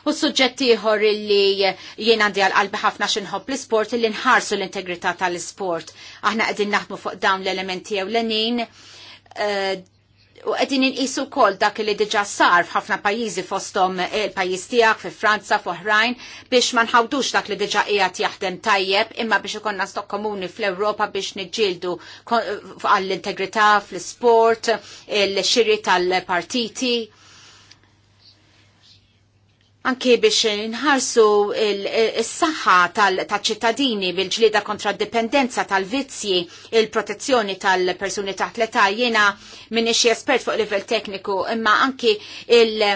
U suġġetti ieħor li jien għandi għal-qalbi ħafna xinħobb l-isport li nħarsu l-integrità tal-isport. Aħna qegħdin naħdmu fuq dawn l-elementi ewlenin eh, u għedin inqisu kol dak li diġa sar f'ħafna pajjiżi fostom il-pajjiż tiegħek fi Franza f'oħrajn biex ma nħawdux dak li diġa qiegħed jaħdem tajjeb imma biex ikonna stok komuni fl-Ewropa biex niġġieldu għall-integrità fl-sport, il-xiri tal-partiti anke biex nħarsu il-saħħa tal-ċittadini bil-ġlida kontra dipendenza tal-vizzji, il-protezzjoni tal-persuni taħt l-età jena minn xi espert fuq livell tekniku, imma anki eh,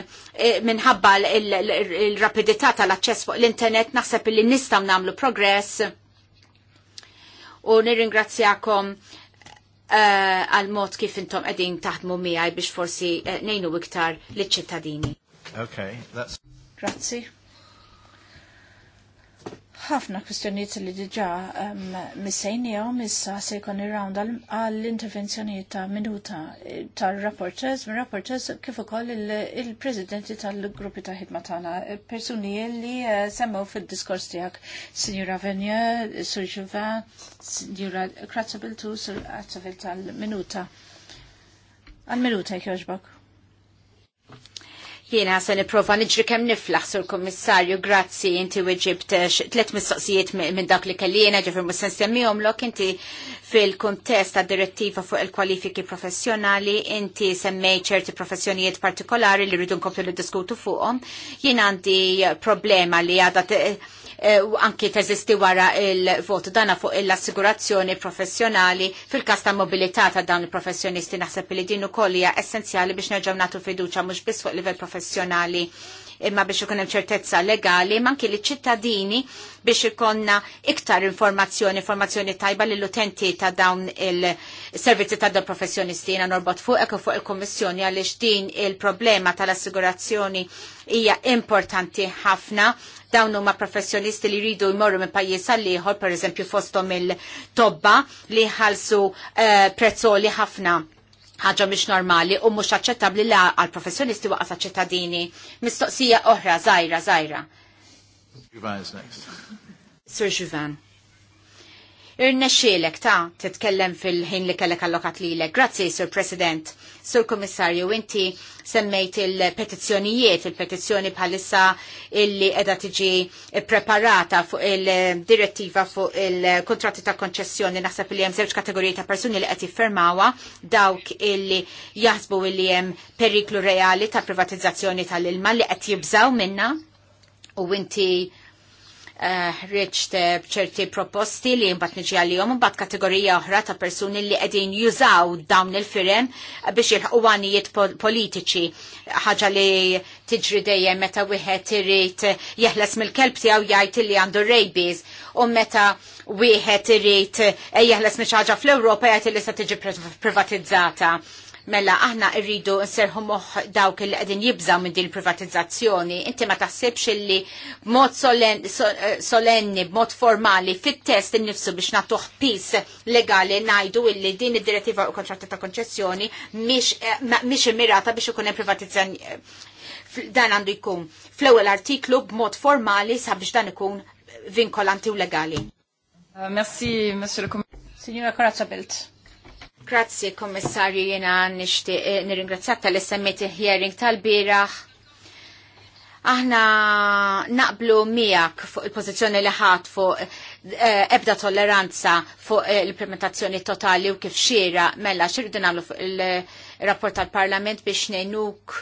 minħabba il-rapidità tal-aċċess fuq l-internet naħseb li nistgħu nagħmlu progress. U nirringrazzjakom eh, għal-mod kif intom qegħdin taħdmu miegħi biex forsi eh, ngħinu iktar liċ-ċittadini. Okay, that's Grazzi. Ħafna kwistjonijiet li diġa um, missa se jkun ir-round għall-intervenzjonijiet ta' minuta eh, tal-rapporters, minn rapporters kif ukoll il-presidenti il presidenti tal gruppi ta' ħidma tagħna, persuni li eh, semmew fid-diskors tiegħek, Sinjura Venja, Sur Ġuva, Sinjura Kratzabiltu, Sur Atzabil tal-minuta. Għal-minuta jek Jiena se niprofa niġri kemm niflaħ sur kommissarju, grazzi inti weġibt eh, tliet mistoqsijiet minn dak li kelli jiena ġifir mus semmihom lok inti fil-kuntest ta' direttiva fuq il-kwalifiki professjonali inti semmej ċerti professjonijiet partikolari li rridu nkomplu niddiskutu fuqhom. Jien għandi problema li għadha Eh, anki teżisti wara il-votu dana fuq l-assigurazzjoni professjonali fil-kas ta' mobilità ta' dawn il-professjonisti naħseb li din ukoll hija essenzjali biex nerġgħu nagħtu fiduċja mhux biss fuq livell professjonali imma biex ikun hemm ċertezza legali, ma anki ċittadini biex ikonna iktar informazzjoni, informazzjoni tajba l utenti ta' dawn il-servizzi ta' dawn professjonisti jina norbot fuq eko fuq il-Kommissjoni għaliex din il-problema tal-assigurazzjoni hija importanti ħafna dawn huma professjonisti li jridu jmorru minn pajjiż għal ieħor, pereżempju fosthom il-tobba li ħalsu uh, prezzoli ħafna ħaġa mhix normali u mhux aċċettabbli la għal professjonisti waqas ċittadini. Mistoqsija oħra, zajra zajra. Sir Juvan irnexxielek ta' titkellem fil-ħin li kellek allokat lilek. Grazzi, Sur President. Sur Kommissarju, inti semmejt il-petizzjonijiet, il-petizzjoni bħalissa illi edha tiġi preparata fuq il-direttiva fuq il-kontratti ta' konċessjoni naħseb li hemm żewġ kategoriji ta' persuni li qed jiffermawha dawk illi jaħsbu illi hemm periklu reali ta' privatizzazzjoni tal-ilma li qed jibżaw minna u inti ħriċt eh, ċerti bċerti proposti li jimbat nġi għal-jom, bat kategorija oħra ta' persuni li għedin jużaw dawn il-firem biex jirħu għanijiet politiċi. ħaġa li tiġri dejjem meta wieħed irid jeħles mill-kelb tiegħu jgħid li għandu rabies u meta wieħed irid jeħles minn xi ħaġa fl-Ewropa jgħid li se tiġi privatizzata. Mela aħna rridu nserħu moħ dawk il qegħdin jibżaw minn din privatizzazzjoni. Inti ma taħsibx illi b'mod eh, solenni, b'mod formali fit-test innifsu biex nagħtuh pis legali ngħidu illi din id-direttiva u kontratta ta' konċessjoni eh, mhix immirata biex ikun hemm eh, dan għandu jkun fl-ewwel artiklu b'mod formali sabiex dan ikun vinkolanti u legali. Merci, Monsieur le Commissaire. Signora Corazza Belt. Grazzi, kommissarju, jena eh, nirringrazzjak tal-SMT hearing tal-biraħ. Aħna naqblu miak fuq il-pożizzjoni li ħadd fuq eh, ebda tolleranza fuq eh, l-implementazzjoni totali u kif xiera mela xirridu nagħmlu fuq il-rapport tal-Parlament biex nejnuk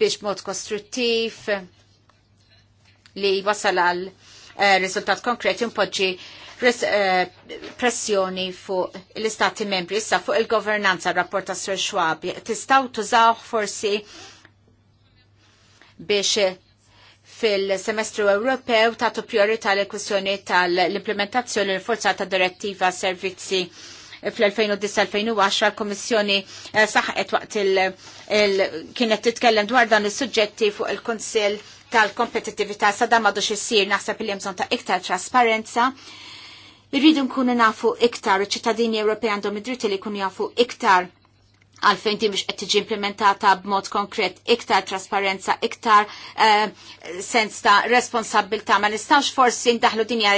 biex mod kostruttiv li wasal għal riżultat konkret impoġġi Eh, pressjoni fuq l-istati membri, issa fuq il-governanza rapport ta' Sir Schwab, tistaw tużaw forsi biex fil-semestru Ewropew tagħtu priorità l kwistjoni tal-implementazzjoni l-forza ta' direttiva servizzi fl-2010-2010 l-Komissjoni eh, saħqet waqt il- kienet titkellem dwar dan is-suġġetti fuq il-Kunsill tal-kompetitività sa dan xissir issir naħseb li ta' iktar trasparenza Irridu nkunu nafu iktar, ċittadini Ewropej għandhom id dritt li jkunu jafu iktar għalfejn ti biex qed tiġi implementata b'mod konkret iktar trasparenza, iktar uh, sens ta' responsabilta' ma nistax forsi ndaħlu dinja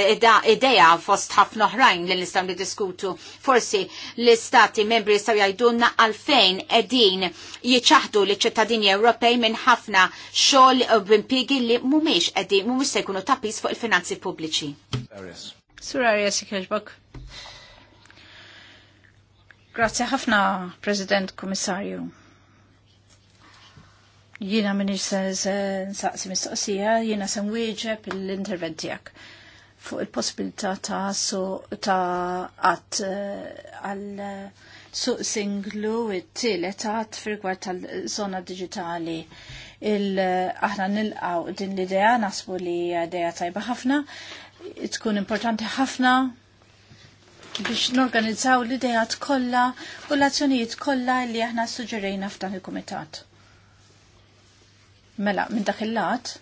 ideja fost ħafna oħrajn li nistgħu niddiskutu. Forsi l-istati membri jistgħu jgħidulna għalfejn qegħdin jiċaħdu li ċittadini Ewropej minn ħafna xogħol u li mhumiex qegħdin mhumiex se jkunu tapis fuq il-finanzi pubbliċi. Suraria Arja Sikħeġbok. Grazie ħafna, President Komissarju. Jina minni nsaqsi mistoqsija, jina s wieġeb l-interventijak fuq il-possibilità ta' so ta' għat eh, għal eh, suq singlu it ta' għat firgwar tal-zona digitali. Il eh, aħna nil-għaw din l-idea nasbu li idea tajba ħafna tkun importanti ħafna biex norganizzaw l-idejat kollha u l-azzjonijiet kollha li aħna suġerejna f'dan il-kumitat. Mela, minn dak il-lat,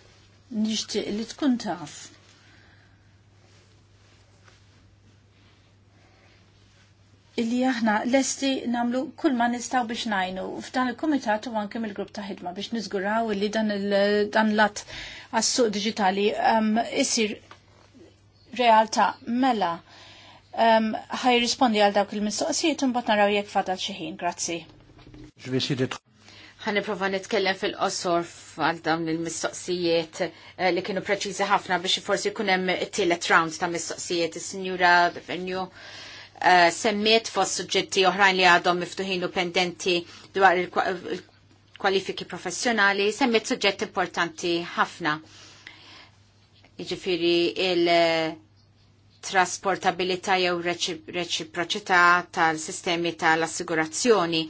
nixtieq li tkun taf. illi aħna lesti namlu kull ma nistaw biex najnu f'dan il-komitat u anke mill-grupp ta' ħidma biex nizguraw illi dan l-att lat għas-suq digitali um, realtà mela ħaj rispondi għal dawk il-mistoqsijiet un bat naraw jek fadal ħin. grazzi. Ħani prova nitkellem fil-qosor għal dawn il-mistoqsijiet eh, li kienu preċiżi ħafna biex forsi kunem it-tielet round ta' mistoqsijiet, is-Sinjura Venju. Uh, eh, semmiet fost suġġetti oħrajn li għadhom miftuħin u pendenti dwar il-kwalifiki professjonali, semmiet suġġett importanti ħafna. Jiġifieri il- trasportabilità jew reċiproċità tal-sistemi tal-assigurazzjoni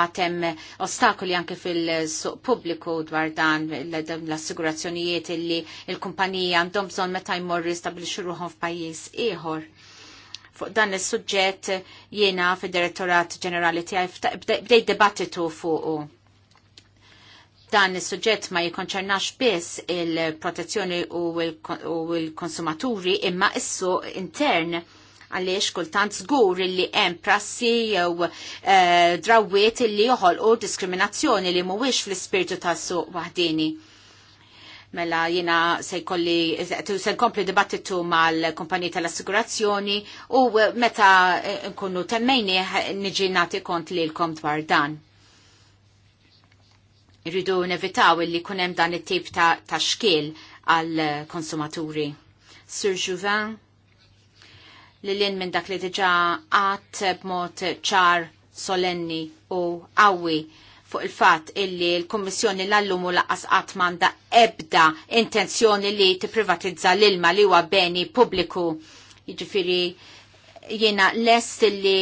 għatem ostakoli anke fil-suq pubbliku dwar dan l-assigurazzjonijiet illi il-kumpanija għandhom bżonn meta jmorru jistabliċu ruħhom f'pajjiż ieħor fuq dan is suġġett jiena fid direttorat ġenerali tiegħi bdejt dibattitu fuqu dan is suġġett ma jikonċernax biss il-protezzjoni u l-konsumaturi imma issu intern għaliex kultant zgur li hemm prassi jew eh, drawiet li joħolqu diskriminazzjoni li mhuwiex fl-ispirtu tas-suq waħdini. Mela jina se jkolli se nkompli dibattitu mal-kumpaniji tal-assigurazzjoni u meta eh, nkunu temmejni niġi nagħti kont lilkom dwar dan. Irridu nevitaw li kunem dan it-tip ta', ta xkil għal konsumaturi. Sir Juvin, li l-in minn dak li diġa għat b'mod ċar solenni u għawi fuq il-fat illi l-Kommissjoni l-allum u laqqas għatmanda ebda intenzjoni li t-privatizza l-ilma li huwa beni publiku. Jġifiri jena lest illi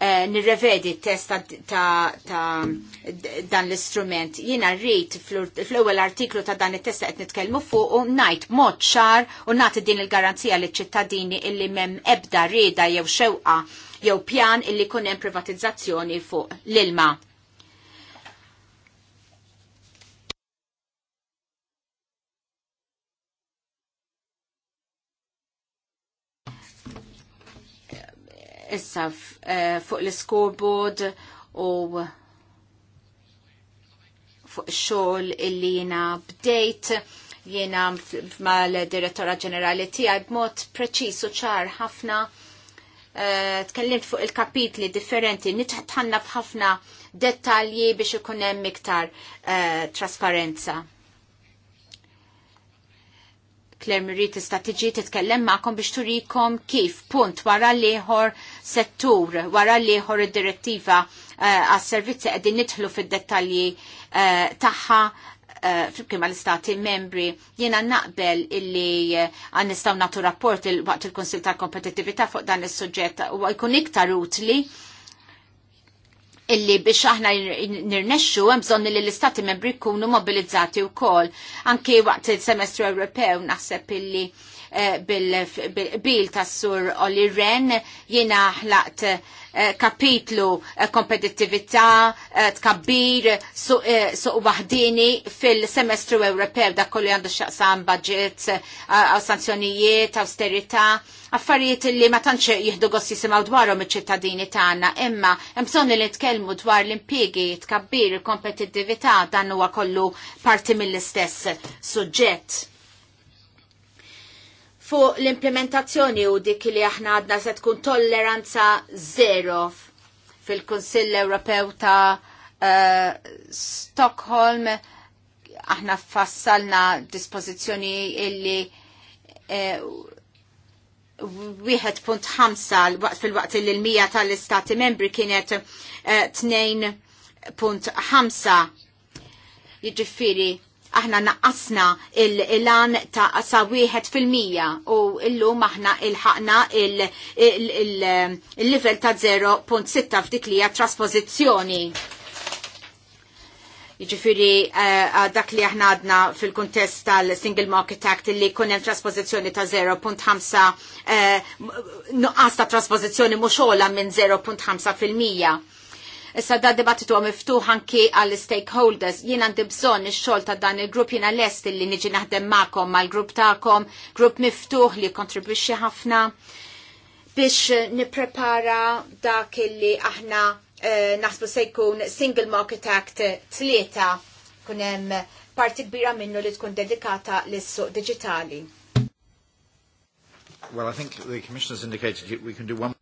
Eh, nirrevedi t-test ta' dan l-istrument. Jina rrit fl-ewwel artiklu ta' dan it testa qed nitkellmu fuq u ngħid mod ċar u nagħti din il-garanzija li ċittadini illi mem ebda rieda jew xewqa jew pjan illi jkun hemm privatizzazzjoni fuq l-ilma. issa eh, fuq l-scoreboard u fuq xogħol illi jiena bdejt jiena mal-direttora ġenerali tiegħi b'mod preċis u ċar ħafna eh, tkellimt fuq il-kapitli differenti nitħanna f'ħafna dettalji biex ikun hemm iktar eh, trasparenza. Claire Marie tista' tiġi titkellem magħkom biex turikom kif punt wara l-ieħor settur, wara l-ieħor id-direttiva eh, għas-servizzi qegħdin nidħlu fid-dettalji eh, tagħha eh, flimkien mal-istati membri jiena naqbel illi għan nistaw natu rapport il-waqt il-Konsil tal-Kompetitività fuq dan is sujġet u għajkun iktar utli illi biex aħna nirnexxu hemm bżonn li l-istati membri jkunu mobilizzati wkoll. Anke waqt il-semestru Ewropew naħseb illi Eh, bil-bil tas-sur Oli Ren jiena ħlaqt eh, kapitlu eh, kompetittività, tkabbir, suq wahdini fil-semestru Ewropew da kollu għandu xaqsam budget, sanzjonijiet, awsterità, affarijiet li ma tantx jihdu gost jisimaw dwarhom iċ-ċittadini tagħna, imma hemm bżonn li tkellmu dwar l-impjiegi, tkabbir, il kompetittività dan huwa kollu parti mill-istess suġġett fuq l-implementazzjoni u dik li aħna għadna se tkun tolleranza zero fil-Kunsill Ewropew ta' uh, Stockholm aħna fassalna dispożizzjoni illi uh, eh, 1.5 fil-waqt li l-100 tal-istati membri kienet 2.5 eh, jiġifiri aħna naqqasna il-lan ta' sa' wieħed fil-mija u illum aħna il-ħakna il-level ta' 0.6 f'dik li hija trasposizzjoni. Jiġifieri eh, dak li aħna għadna fil-kuntest tal-Single Market Act li jkun hemm trasposizzjoni ta' 0.5 eh, nuqqas ta' trasposizzjoni mhux minn 0.5 fil-mija Issa da dibattitu għu miftuħ anki għall stakeholders jien għandi bżonn ix-xogħol ta' dan il-grupp jiena est li niġi naħdem magħkom mal-grupp tagħkom, grupp miftuħ li kontribuċi ħafna biex nipprepara dak li aħna eh, naħsbu se jkun Single Market Act tlieta kun hemm parti kbira minnu li tkun dedikata lis-suq digitali. Well, I think the commissioners indicated we can do one.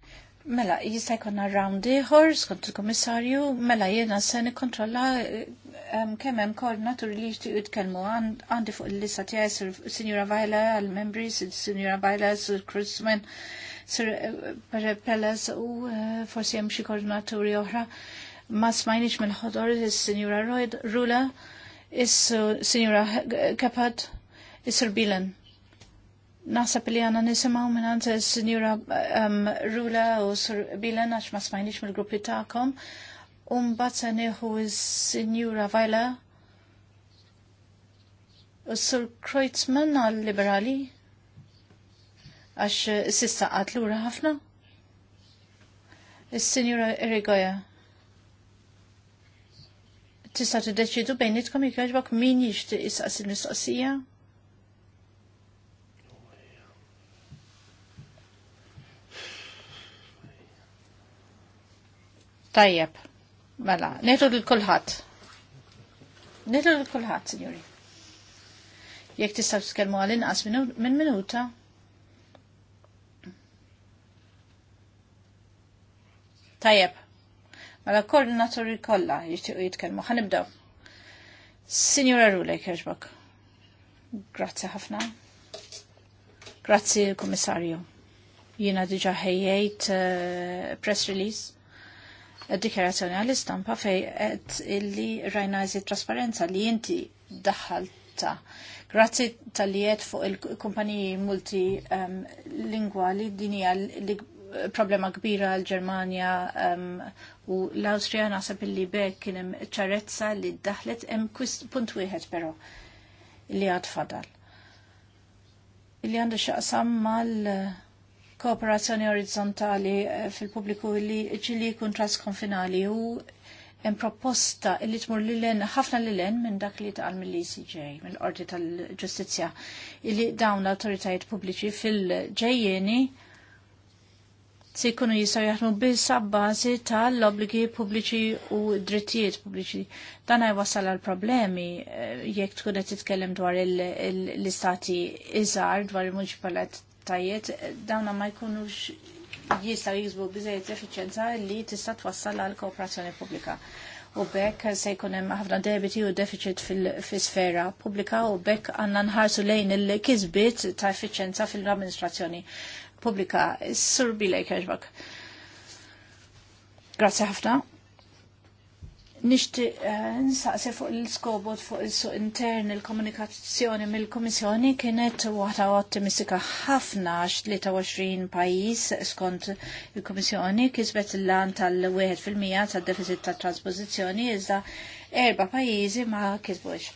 Mela, jista' jkollna round ieħor skont il komissarju mela jena Sen nikkontrolla eh, kemm hemm koordinatur li jixtiequ jitkellmu għandi fuq il-lista tiegħi Sinjura Vajla għall-membri, Sinjura Vajla, Sir Cruzman, Sir eh, Perez u eh, forsi hemm xi koordinaturi oħra. Ma smajniex mill-ħodor is-Sinjura Rula, is-Sinjura Kapad, is-Sir Bilen. Nasab li għana nisimaw minn għanta s-Sinjura um, Rula u Sur Bilen għax ma smajnix mill-gruppi ta'kom. Un se neħu s-Sinjura Vajla u s Sur Kreutzmann għal-Liberali għax sissa għat l-ura ħafna. Is-Sinjura Erigoja tista' t-deċidu bejnitkom jekk minn min is-sassin il-mistoqsija? Tajjeb, mela, netu l-kulħat. Netu l-kulħat, signori. Jek tista' t għal-inqas minn minuta. Tajjeb, mela koordinatori kolla jishtiqu jitkelmu, ħanibdaw. Signora Rule jħeġbak. Grazie ħafna. Grazie, komissarju. Jina diġa ħejjejt eh, press release D-dikjerazzjoni għall-istampa fej qed illi rajna trasparenza li inti daħħalta. Grazzi tal-liet fuq il-kumpaniji multilingwali um, din hija problema kbira għal-Ġermanja um, u l-Awstrija naħseb illi bekk kien hemm ċarezza li daħlet hemm punt wieħed però li għad fadal. Illi għandu xaqsam mal uh, kooperazzjoni orizzontali eh, fil-pubbliku li ġili kun trasconfinali u hemm proposta li tmur lilen ħafna lilen minn dak li tqal mill-ECJ, mill-Qorti tal-Ġustizzja, li dawn l-awtoritajiet pubbliċi fil-ġejjeni se jkunu jistaw jaħdmu biss bazi tal-obbligi pubbliċi u drittijiet pubbliċi. Dan wasal għal problemi eh, jekk tkun qed titkellem dwar l-istati iżar dwar il-munċipalat tajiet dawna ma jkunux jista jizbu bizzejiet effiċenza li tista' twassal għal kooperazzjoni pubblika. U bekk se jkun hemm ħafna debiti u deficit fil-sfera pubblika u bekk għandna nħarsu lejn il-kisbiet ta' effiċenza fil-amministrazzjoni pubblika. Sur bilej kerġbak. Grazie ħafna. Nishti eh, nsaqsi fuq il-skobot fuq il-suq intern il-komunikazzjoni mill-Komissjoni kienet waħda ottimistika ħafna 23 pajis skont il-Komissjoni kisbet l-lan tal-1% tal-deficit tal-trasposizjoni iżda erba pajizi ma kisbux.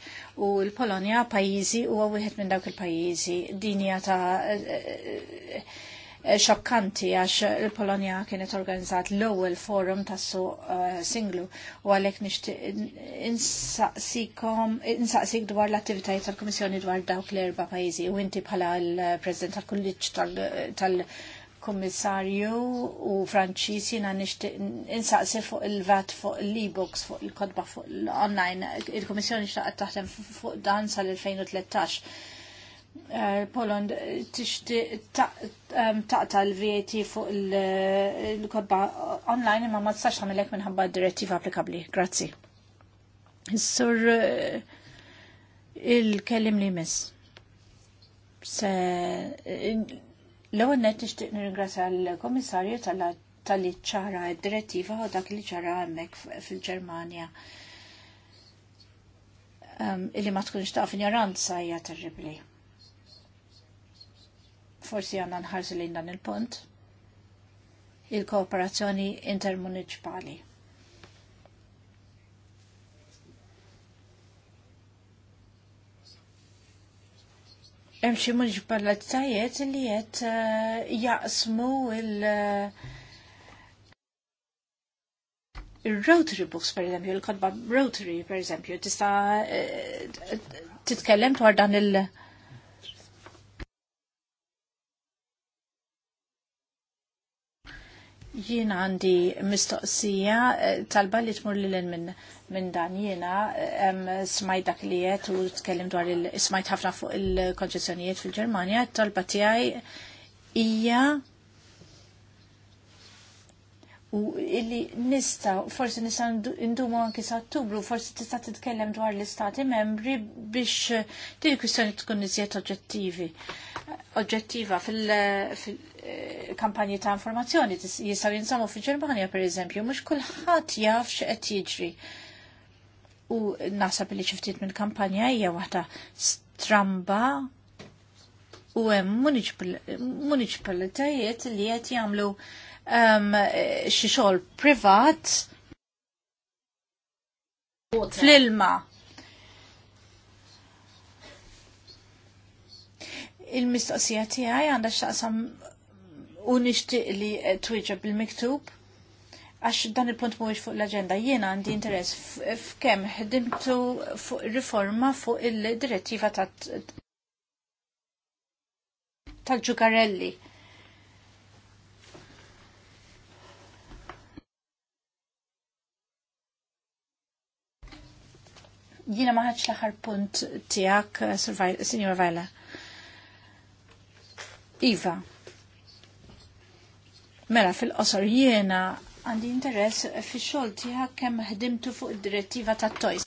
U l-Polonja pajizi huwa wieħed minn dawk il-pajizi. Dinja ta' eh, eh, Eh, xokkanti għax il-Polonja kienet organizzat l-ewwel forum tassu uh, eh, singlu u għalhekk nixtieq insaqsik dwar l-attivitajiet tal-Kummissjoni dwar dawk l-erba' pajjiżi u inti bħala l-President tal-Kulliġġ tal- kommissarju u Franċis jina insaqsi fuq il-VAT, fuq l-e-books, fuq il-kodba, fuq l-online. Il-Komissjoni xtaqt taħdem fuq dan sal-2013 Eh, Poland eh, tixti taqta l-VAT fuq il eh, kodba online imma ma tistax għamilek minħabba direttiva applikabbli. Grazzi. Sur il-kellim li miss. Se l-ewwel net n nirringrazzja l-Komissarju tal-li ċara d-direttiva u dak li ċara hemmhekk fil-Ġermanja. Illi ma tkunx ta' ignoranza hija terribli forsi għanna nħarsu dan il-punt. Il-kooperazzjoni intermunicipali. Hemm xi municipalitajiet li qed eh, jaqsmu il- eh, rotary books, per eżempju, il-kodba rotary, per eżempju, tista eh, titkellem dwar dan il- Jien għandi mistoqsija eh, talba li tmur li l-in minn min dan jiena eh, smajt dak li jiet u tkellim dwar il smajt ħafna fuq il-konċessjonijiet fil-Ġermanja, talba tiegħi hija u illi nista, forsi nista indumu anki sa' ottubru, forsi tista titkellem dwar l-istati membri biex eh, din kwistjoni tkun iżjed oġġettivi. Oġġettiva fil-, fil Eh, kampanji ta' informazzjoni jisaw jinsamu fi Ġermanja per eżempju, mux kullħat jaf x'qed jiġri. U nasab li ċiftit minn kampanja hija waħda stramba u hemm municipalitajiet li qed jagħmlu ehm, xi xogħol privat fl-ilma. il mistoqsija tiegħi għandha x'taqsam u nixtieq li eh, twiġa bil-miktub għax dan il-punt mhuwiex fuq l-aġenda jiena għandi interess f'kemm ħdimtu fuq riforma fuq il-direttiva tal-ġukarelli. Jiena maħħaċ l-aħħar punt tiegħek, eh, Signora Vajla. Iva, Mela fil-qosor jiena għandi interess fi xogħol tiegħek kemm ħdimtu fuq id-direttiva tat-tojs.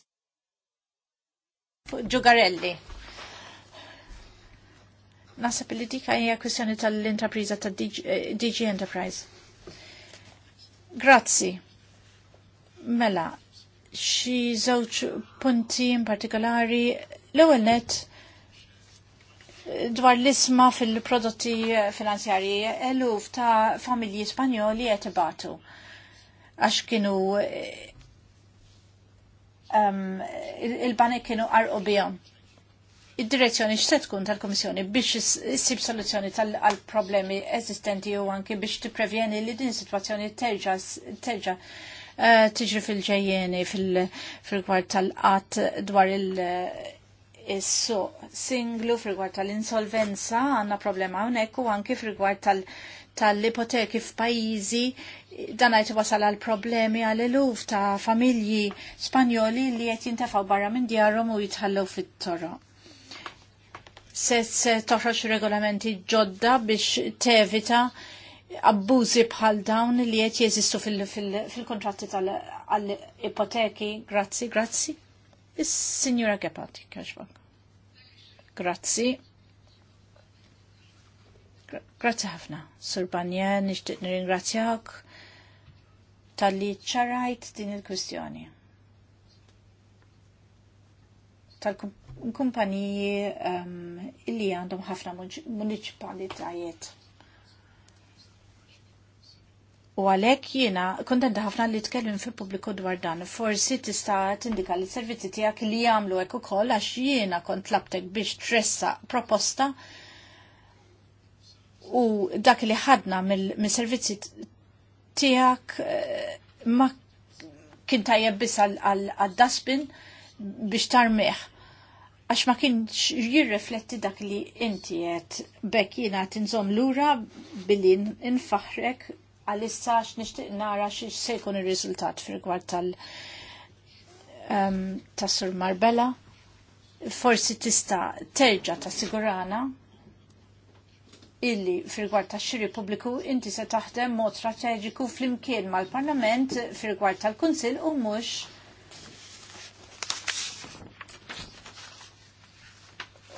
Fuq Ġugarelli. Nasab li dik hija kwistjoni tal-intrapriża ta' DG eh, Enterprise. Grazzi. Mela, xi żewġ punti in partikolari l-ewwel net dwar l-isma fil-prodotti finanzjarji eluf ta' familji spanjoli qed ibatu għax kienu um, il-banek kienu arqo bihom. Id-direzzjoni x'se tkun tal-Komissjoni biex issib soluzzjoni tal-problemi eżistenti u anki biex tipprevjeni li din situazzjoni terġa' eh, tiġri fil-ġejjeni fil-gwar tal-qatt dwar il- is singlu f'rigward tal-insolvenza għandna problema hawnhekk u frigwart f'rigward tal-ipoteki tal f'pajjiżi dan għajt wasal għal problemi għal eluf ta' familji Spanjoli li qed jintefgħu barra minn djarhom u jitħallew fit-toro. Se se toħroġ regolamenti ġodda biex tevita abbużi bħal dawn li qed jeżistu fil-kontratti fil, fil, tal ipoteki Grazzi, grazzi. Is-Sinjura Gepati, kħaxbak. Grazzi. Grazzi ħafna. Sur Banja, nishtiq nirringrazzjak tal-li ċarajt din il-kwistjoni. Tal-kumpaniji um, ehm, illi għandhom ħafna municipalitajiet. U għalek jiena kontenta ħafna li tkellim fil pubbliku dwar dan. Forsi tista' tindika li servizzi tiegħek li jagħmlu hekk ukoll għax jiena kont labtek biex tressa proposta u dak li ħadna mill-servizzi tiegħek eh, ma kien tajjeb biss għal dasbin biex tarmiħ. Għax ma kienx jirrifletti dak li inti qed bekk jiena tinżomm lura billi infaħrek għalissa x'nixtieq nara se jkun ir-riżultat fir-rigward tal- um, ehm, tas-Sur Marbella. Forsi tista' terġa' tassigurana illi fil-gwar ta' xiri pubbliku inti se taħdem mod strateġiku fl-imkien mal-Parlament fil-gwar tal-Kunsil u mhux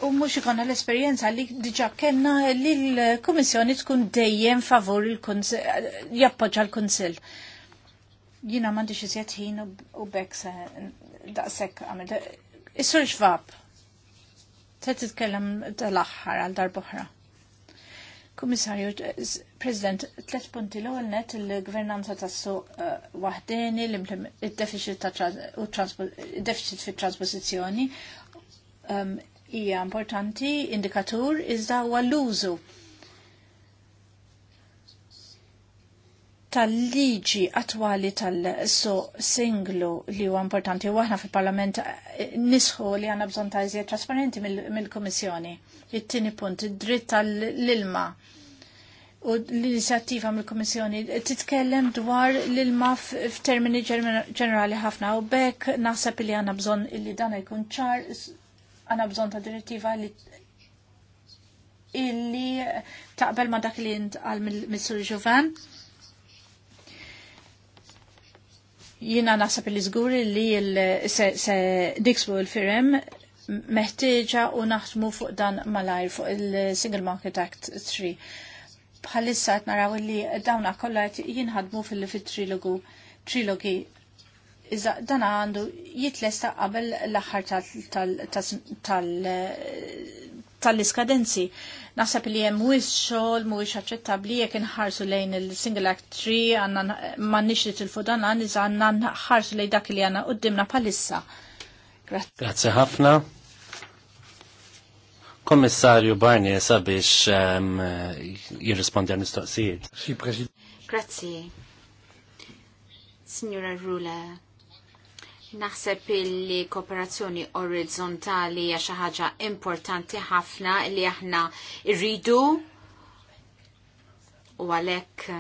u mhux ikonna l-esperjenza li diġà kellna li l-Kummissjoni tkun dejjem favur il-Kuns jappoġġa l-Kunsill. Jiena m'għandix iżjed ħin u bekk se daqshekk għamil. Is-sur xvab. Se titkellem tal-aħħar għal darb'oħra. Kummissarju, President, tlet punti l ewwel net il-gvernanza tassu eh, wahdini, l deficit fit trasposizjoni, um, hija importanti indikatur iżda huwa l-użu tal-liġi attwali tal-so singlu li huwa importanti u aħna fil-Parlament eh, nisħu li għandna bżonn ta' iżjed trasparenti mill-Kummissjoni. It-tieni punt, id-dritt tal-ilma u l-inizjattiva mill-Kummissjoni titkellem dwar l-ilma f'termini ġenerali ħafna u bekk naħseb li għandna bżonn li dan jkun ċar għana bżon ta' direttiva li illi taqbel ma dak li għal mill-Sur Jovan. Jina nasab li zguri li se diksbu l-firem meħtieġa u naħdmu fuq dan malajr fuq il-Single Market Act 3. Bħalissa qed naraw li dawna kollha jinħadmu fil-trilogu trilogi Iżda dan għandu jitlesta qabel l-aħħar tal-iskadenzi. Naħseb li hemm mwis xogħol mhuwiex aċċettabbli jekk inħarsu lejn il-single act 3 għandna m'għandniex li til-fudan, għan iżda għandna nħarsu lejn dak li għandna uddimna bħalissa. Grazzi ħafna. Kommissarju Barni sabiex jirrispondi għan mistoqsijiet. Grazzi. Signora Rula, Naħseb li kooperazzjoni orizzontali hija xi ħaġa importanti ħafna li aħna rridu u għalhekk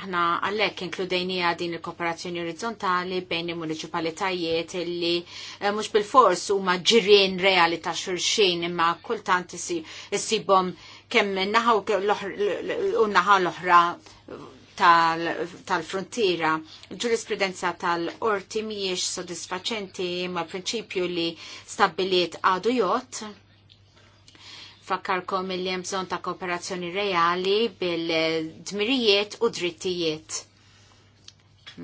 aħna għalhekk inkludejnija din il-kooperazzjoni orizzontali bejn il-municipalitajiet illi eh, mhux bil-fors huma ġirien reali ta' xurxin imma kultant issibhom kemm naħaw l-oħra u naħaw l-oħra tal-frontiera. Tal Ġurisprudenza tal-orti miex sodisfaċenti ma' prinċipju li stabbiliet għadu jot. fakkarkom il hemm bżonn ta' kooperazzjoni reali bil-dmirijiet u drittijiet.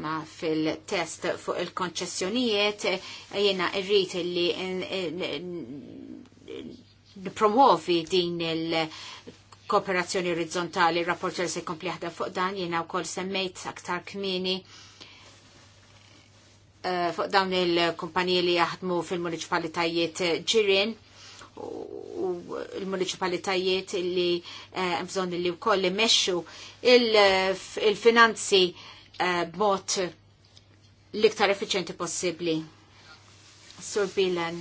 Ma fil-test fuq il-konċessjonijiet jiena irrit li promuovi din il- kooperazzjoni orizzontali, rapporter se jkompli ħda fuq dan, jiena wkoll semmejt aktar kmini eh, fuq dawn il-kumpaniji li jaħdmu fil-municipalitajiet ġirien u l-municipalitajiet li eh, bżon li wkoll imexxu meċu il-finanzi eh, b'mod l-iktar effiċenti possibli. Sur Bilan,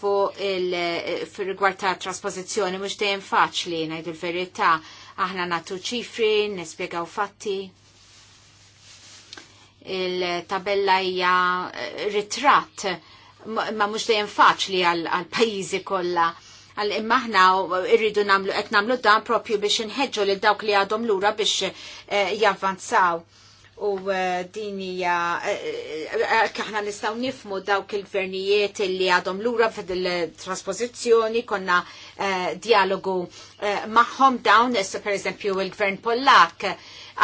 Fu il-rigward ta' trasposizjoni mhux dejjem faċli ngħidu l-verità aħna nagħtu ċifri, nispjegaw fatti. Il-tabella hija eh, ritratt ma mhux dejjem faċli għal pajjiżi kollha għal imma ħna irridu namlu qed namlu dan propju biex nħedġu lil dawk li għadhom lura biex eh, javvanzaw u eh, din hija eh, eh, aħna nistgħu nifmu dawk il-gvernijiet li għadhom lura il trasposizzjoni konna dialogu maħħom magħhom dawn per pereżempju il-gvern Pollak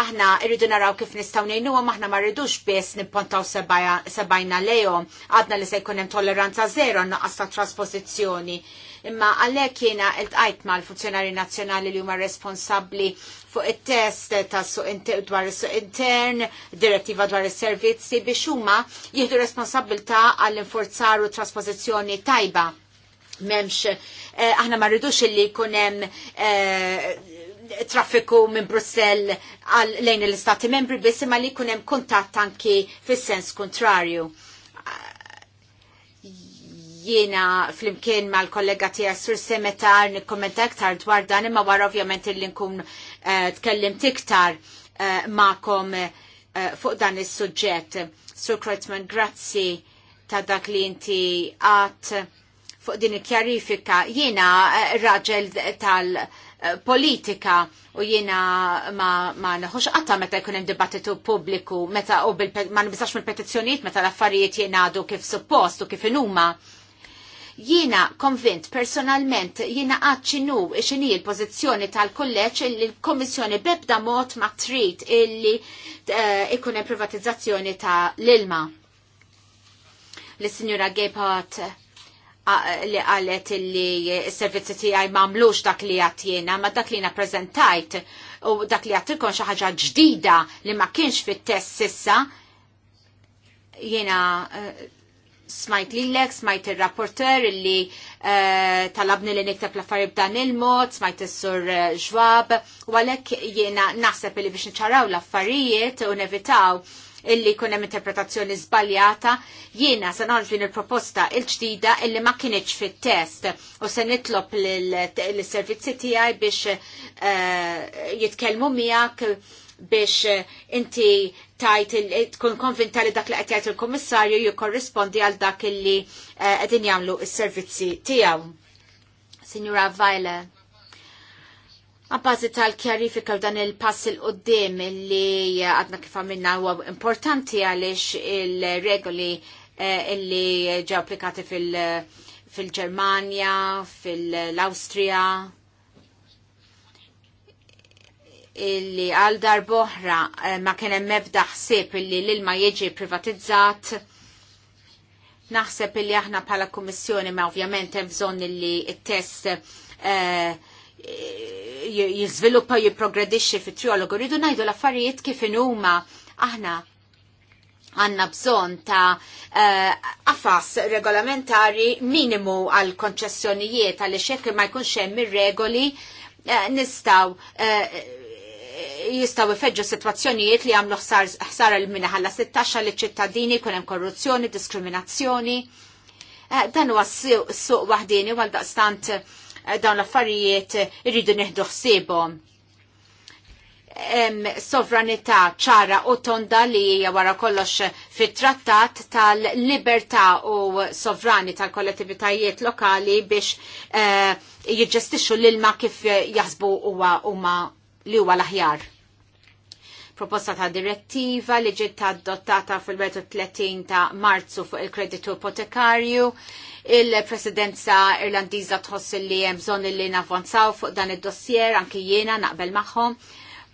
aħna irridu naraw kif nistgħu ngħinuhom aħna ma rridux biss nippontaw sebajna lejhom għadna li se jkun hemm tolleranza zero naqas ta' trasposizzjoni imma għalhekk jiena ma l funzjonari nazjonali li huma responsabbli fuq it-test tas suq dwar is-suq intern, direttiva dwar is-servizzi biex huma jieħdu responsabilità għall inforzaru u trasposizzjoni tajba. Memx, eh, aħna ma rridux li kunem eh, traffiku minn Brussell lejn l-istati membri biss imma li kunem kuntatt anki fis-sens kontrarju jiena fl-imkien mal kollega tiegħek sur semetar nikkommenta iktar dwar dan imma wara ovvjament illi nkun eh, tkellim iktar eh, ma'kom eh, fuq dan is-suġġett. Sur Kreutzmann, grazzi ta' dak li inti għat fuq din il-kjarifika. Jiena raġel tal-politika u jiena ma, ma neħux qatta meta jkun hemm dibattitu pubbliku, meta u ma nbisax mill-petizzjonijiet meta l-affarijiet jiena għadu kif suppost u kif inuma. Jiena konvint personalment jiena għad xini l-pozizjoni tal-kolleċ il komissjoni bebda mod ma trid illi eh, ikkune hemm privatizzazzjoni ta' l-ilma. L-Sinjura Gebhardt li għalet illi s-servizzi tiegħi m'għamlux dak li għat jiena, ma dak li jiena prezentajt u dak li għat xi ħaġa ġdida li ma kienx fit-test sissa jiena eh, smajt lilek, smajt il-rapporter illi uh, talabni li nikteb l-affarijiet b'dan il-mod, smajt is-sur ġwab, eh, u għalhekk jiena naħseb li biex niċċaraw l-affarijiet u nevitaw illi kunem interpretazzjoni zbaljata, jiena se nħarġ din il-proposta il-ġdida illi ma kienieċ fit-test u se nitlob l-servizzi tiegħi biex uh, jitkellmu miegħek biex eh, inti tajt eh, tkun konvinta li dak li qed jgħid il-kummissarju jikkorrispondi għal dak li eh, qegħdin jagħmlu s-servizzi tiegħu. Signora Vajle, Għabbażi tal-kjarifika u dan il-pass il-qoddim li għadna kif għamilna huwa importanti għaliex il-regoli illi ġew applikati fil-Ġermanja, fil-Awstrija, fil illi għal boħra eh, ma kienem mebda ħsib illi l-ilma jieġi privatizzat. Naħseb illi aħna pala kommissjoni ma ovvjament hemm bżonn illi it-test uh, eh, eh, jizviluppa jiprogredixxi fit triologu rridu ngħidu l-affarijiet kif inhuma aħna għanna bżon ta' għafas regolamentari minimu għal konċessjonijiet għal xekk ma jkunx hemm ir-regoli uh, nistaw uh, jistaw ifeġġu situazzjonijiet li għamlu ħsara l-mina ħalla 16 li ċittadini kunem korruzzjoni, diskriminazzjoni. Eh, dan huwa suq waħdini għal daqstant eh, dawn l-affarijiet eh, irridu neħdu ħsiebhom sovranità ċara u tonda li hija wara kollox fit-trattat tal-libertà u sovrani tal-kollettivitajiet lokali biex jiġġestixxu l-ilma kif jaħsbu huwa huma li huwa l-aħjar proposta ta' direttiva li ġiet adottata fil 30 ta' Marzu fuq il-kreditu ipotekarju. Il-presidenza irlandiża tħoss li hemm bżonn li navvanzaw fuq dan id-dossier anki jiena naqbel magħhom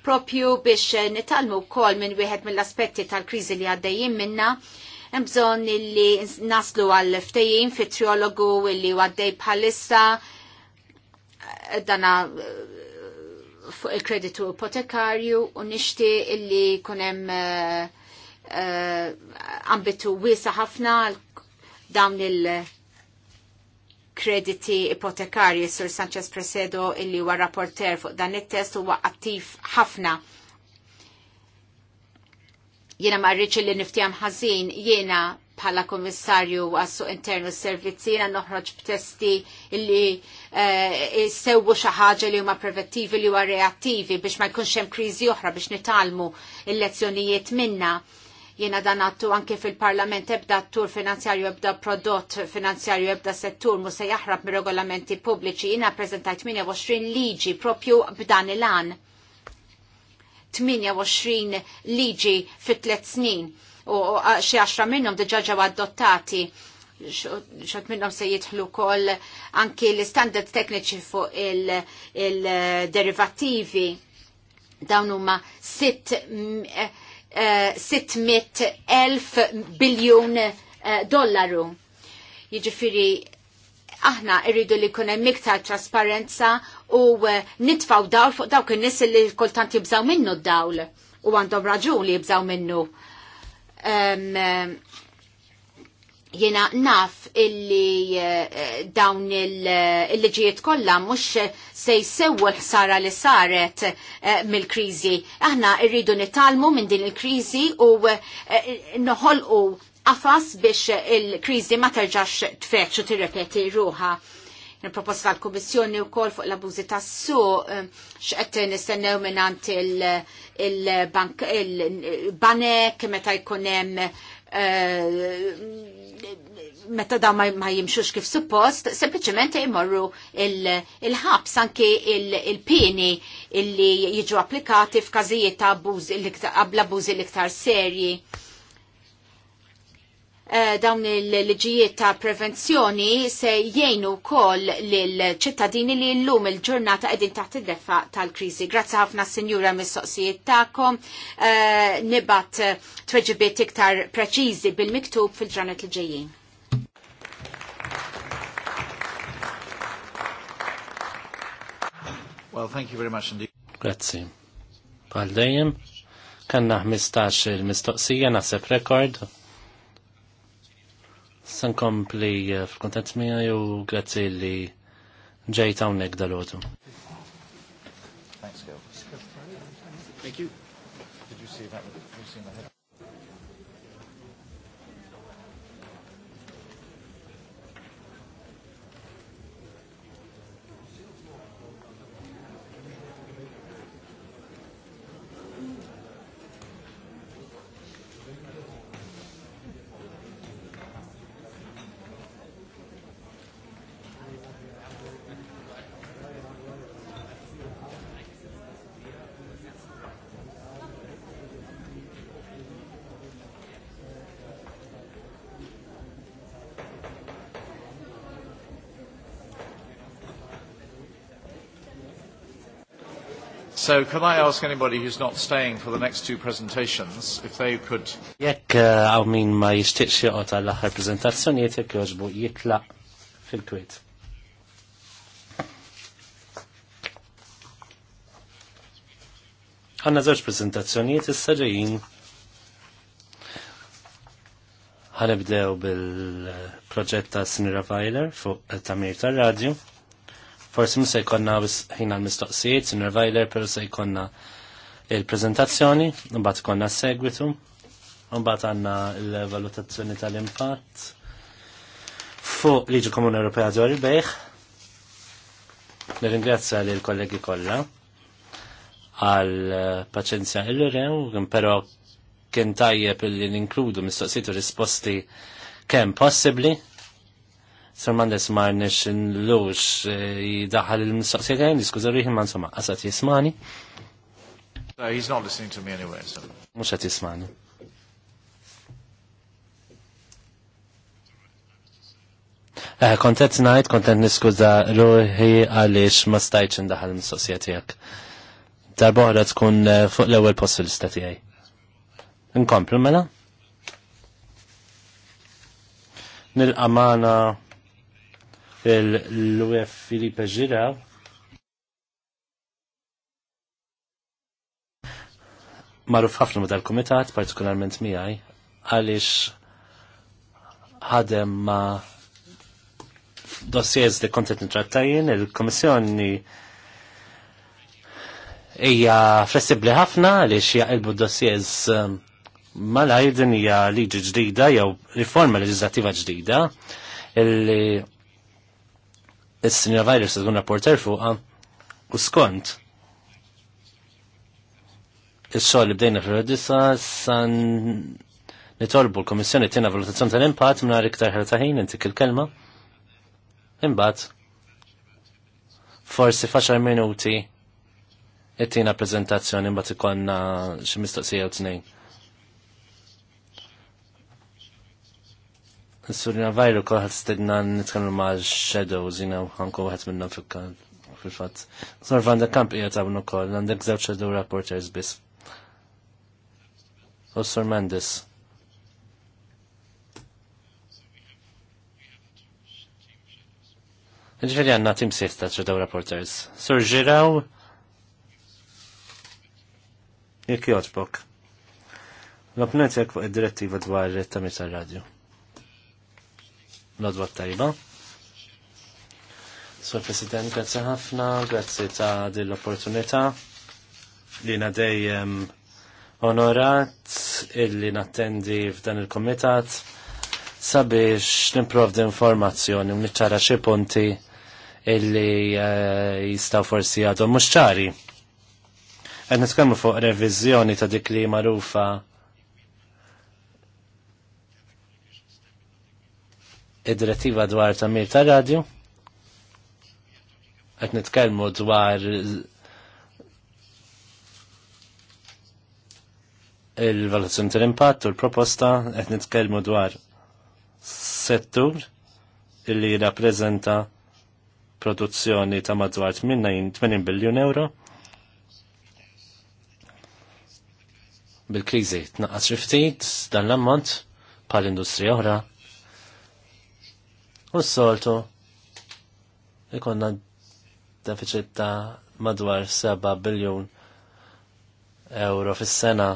propju biex nitalmu wkoll minn wieħed mill-aspetti tal-kriżi li għaddejjin minna hemm bżonn li naslu għal ftejjin fit-triologu li għaddej bħalissa dana fuq il-kreditu ipotekarju u nixti illi kunem uh, uh, ambitu wisa ħafna dawn il- krediti ipotekarji sur Sanchez Presedo illi huwa rapporter fuq dan it-test huwa attiv ħafna. Jiena ma rridx li niftihom ħażin, jiena bħala komissarju għassu internu s-servizzi jiena noħroġ b'testi illi jissewwu eh, xi ħaġa li huma preventivi li huwa reattivi biex ma jkunx hemm kriżi oħra biex nitalmu il-lezzjonijiet minna Jiena dan għattu anke fil-parlament ebda t-tur finanzjarju ebda prodott finanzjarju ebda settur mu se jaħrab mir regolamenti pubbliċi jiena prezentaj 28 liġi propju b'dan il-an. 28 liġi fit tlet snin u xie 10 minnhom diġaġa ġew adottati xot minnom se jitħlu kol anki l-standard tekniċi fuq il-derivativi dawn huma 600 eh, eh, elf biljun eh, dollaru. Jiġifiri, aħna irridu li kunem miktar trasparenza u nitfaw dawl fuq dawk in nis li kultant jibżaw minnu d-dawl u għandhom raġun li jibżaw minnu jena naf illi eh, dawn eh, il-liġijiet kollha mhux se jsewu l-ħsara li saret eh, mill-kriżi. Aħna rridu nitalmu minn din il-kriżi u noħolqu qafas biex il-kriżi ma terġax tfeċ u tirrepeti ruha. Proposta tal-Kummissjoni u kol fuq l-abużi tas-su xqed nistennew minn il-banek meta jkun hemm Eh, meta da ma jimxux kif suppost, sempliciment imorru il-ħabs anki il pini illi jiġu applikati f'każijiet ta' abbużi l-iktar serji. Eh, dawn il-liġijiet ta' prevenzjoni se jgħinu kol l-ċittadini li l-lum il-ġurnata edin taħt id-defa tal-krizi. Grazzi ħafna sinjura mis-soqsijiet ta'kom. Eh, nibat tweġibiet iktar preċizi bil-miktub fil-ġranet l-ġejjin. Well, thank you very much indeed. Grazzi. Għal dajem kanna 15 il-mistoqsija naħseb rekord sankompli kompli eh, fil-kontent mija ju grazzi li ġejta unnek dal-ħodu. Thank you. So can I ask anybody who's not staying for the next two presentations if they could... Jekk uh, għaw min ma jishtiqx joqot għall-axar prezentazzjoniet jekk joġbu jitlaq fil-kwit. Għanna zewġ prezentazzjoniet issa ġejjin ħanibdew bil-proġett ta' Sinira Vajler fuq tamir tar-radju. Ta Forsi mi se jkollna ħin l mistoqsijiet sinur Vajler, però se jkollna il-preżentazzjoni, mbagħad konna segwitu, mbagħad għandna l-valutazzjoni tal-impatt fuq Liġi Komuni Ewropea dwar il-bejħ. Nirringrazzja lill kollegi kollha għal eh, paċenzja il-rew, pero kien tajjeb li ninkludu mistoqsitu risposti kemm possibli. Sir Mandes mar in l-lux eh, jidaħal il-mistoqsijiet għajn, diskuza riħin man soma, għasat jismani. He's not listening to me anyway, so. Mux għat jismani. Eh, kontet najt, kontet niskuza ruħi għalix ma stajċ indaħal il-mistoqsijiet jgħak. Darbohra tkun eh, fuq l-ewel post l istati għaj. Nkomplu mela? Nil-amana fil-UF Filipe Ġiraw. Maruf ħafna ma' dal-komitat, partikolarment miħaj, għalix ħadem ma' dossiers li kontet nitrattajin, il-komissjoni hija flessibli ħafna għaliex jaqilbu dossiers um, malajr din hija liġi ġdida jew riforma leġislativa ġdida illi is-sinja virus se tkun rapporter fuqa u skont is-xogħol li bdejna fil-redisa san nitolbu l-Komissjoni tina valutazzjoni tal impat minna iktar ħertaħin inti intik il-kelma. Imbagħad forsi faxar minuti it-tina prezentazzjoni mbagħad ikonna xi mistoqsija t tnejn. Nissurina vajru kolħat stegna nitkanu ma' shadows, jina għanku għat minnom fil-fat. Sor van der Kamp jgħat għabnu kol, għandek zewċ shadow reporters bis. U Sor Mendes. Ġveri għanna tim sista ċedaw rapporters. Sur ġiraw. Jek jotbok. L-opnetjak fuq id-direttiva dwar it-tamita radio. Lodwa tajba. Sur President, grazzi ħafna, grazzi ta' din l-opportunità li dejjem onorat illi nattendi f'dan il-komitat sabiex d informazzjoni un niċċara xi punti illi eh, jistaw forsi għadhom mhux ċari. Qed fuq revizjoni ta' dik li marufa id-direttiva dwar tamir ta' radio, għet nitkelmu dwar il-valutazzjoni tal-impatt u l-proposta qed nitkellmu dwar settur illi jirrappreżenta produzzjoni ta' madwar 80 biljun euro. Bil-kriżi tnaqqas xi ftit dan l-ammont pal industrija oħra U s-soltu ikonna deficit ta' madwar 7 biljun euro fis-sena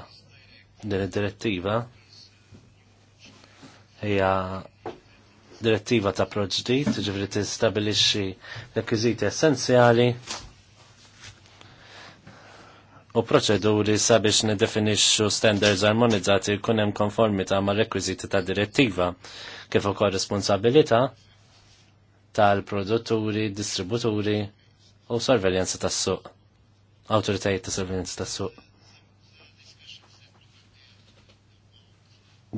din id-direttiva hija direttiva ta' proġdit ġifri tistabilixxi rekwiżiti essenzjali u proċeduri sabiex nedefinixxu standards armonizzati jkun hemm konformità ma' rekwiżiti ta' direttiva kif ukoll responsabilità tal-produtturi, distributuri u sorveljanza tas-suq. Awtoritajiet ta' sorveljanza tas-suq.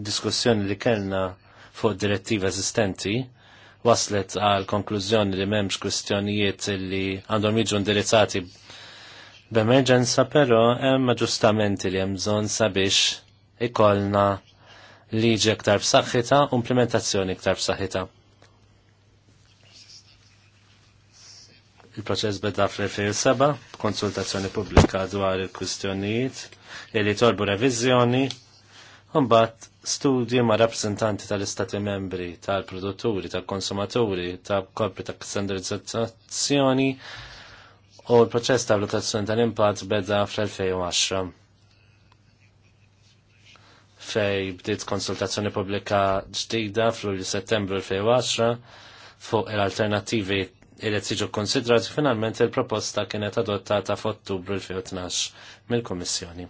Diskussjoni li kellna fuq direttiva eżistenti waslet għal konklużjoni li m'hemmx kwistjonijiet li għandhom jiġu indirizzati B'emerġenza però hemm aġġustamenti li hemm bżonn sabiex ikollna liġi aktar b'saħħitha u implementazzjoni aktar b'saħħitha. Il-proċess beda fl-2007 b'konsultazzjoni pubblika dwar il-kwistjonijiet li torbu reviżjoni u mbagħad studji ma' rappresentanti tal-istati membri, tal-produtturi, tal-konsumaturi, tal-korpi ta' standardizzazzjoni u l-proċess ta' valutazzjoni tal-impatt beda fl-2010 fej bdiet konsultazzjoni pubblika ġdida fl-Ulju Settembru 2010 fuq l-alternattivi li tiġu konsidrati finalment il-proposta kienet adottata f'Ottubru 2012 mill komissjoni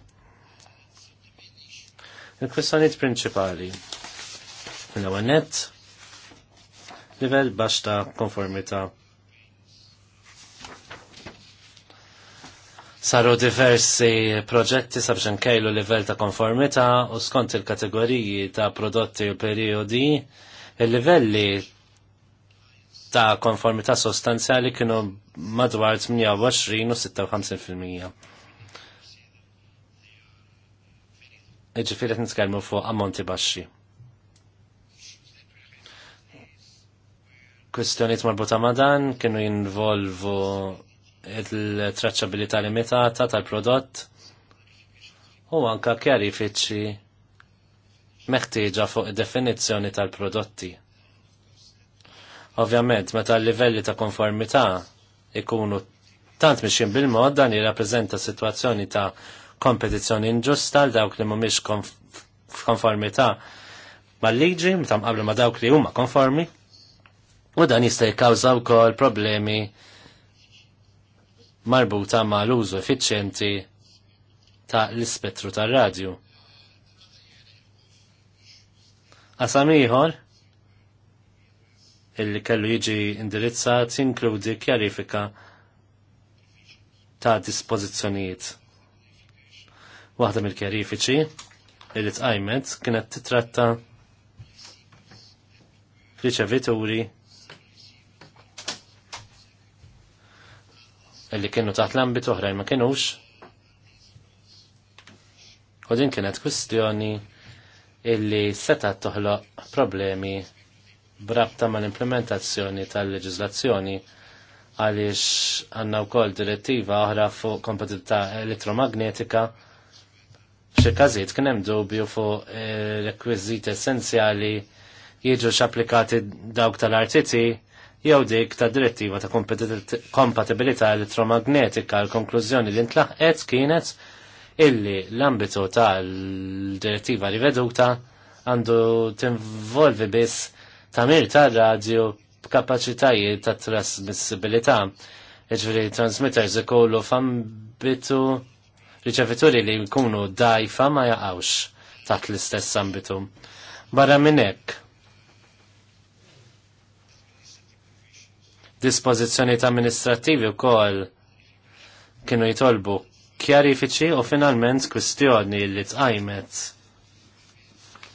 Il-kwistjonijiet prinċipali l-ewwel nett livell baxta ta' konformità Saru diversi proġetti sabxan kejlu livell ta' konformità u skont il-kategoriji ta' prodotti u periodi, il-livelli ta' konformità sostanzjali kienu madwar 28 u 56%. Iġifiri qed nitkellmu fuq ammonti baxxi. Kwistjonijiet marbuta ma' dan kienu jinvolvu il-traċċabilità limitata tal-prodott u anka kjarifiċi meħtieġa fuq definizzjoni tal-prodotti. Ovvjament, meta l-livelli ta' konformità ikunu tant mixin bil-mod dan jirrappreżenta situazzjoni ta' kompetizzjoni inġusta l dawk li mhumiex konformità mal-liġi meta ma' dawk li huma konformi u dan jista' jikkawża wkoll problemi marbuta ma' l-użu effiċjenti ta' l-ispettru tar-radju. Qasam ieħor illi kellu jiġi indirizzat jinkludi kjarifika ta' dispożizzjonijiet. Waħda mill-kjarifiċi illi tqajmet kienet titratta riċevituri illi kienu taħt lambit ambit oħrajn ma kienux. U din kienet kwistjoni illi seta toħloq problemi brabta ma l-implementazzjoni tal-leġizlazzjoni għaliex għanna wkoll direttiva oħra fuq kompetitività elettromagnetika f'xi każijiet kien hemm dubju fuq eh, rekwiżiti essenzjali jiġu applikati dawk tal-artiti jew dik ta' direttiva ta' kompatibilità elettromagnetika l-konklużjoni li ntlaħqet kienet illi l-ambitu l direttiva riveduta għandu tinvolvi biss tamir ta' radio b'kapaċitajiet ta' trasmissibilità. Iġveri transmitters ikollu f'ambitu riċevituri li jkunu dajfa ma jaqawx taħt l-istess ambitu. Barra minnek, dispożizzjonijiet amministrattivi wkoll kienu jitolbu kjarifiċi u finalment kwistjoni li tqajmet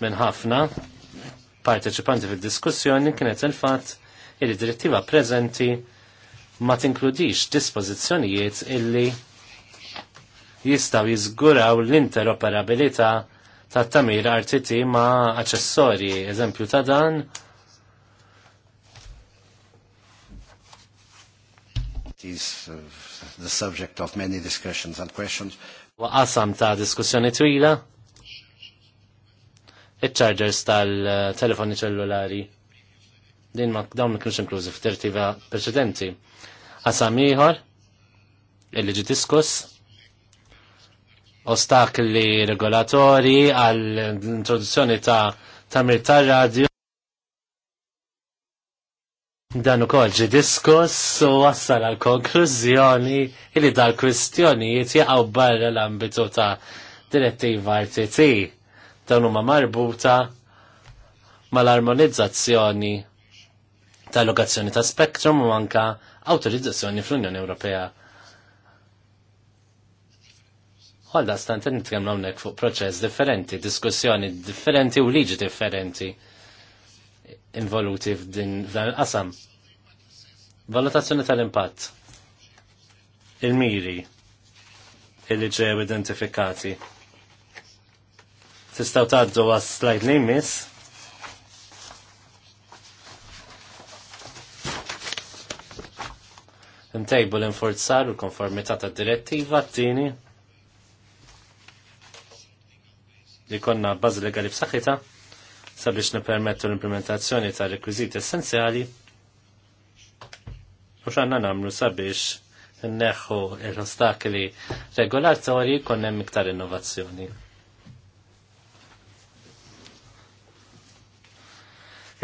minn ħafna parteċipanti fil-diskussjoni kienet il-fatt il direttiva preżenti ma tinkludix dispożizzjonijiet illi jistaw jizguraw l-interoperabilità ta' tamir RTT ma' aċessorji. Eżempju ta' dan is uh, the subject of many discussions and questions. Waqasam ta' diskussjoni twila il-chargers tal-telefoni ċellulari. Din ma dawn ma kienux inklużi f'tertiva preċedenti. Qasam ieħor illi diskuss ostakli regolatori għall-introduzzjoni ta' tamir tar-radio Dan ukoll ġi diskuss u wassal għal konklużjoni li dal-kwistjonijiet jaqgħu barra l-ambitu ta' direttiva RTT dawn huma marbuta mal-armonizzazzjoni ta' allokazzjoni ta' spektrum u anka autorizzazzjoni fl-Unjoni Ewropea. Għalda stant nitkellem hawnhekk fuq proċess differenti, diskussjoni differenti u liġi differenti involuti f'din f'dan qasam Valutazzjoni tal-impatt. Il-miri illi ġew identifikati. Tistaw tgħaddu għas slajd li miss. Ntejbu l-inforzar u l-konformità tad direttiva t-tieni li konna bażi legali b'saħħitha sabiex nipermettu l-implementazzjoni ta' rekwiżiti essenzjali u xanna namlu sabiex neħu l-ostakli regolazzjoni konnem iktar innovazzjoni.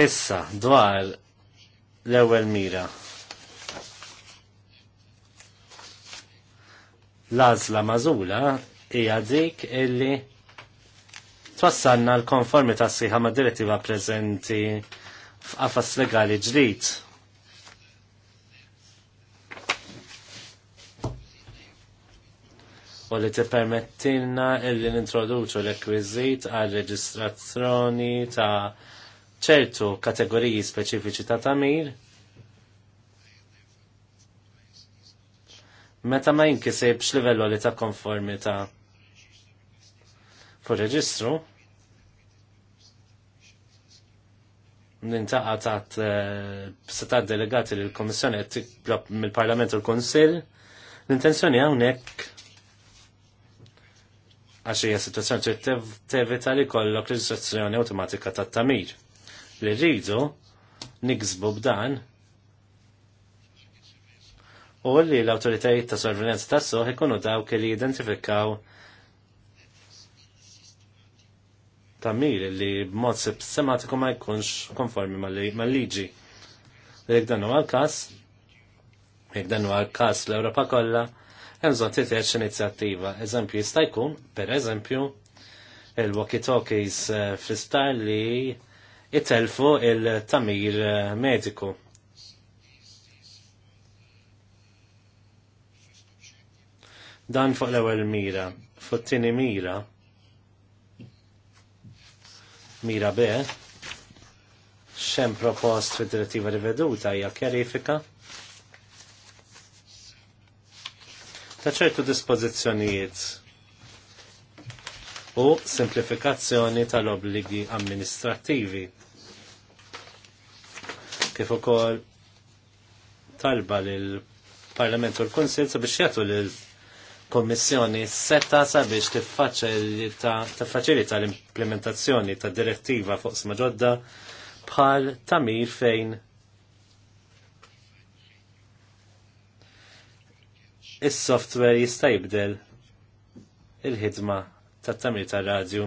Issa, dwar l-ewel mira. L-azla mażula hija dik illi twassalna l-konformi ta' sħiħa ma' direttiva preżenti f'qafas legali ġdid. u li tippermettilna illi nintroduċu l-ekwiżit għal reġistrazzjoni ta' ċertu kategoriji speċifiċi ta' tamir. Meta ma x livellu li ta' konformita fu reġistru, nintaqa taħt eh, setat delegati l-Komissjoni mill-Parlament u l-Konsil, l-intenzjoni hawnhekk għax hija situazzjoni trid tevita li kollok leġislazzjoni awtomatika tat-tamir. Li rridu niksbu b'dan u li l-autoritajiet ta' sorveljanza tas-soħ ikunu dawk li jidentifikaw tamir li b'mod sistematiku ma jkunx konformi mal-liġi. Jek dan huwa l-każ, jek dan huwa l-każ l-Ewropa kollha, hemm bżonn titgħet inizjattiva. Eżempju jista' jkun, pereżempju, il-walkie-talkies eh, fl-istar li jitelfu il-tamir eh, mediku. Dan fuq l-ewwel mira, fuq tieni mira. Mira B. Xem propost fid-direttiva riveduta hija kjarifika ta' ċertu dispożizzjonijiet u simplifikazzjoni tal-obligi amministrattivi kif ukoll talba lil Parlament u l kunsil sabiex jagħtu lil Kommissjoni setta sabiex tiffaċilita l-implementazzjoni ta' direttiva fuq smaġodda bħal tamir fejn is-software jista' jibdel il-ħidma tat-tamir tar-radju u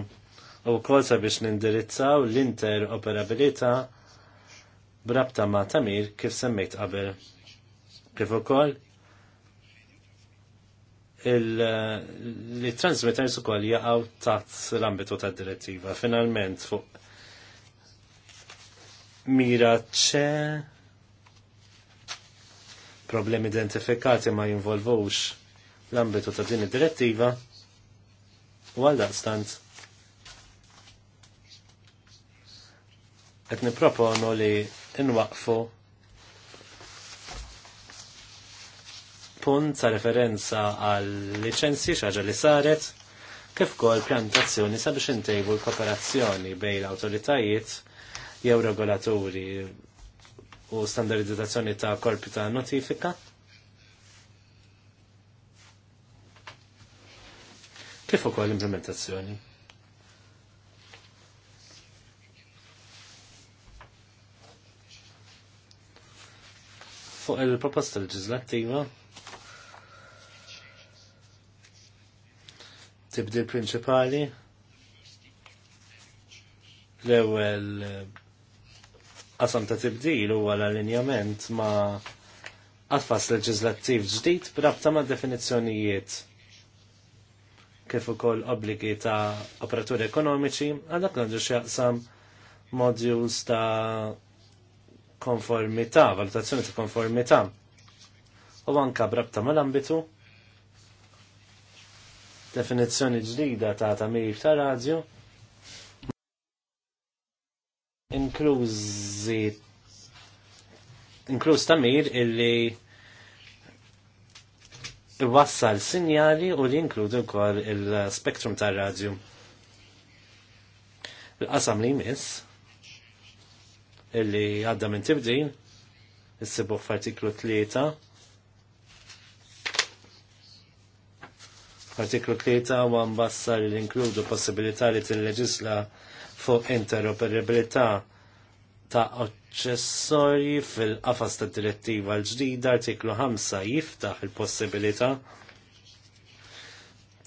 wkoll sabiex nindirizzaw l-interoperabilità brabta ma' tamir kif semmejt qabel. Kif ukoll il-transmitters ukoll jaqgħu taħt l-ambitu tad-direttiva. Finalment fuq mira ċe problemi identifikati ma jinvolvux l-ambitu ta' din id-direttiva u għal daqstant qed niproponu li nwaqfu punt ta' referenza għal licenzi xaġa li saret kif kol pjantazzjoni sabiex intejbu l-kooperazzjoni bejn l-autoritajiet jew regolaturi u standardizzazzjoni ta' korpi ta' notifika. Kif ukoll l-implementazzjoni? Fuq il-proposta leġislattiva tibdil prinċipali l-ewwel qasam ta' tibdil huwa l-allinjament ma' għatfas leġislattiv ġdid b'rabta ma' definizzjonijiet kif ukoll obbligi ta' operaturi ekonomiċi għadak għandu xjaqsam modjus ta' konformità, valutazzjoni ta' konformità. U anka brabta mal-ambitu definizzjoni ġdida ta' tamir ta' radio inkluz zid. inkluż tamir illi wassal sinjali u li inkludu wkoll il-spektrum tar-radju. Il-qasam li jmiss illi għadda minn tibdin issibu f'artiklu 3 Artiklu 3 huwa bassar li inkludu possibilità li tilleġisla fuq interoperabilità ta' oċċessorji fil-qafas ta' direttiva l-ġdida artiklu 5 jiftaħ il possibilita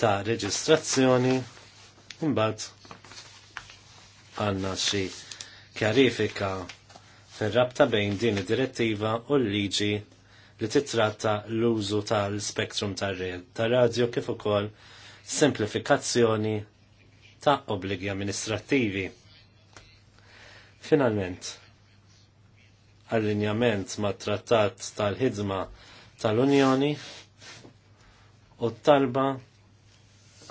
ta' reġistrazzjoni imbagħad għandna xi kjarifika fir-rabta bejn din id-direttiva u l-liġi li titratta l-użu tal-spektrum tar-radio kif ukoll simplifikazzjoni ta' obbligi amministrattivi Finalment, allinjament ma' trattat tal-ħidma tal-Unjoni u talba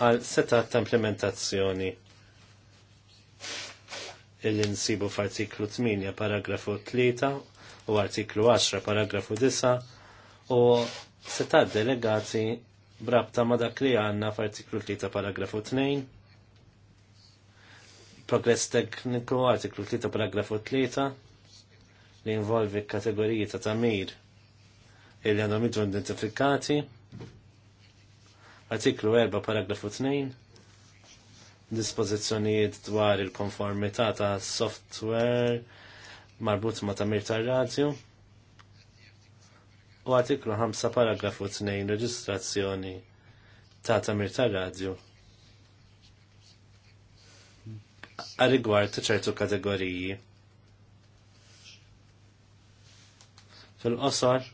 għal seta ta' implementazzjoni il-insibu f'artiklu 8 paragrafu 3 u artiklu 10 paragrafu 9 u seta delegati brabta ma dak li għanna f'artiklu 3 paragrafu 2 progress tekniku, artiklu 3, paragrafu 3, li involvi kategoriji ta' tamir illi għandhom jidru identifikati, artiklu 4, paragrafu 2, dispożizzjonijiet dwar il-konformità ta' software marbut ma' tamir ta' radio, u artiklu 5, paragrafu 2, reġistrazzjoni ta' tamir ta' radio għal-rigward ċertu kategoriji. Fil-qosor,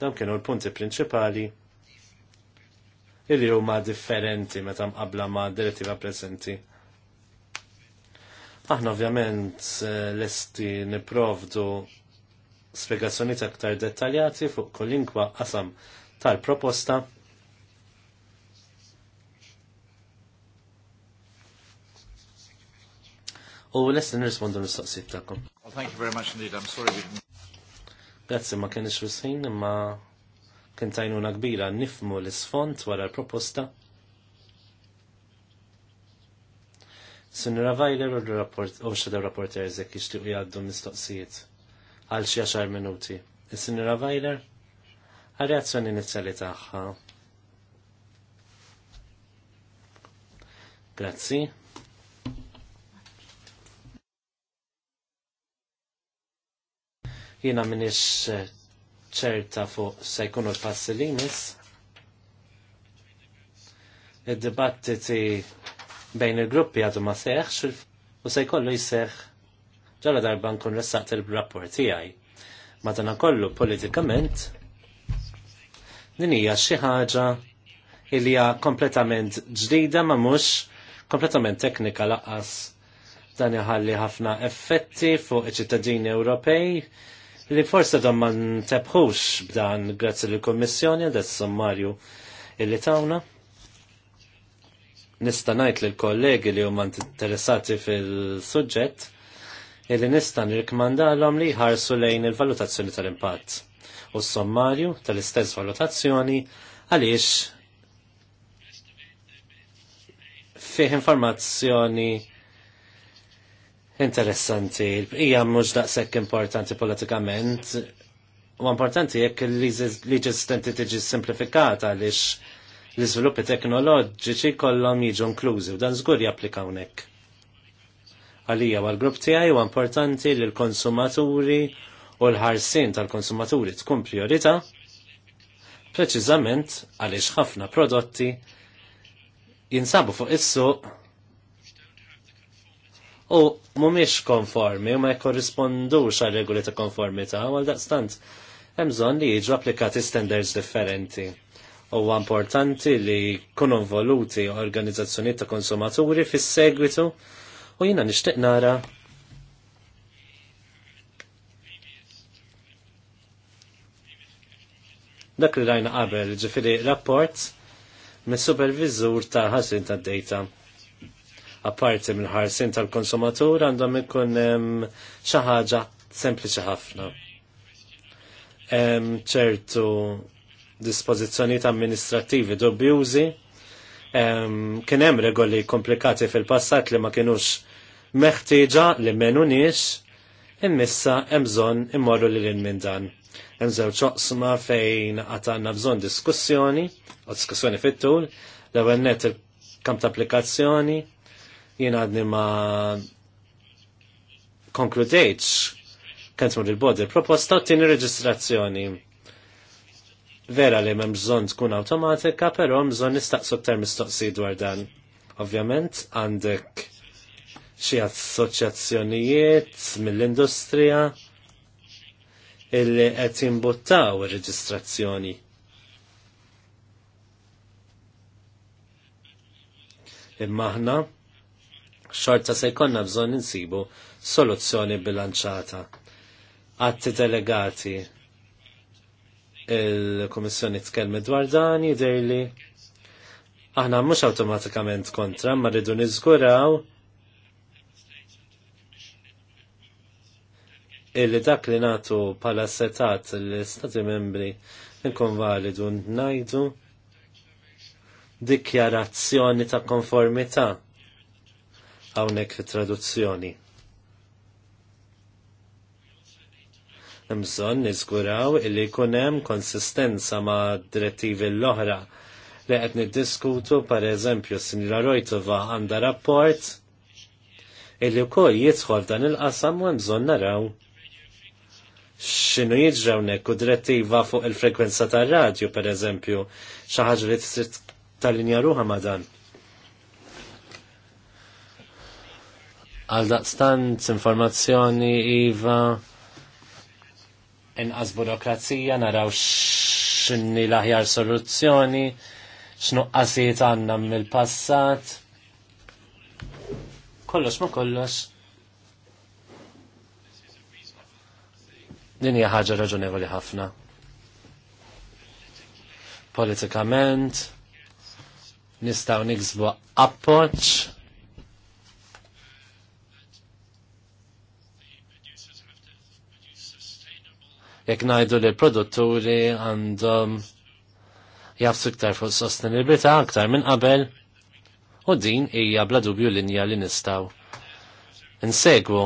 dam kienu l-punti prinċipali illi huma differenti meta mqabla ma' direttiva preżenti. Aħna ovvjament eh, lesti niprovdu spiegazzjonijiet aktar dettaljati fuq kolinkwa qasam tal-proposta u l nirrispondu mistoqsijiet tagħkom. Well, thank you very much indeed. I'm sorry we didn't. Grazzi ma kienx wisħin imma kien tajnuna kbira nifmu l-isfont wara l-proposta. Sinura Vajler u l-rapporter rapporter eżek jixtiequ jgħaddu mistoqsijiet għal xi għaxar minuti. Is-Sinura Vajler għal-reazzjoni inizjali tagħha. Grazzi. Jina minix eh, ċerta fuq se jkunu l-passi li jmiss. Id-dibattiti bejn il-gruppi għadu ma seħx u se jkollu jseħ ġara darba nkun ressaqt il-rapport tiegħi. Madana kollu politikament din hija xi ħaġa li hija kompletament ġdida ma mhux kompletament teknika laqqas dan iħalli ħafna effetti fuq iċ-ċittadini Ewropej li forse da ma ntebħux b'dan grazzi l kommissjoni għal sommarju illi tawna. Nista' ngħid lill kollegi li huma interessati fil-suġġett illi nista' nirkmandalhom li jħarsu lejn il-valutazzjoni tal-impatt u s-sommarju tal-istess valutazzjoni għaliex fih informazzjoni interessanti. Hija mhux daqshekk importanti politikament. U importanti jekk il-liġi stenti tiġi simplifikata għaliex l-iżviluppi teknoloġiċi kollhom jiġu inklużi u dan żgur japplika Għalija għal grupp tiegħi huwa importanti li l-konsumaturi u l-ħarsin tal-konsumaturi tkun priorità preċiżament għaliex ħafna prodotti jinsabu fuq is-suq u mumiex konformi u ma jkorrispondux għal regoli ta' konformità għal daqstant hemm bżonn li jiġu applikati standards differenti. Huwa importanti li kunu involuti organizzazzjoni ta' konsumaturi fis-segwitu u jiena nixtieq nara dak li rajna qabel ġifiri rapport mis supervizur ta' ħasin ta' data apparti minn ħarsin tal-konsumatur għandhom ikun xi ħaġa sempliċi ħafna. ċertu dispożizzjonijiet amministrattivi dubjużi, kien hemm regoli komplikati fil-passat li ma kinux meħtieġa li nix, immissa hemm bżonn immorru lil minn dan. Hemm żewġ oqsma fejn qatt għandna bżonn diskussjoni, u diskussjoni fit-tul, l-ewwel net il-kamp ta' applikazzjoni, jien għadni ma konkludejċ kent mur il-bodi. Proposta t-tini reġistrazzjoni. Vera li m'hemm bżonn tkun awtomatika, però bżonn nistaqsu ktar mistoqsi dwar dan. Ovvjament għandek xi assoċjazzjonijiet mill-industrija illi qed jimbuttaw ir-reġistrazzjoni. Imma aħna Xorta se jkollna bżonn insibu soluzzjoni bilanċata. Atti delegati il-Komissjoni tkellmi dwar dan jidherli aħna mhux awtomatikament kontra, ma rridu niżguraw illi dak li natu pala setat l-Stati membri nkun validu najdu dikjarazzjoni ta' konformità hawnhekk fit-traduzzjoni. Mżon niżguraw illi jkun hemm konsistenza ma' direttivi l-oħra li qed niddiskutu pereżempju Sinjura Rojtova għandha rapport illi wkoll jidħol dan il-qasam u mżon bżonn naraw x'inhu jiġri hawnhekk u direttiva fuq il-frekwenza tar-radju pereżempju xi ħaġa li trid tal-linja ruħa ma' dan. Għal daqstant informazzjoni iva inqas burokrazija naraw x'inni l-aħjar soluzzjoni, x'nuqqasijiet għanna mill-passat. Kollox ma kollox. Din hija ħaġa raġunevoli ħafna. Politikament, nistaw niksbu appoċ jekk ngħidu li produtturi għandhom jafsu iktar fuq sostenibilità aktar minn qabel u din hija bla dubju linja li nistgħu insegwu.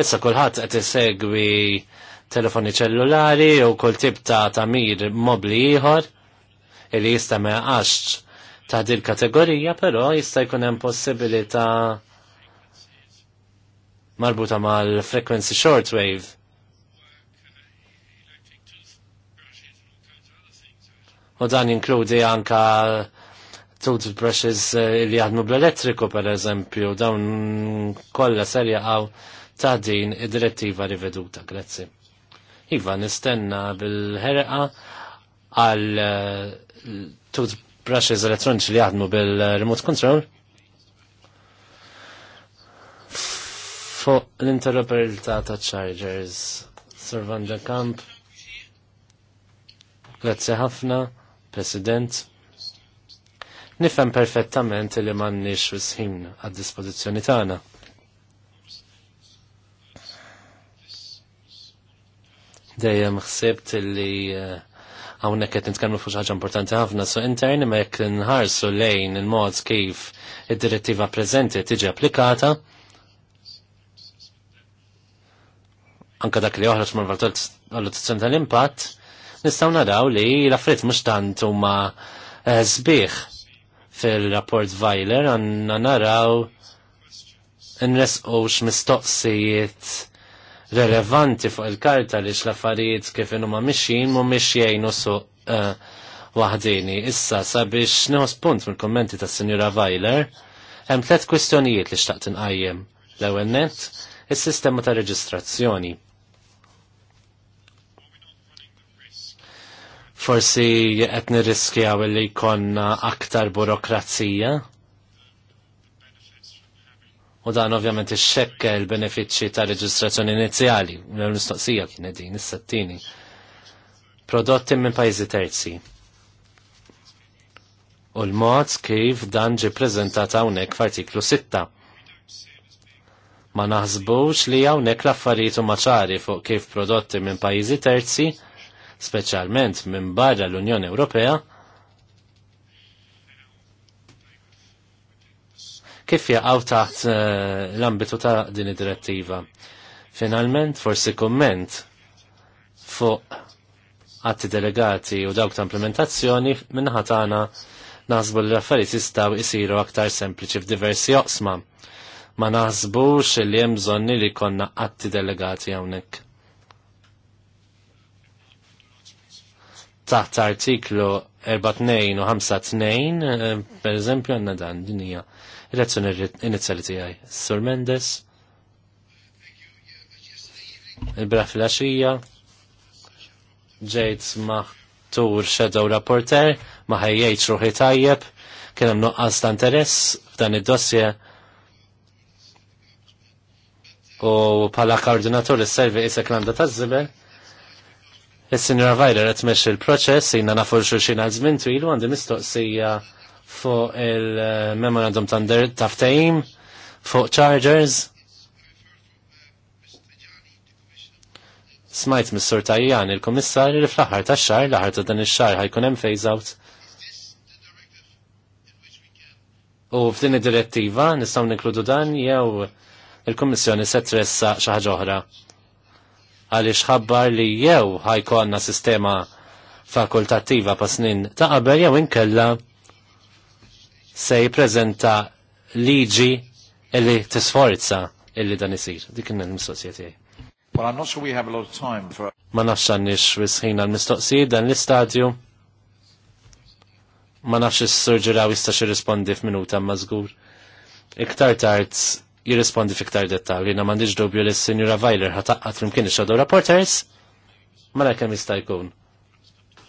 Issa kulħadd qed isegwi telefoni ċellulari u kull tip ta' tamir mobli ieħor li jista' ma għax ta' dil kategorija, però jista' jkun hemm possibilità marbuta mal-frequency shortwave U dan jinkludi anka toothbrushes eh, li jaħdmu bl-elettriku per eżempju, dawn kollha ser jaqgħu ta' din id-direttiva riveduta, grazzi. Iva, nistenna bil-ħerqa għal eh, toothbrushes elettroniċi li jaħdmu bil-remote control. Fuq l-interoperabilità ta' chargers, Servanda Camp. Kamp, grazzi ħafna President. Nifhem perfettament li m'għandniex wisħin għad-dispożizzjoni tagħna. Dejjem ħsibt li eh, hawnhekk qed nitkellmu fuq ħaġa importanti ħafna, so interni ma jekk nħarsu lejn il-mod kif id-direttiva preżenti tiġi applikata, anka dak li joħroġ mal-valutazzjoni tal-impatt, nistaw naraw li l-affrit mux tant huma eh, sbieħ fil-rapport Vajler għanna naraw nresqux mistoqsijiet relevanti fuq il-karta li x-laffariet kif ma mixin mu mixjejn u su wahdini. Eh, waħdini. Issa sabiex nieħu punt mill-kommenti tas-Sinjura Weiler, hemm tliet kwistjonijiet li xtaqt inqajjem. L-ewwel il is-sistema ta' reġistrazzjoni. Forsi qed nirriskjaw li jkollna aktar burokrazija. U dan ovvjament ixxekkel l-benefiċċji ta' reġistrazzjoni inizjali, l-mistoqsija kienet din is-settini. Prodotti minn pajjiżi terzi. U l-mod kif dan ġi preżentat hawnhekk f'artiklu 6. Ma naħsbux li hawnhekk l-affarijiet huma ċari fuq kif prodotti minn pajjiżi terzi speċjalment minn barra l-Unjoni Ewropea, kif jaqgħu taħt eh, l-ambitu ta' din id-direttiva. Finalment, forsi komment fuq atti delegati u dawk ta' implementazzjoni minnaħat għana nasbu l-affarijiet jistgħu jisiru aktar sempliċi f'diversi oqsma. Ma naħsbux li hemm bżonni li konna atti delegati hawnhekk. taħt artiklu 42 u 52, eh, per eżempju, għanna dan dinija. Elezzjoni inizjali tiegħi. Sur Mendes. Il-bra fil-axija. Ġejt maħtur shadow rapporter, Maħajjajt ruħi tajjeb, kien hemm nuqqas ta' interess f'dan id-dossier u pala koordinatur is-servi isek landa taż ta' zibel Is-Sinjora Vajler qed tmexxi l-proċess jina nafu xulxin għal żmien twil għandi mistoqsija fuq il-memorandum ta' ftehim fuq Chargers. Smajt mis-sur Tajjan il-Kummissarju li fl-aħħar tax-xahar l-aħħar ta' dan ix-xahar ħajkun hemm phase out. U f'din id-direttiva nistgħu ninkludu dan jew il-Kummissjoni se tressa xi ħaġa oħra għaliex ħabbar li jew ħajkonna sistema fakultattiva pa' snin ta' qabel jew inkella se jippreżenta liġi illi tisforza illi dan isir. Dik kien il-mistoqsija Well, I'm not sure we have a lot of time for... Ma nafx għannix wisħin għal-mistoqsijiet dan l-istadju. Ma nafx is-surġeraw jista' xi rispondi f'minuta ma' żgur. Iktar tard jirrispondi fiktar dettal. Jina mandiġ dubju li s-Sinjura Vajler ħataqqat trimkien ix-Shadow Reporters, la mela kem jista' jkun.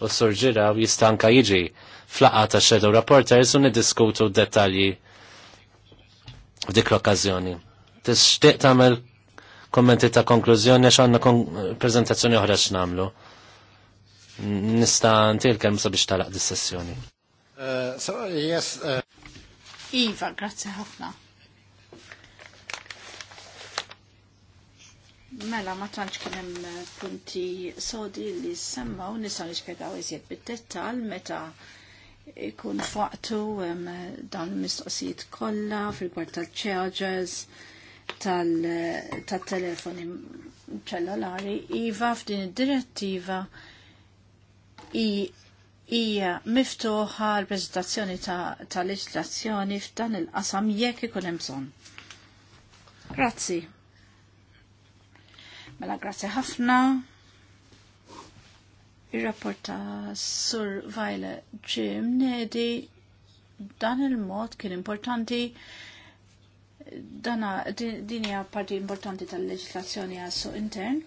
U s surġira jista' jistanka jiġi flaqqa ta' Shadow Reporters u niddiskutu dettalji f'dik l-okkażjoni. Tixtieq tagħmel kommenti ta' konklużjoni għax għandna kon prezentazzjoni oħra x'namlu. Nista' ntilkem sabiex talaq dis-sessjoni. Uh, uh, iva, grazzi ħafna. Mela, ma tantx kien hemm punti sodi li semmaw nisa nispjegaw iżjed bid dettall meta ikun faqtu dawn il-mistoqsijiet kollha fil-gwar tal-chargers tal-telefoni ċellulari. Iva f'din id-direttiva hija miftuħa l-preżentazzjoni ta' leġislazzjoni f'dan il-qasam jekk ikun hemm bżonn. Grazzi. Mela grazie ħafna. Ir-rapporta Sur Vajle Jim Nedi dan il-mod kien importanti dana din hija parti importanti tal-leġislazzjoni għas-suq intern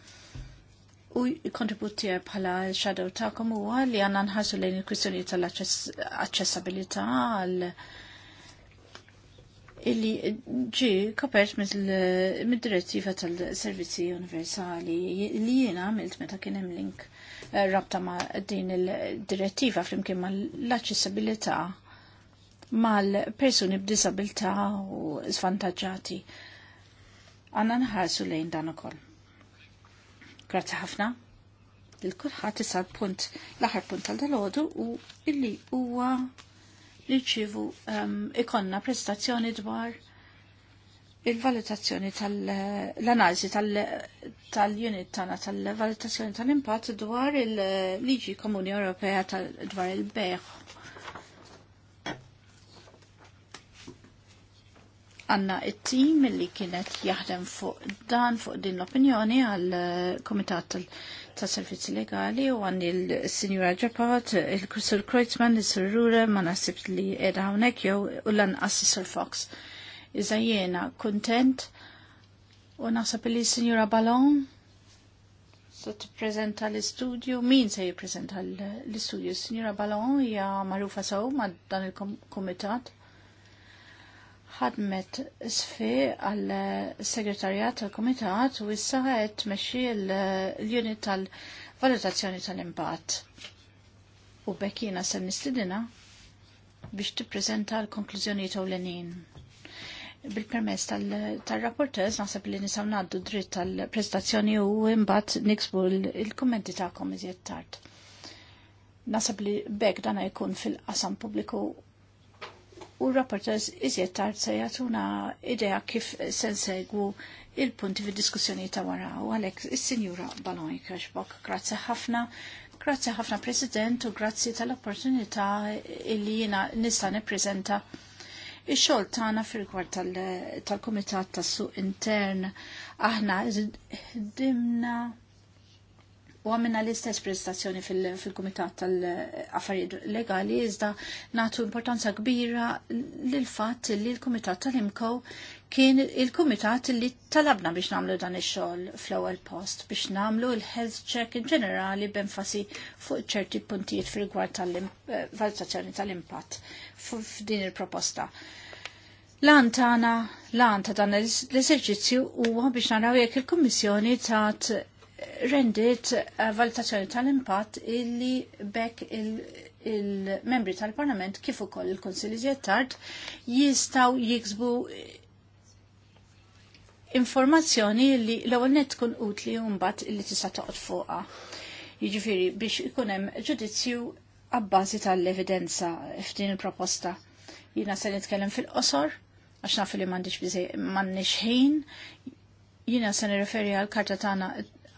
u kontributi bħala shadow ta' huwa li għanna nħassu lejn il-kwistjoni tal-accessibilità għal illi ġi kopert mid-direttiva tal-servizzi universali li jiena għamilt meta kien hemm link eh, rabta ma' din il-direttiva flimkien ma' l-aċċessibilità mal-persuni b'disabilità u svantaġġati. Għanna nħarsu lejn dan ukoll. Grazzi ħafna. Il-kulħadd isal punt l-aħħar punt tal-dalodu u illi huwa li ċivu um, ehm, ikonna prestazzjoni dwar il-valutazzjoni tal analisi tal-unit tana tal-valutazzjoni tal-impatt dwar il-liġi komuni Ewropea dwar il-beħ. Għanna it-tim li kienet jaħdem fuq dan fuq din l-opinjoni għal-Komitat eh, tal-Komitat ta' servizzi legali u għandi il-Sinjura Ġapat, il-Sur Kreutzmann, il-Sur Rure, ma nasib li edha għonek jow u lanqas assessor Fox. Iza jiena kontent u nasab li Sinjura Ballon se prezenta l studio min se jiprezenta l-istudju? Sinjura Ballon hija magħrufa sew ma' dan il komitat -kom ħadmet sfi għal segretarjat tal komitat u issa qed tmexxi l-unit tal-valutazzjoni tal-impatt. U bekkina se nistidina biex tippreżenta l-konklużjonijiet ewlenin. Bil-permess tal-rapportez naħseb li nisaw naddu dritt tal-prezentazzjoni u imbagħad niksbu l-kummenti tagħkom iżjed tard. Naħseb li bekk dana jkun fil-qasam pubbliku u rapporters iżjed tard se jagħtuna idea kif se nsegwu il-punti fid-diskussjoni ta' wara u għalhekk is-Sinjura Baloni Kirschbok. Grazzi ħafna. Grazzi ħafna President u grazzi tal-opportunità illi jiena nista' nippreżenta Ix-xogħol tagħna fil-rigward tal-Kumitat tas-Suq Intern aħna ħdimna u għamilna l-istess prestazzjoni fil-Kumitat tal-Affarijiet Legali iżda natu importanza kbira l-fatt li l-Kumitat tal-Imko kien il-Kumitat li talabna biex namlu dan ix-xogħol fl-ewwel post biex namlu l-health check in ġenerali b'enfasi fuq ċerti puntijiet fil-gwar tal-valutazzjoni eh, tal-impatt f'din il-proposta. Lan tana, lan ta' dan l-eżerċizzju huwa biex naraw jekk il-Kummissjoni ta' rendit eh, valutazzjoni tal-impatt illi bekk il-membri il tal-Parlament kif ukoll il-Konsilji tard jistaw jiksbu informazzjoni li l-ewwel net tkun utli mbagħad illi tista' toqgħod fuqha. Jiġifieri biex ikun hemm ġudizzju abbażi tal-evidenza f'din il-proposta. Jiena se nitkellem fil-qosor għax nafu li m'għandix ħin, jina se nirreferi għal karta tagħna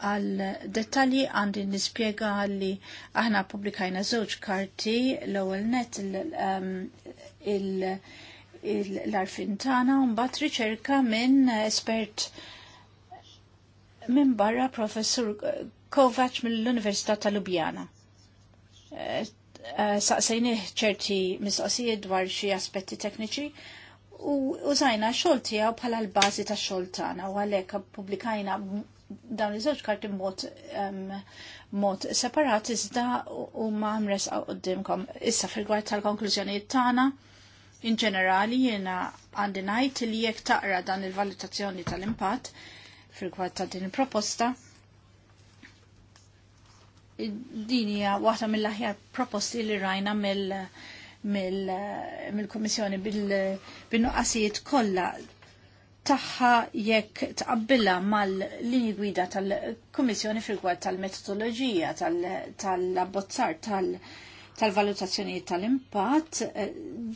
għal dettalji għandi nispiega għalli aħna publikajna żewġ karti l-ewwel net ehm, l-arfin tagħna un mbagħad riċerka minn espert minn barra professur Kovac mill-Università ta' Ljubljana. Eh, eh, Saqsajni ċerti mistoqsijiet dwar xi aspetti tekniċi u użajna xogħol tiegħu bħala l-bażi tax xogħol tagħna u għalhekk publikajna dawn iż-żewġ karti mod mod separat iżda huma mres qudiemkom. Issa fil-gwar tal-konklużjonijiet tagħna in ġenerali jiena għandi ngħid li jekk taqra dan il-valutazzjoni tal-impatt fil-gwar ta' din il-proposta din hija waħda mill-aħjar proposti li rajna mill- mill-Komissjoni bil-nuqqasijiet kollha taħħa jekk tqabbilha mal-linji gwida tal-Kummissjoni fil-gwad tal-metodoloġija tal-abbozzar tal tal-valutazzjoni tal-impatt, eh,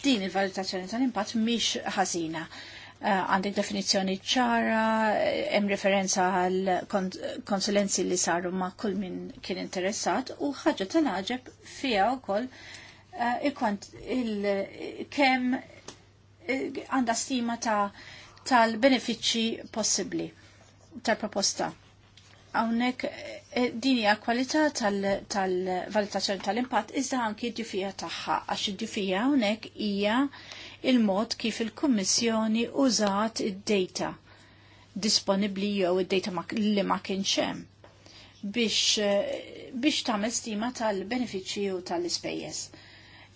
din il-valutazzjoni tal-impatt mhix ħażina eh, għandek definizjoni ċara, eh, hemm referenza għal konsulenzi li saru ma' kull min kien interessat u ħaġa tal ħagġeb fija wkoll koll il-kemm għandha stima ta' tal-benefiċċji possibbli tal-proposta. Għawnek eh, din hija kwalità tal-valutazzjoni tal-impatt iżda anki d-djufija tagħha għax id-djufija hawnhekk hija il-mod kif il-Kummissjoni użat id-data disponibbli jew id-data li ma kienx hemm biex, eh, biex tagħmel stima tal-benefiċċji u tal-ispejjeż.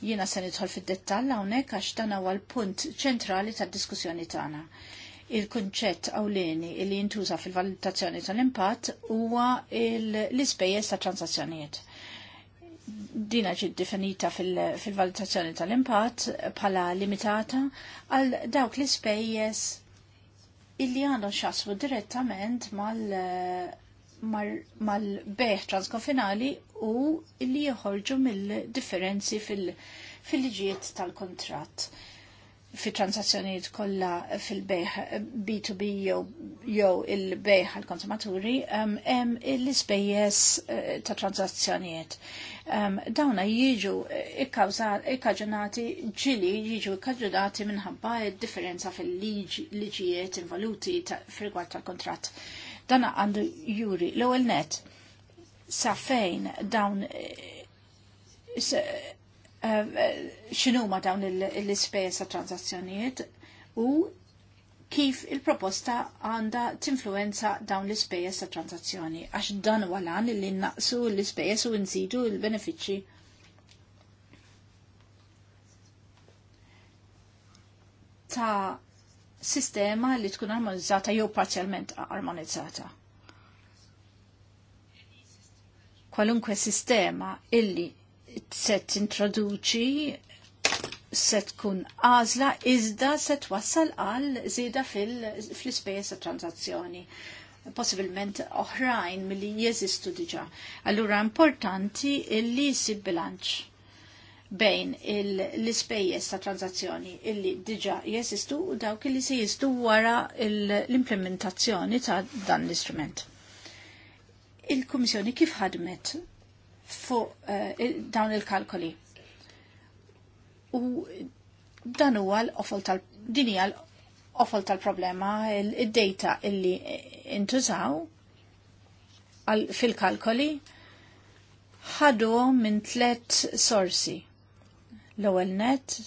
Jiena se nidħol fid-dettall hawnhekk għax dan huwa l-punt ċentrali tad-diskussjoni tagħna. Il-kunċett awleni li jintuża fil-valutazzjoni tal-impatt huwa l-ispejjeż ta' transazzjonijiet. Dina ġiet definita fil-valutazzjoni tal-impatt bħala limitata għal dawk l-ispejjeż illi għandhom xasbu direttament mal mal-beħ transkonfinali u li joħorġu mill-differenzi fil-liġijiet fil tal-kontrat fi transazzjonijiet kollha fil-bejħ B2B jew il-bejħ għal konsumaturi hemm l-ispejjeż eh, ta' transazzjonijiet. dawna jiġu ikkaġunati ġili jiġu ikkaġunati minħabba differenza fil-liġijiet involuti valuti fil-gwar tal-kontratt. Dana għandu juri l-ewwel net safejn dawn eh, eh, eh, xinuma dawn l-ispejjeż ta' transazzjonijiet u kif il-proposta għanda t-influenza dawn l-ispejjeż ta' transazzjoni għax dan u għalan li naqsu l-ispejjeż u nżidu l-benefiċċji. ta' sistema li tkun armonizzata jew parzjalment armonizzata. kwalunkwe sistema illi se tintroduċi se tkun għażla iżda se twassal għal żieda fl-ispejjeż ta' transazzjoni possibilment oħrajn milli jeżistu diġa. Allura importanti illi si bilanċ bejn l-ispejjeż ta' tranzazzjoni illi diġa jeżistu u dawk illi se jistu wara l-implementazzjoni ta' dan l-istrument il-Kummissjoni kif ħadmet fuq eh, dawn il-kalkoli. U dan huwa l-ofol tal din hija l-ofol tal-problema id-data illi intużaw fil-kalkoli ħadu minn tlet sorsi. L-ewwel net,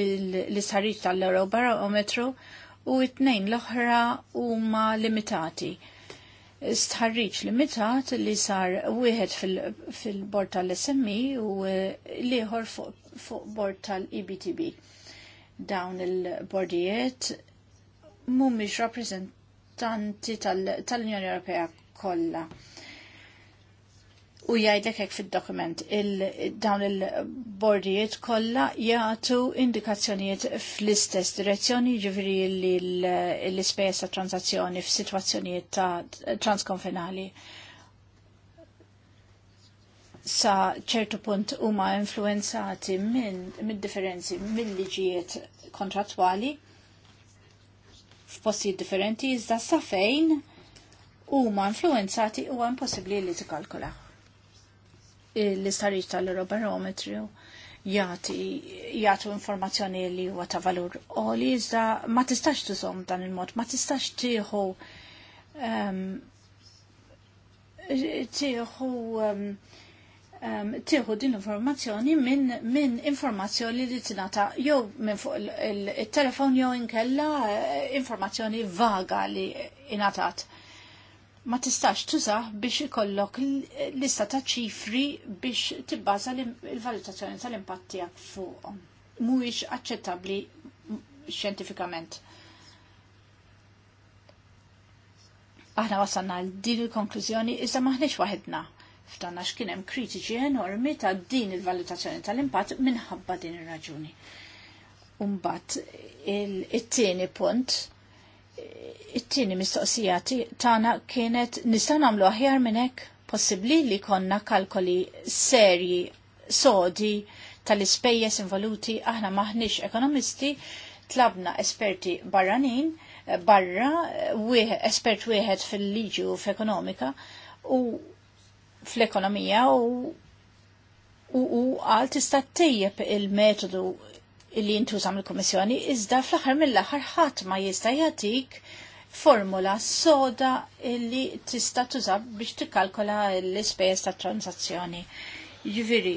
l-isħarriġ tal-Eurobarometru u t-tnejn l-oħra huma limitati stħarriċ limitat li sar wieħed fil-bord tal-SMI e u eh, liħor fuq bord tal-EBTB. Dawn il-bordijiet mumiex rappresentanti tal-Unjoni Ewropea kollha. U jgħidlek hekk fid-dokument, dawn il-bordijiet kollha jagħtu indikazzjonijiet fl-istess direzzjoni ġifieri li l-ispejjeż ta' transazzjoni f'sitwazzjonijiet ta' transkonfinali sa ċertu punt huma influenzati minn mid-differenzi mill-liġijiet kontrattwali f'postijiet differenti iżda sa fejn huma influenzati huwa impossibbli li tikkalkula l-istariġ tal-Eurobarometru jagħti jagħtu informazzjoni li huwa ta' valur oli iżda ma tistax tużom dan il-mod, ma tistax tieħu ehm, tieħu ehm, ehm, tieħu din informazzjoni minn min informazzjoni li t-nata jew minn fuq il-telefon jew inkella eh, informazzjoni vaga li ingħatat ma tistax tużaħ biex ikollok lista ta' ċifri biex tibbaża il-valutazzjoni tal-impatt tiegħek fuqhom. Mhuwiex aċċettabbli xjentifikament. Aħna wasalna għal din il-konklużjoni iżda maħniex waħedna f'dan għax kien hemm kritiċi enormi ta' din il-valutazzjoni tal-impatt minħabba din ir-raġuni. Umbat, it-tieni punt it-tieni mistoqsija tagħna kienet nista' nagħmlu aħjar minn hekk possibbli li konna kalkoli serji sodi tal-ispejjeż involuti aħna maħniex ekonomisti tlabna esperti barranin barra espert wieħed fil-liġi u f'ekonomika u fl-ekonomija u u għal tista' tejjeb il-metodu li jintuża mill komissjoni iżda fl-aħħar mill-aħħar ħadd ma jista' jagħtik formula soda li tista' tuża biex tikkalkola l-ispejjeż tat transazzjoni. Jiġifieri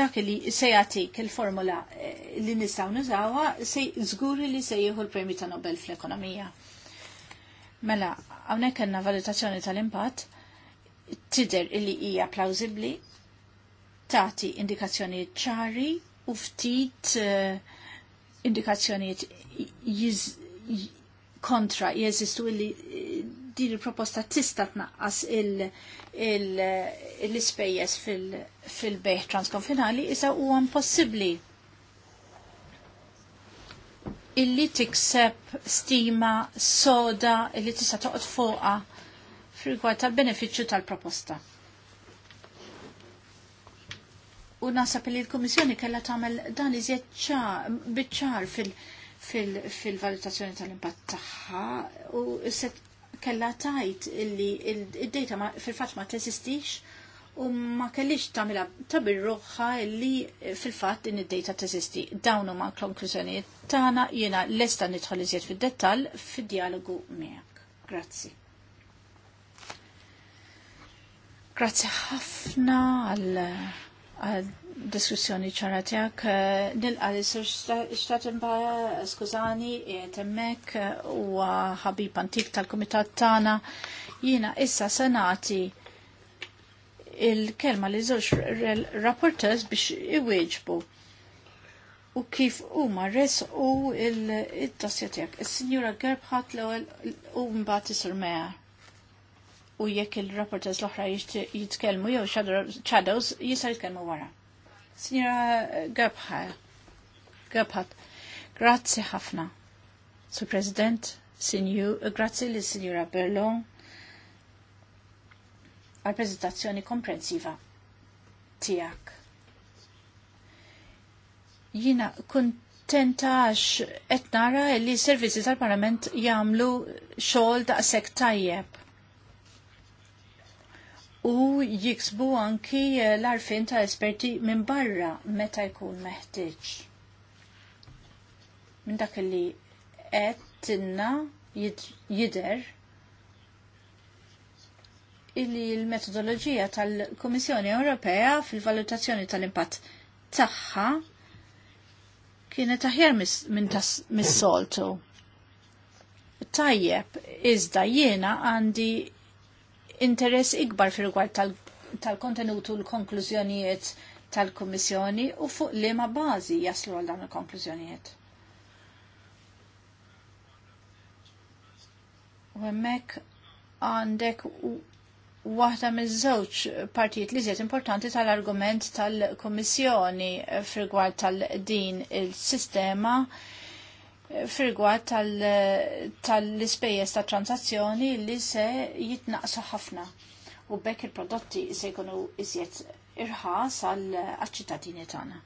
dak li se jagħtik il-formula eh, li nistgħu nużawha se żguri li se jieħu l premi ta' Nobel fl-ekonomija. Mela, hawnhekk għandna valutazzjoni tal-impatt tidher illi hija plawsibbli Tati indikazzjonijiet ċari u ftit uh, indikazzjonijiet kontra jeżistu illi din il-proposta tista tnaqqas l-ispejjeż fil beħ fil transkonfinali issa huwa impossibbli illi tikseb stima soda illi tista' toqgħod fuqha fil tal-benefiċċju tal-proposta. U nasab li l-Komissjoni kella tagħmel dan iżjed biċċar fil-valutazzjoni tal-impatt tagħha u set kella tajt illi id-data fil-fatt ma teżistix u ma kellix tagħmilha tabir ruħħa illi fil-fatt din id-data teżisti. Dawn huma konklużjonijiet tagħna jiena lesta nidħol iżjed fid-dettall fid-dialogu miegħek. Grazzi. Grazzi ħafna għal diskussjoni ċara tijak. Nilqa li sir xtatin ba skużani temmek u ħabib antik tal-komitat tana jina issa senati il-kelma li zoċ rapportez biex iwieġbu u kif huma marres u il tassjetjak Il-Signora Gerbħat l-ewel u mbati sur meħar u jekk il-rapporters l-oħra jitkellmu jew shadows jista' jitkellmu wara. Signora Gebhardt, grazzi ħafna. Sur President, Sinju, grazzi li Signora Berlon għal prezentazzjoni komprensiva tiegħek. Jiena kuntenta għax qed nara li s servizzi tal-Parlament jagħmlu xogħol daqshekk tajjeb u jiksbu anki eh, l-arfin ta' esperti minn barra meta jkun meħtieġ. Minn dak li qed tinna jider illi l-metodoloġija tal-Komissjoni Ewropea fil-valutazzjoni tal-impatt tagħha kienet aħjar minn mis-soltu. Tajjeb, iżda jiena għandi interess ikbar fir rigward tal kontenutu u l-konklużjonijiet tal-Kummissjoni u fuq liema bażi jaslu għal dawn il-konklużjonijiet. U hemmhekk għandek waħda miż-żewġ partijiet li żiet importanti tal-argument tal-Kummissjoni fir rigward tal-din il-sistema il sistema firgwad tal-ispejjeż tal ta' transazzjoni li se jitnaqsu ħafna u bekk il-prodotti se jkunu iżjed irħas għal ċittadini tagħna.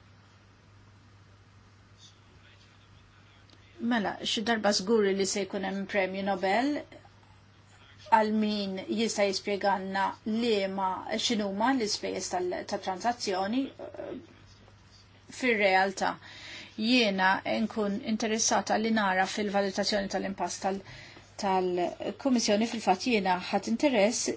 Mela, xi darba żguri li se jkun hemm Premju Nobel għal min jista' jispjegalna li ma x'inhuma l-ispejjeż tat transazzjoni uh, fir-realtà. Ta jiena nkun interessata li nara fil-valutazzjoni tal-impass tal-Kummissjoni tal impass tal kummissjoni fil fatt jiena ħat interess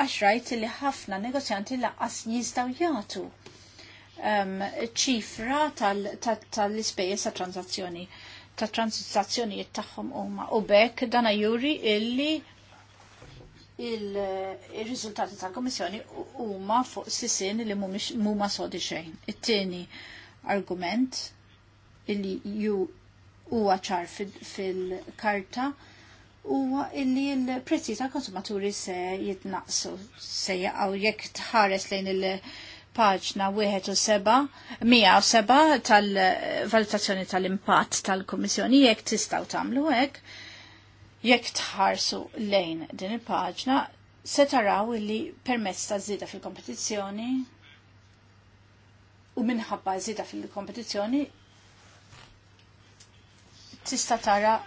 għax rajt li ħafna negozjanti laqas jistgħu jagħtu ehm, ċifra tal-ispejjeż ta' transazzjoni ta' transazzjonijiet tagħhom huma u bekk dan juri illi il-riżultati tal-Komissjoni huma fuq sisin li mhuma sodi xejn. It-tieni argument illi ju huwa ċar fil-karta huwa illi l-prezzi tal konsumaturi se jitnaqsu se jaqgħu jekk tħares lejn il-paġna wieħed u u tal-valutazzjoni tal-impatt tal-Kummissjoni jekk tistgħu tagħmlu hekk jekk tħarsu lejn din il-paġna se taraw illi permezz ta' żieda fil-kompetizzjoni u minħabba żieda fil-kompetizzjoni tista' tara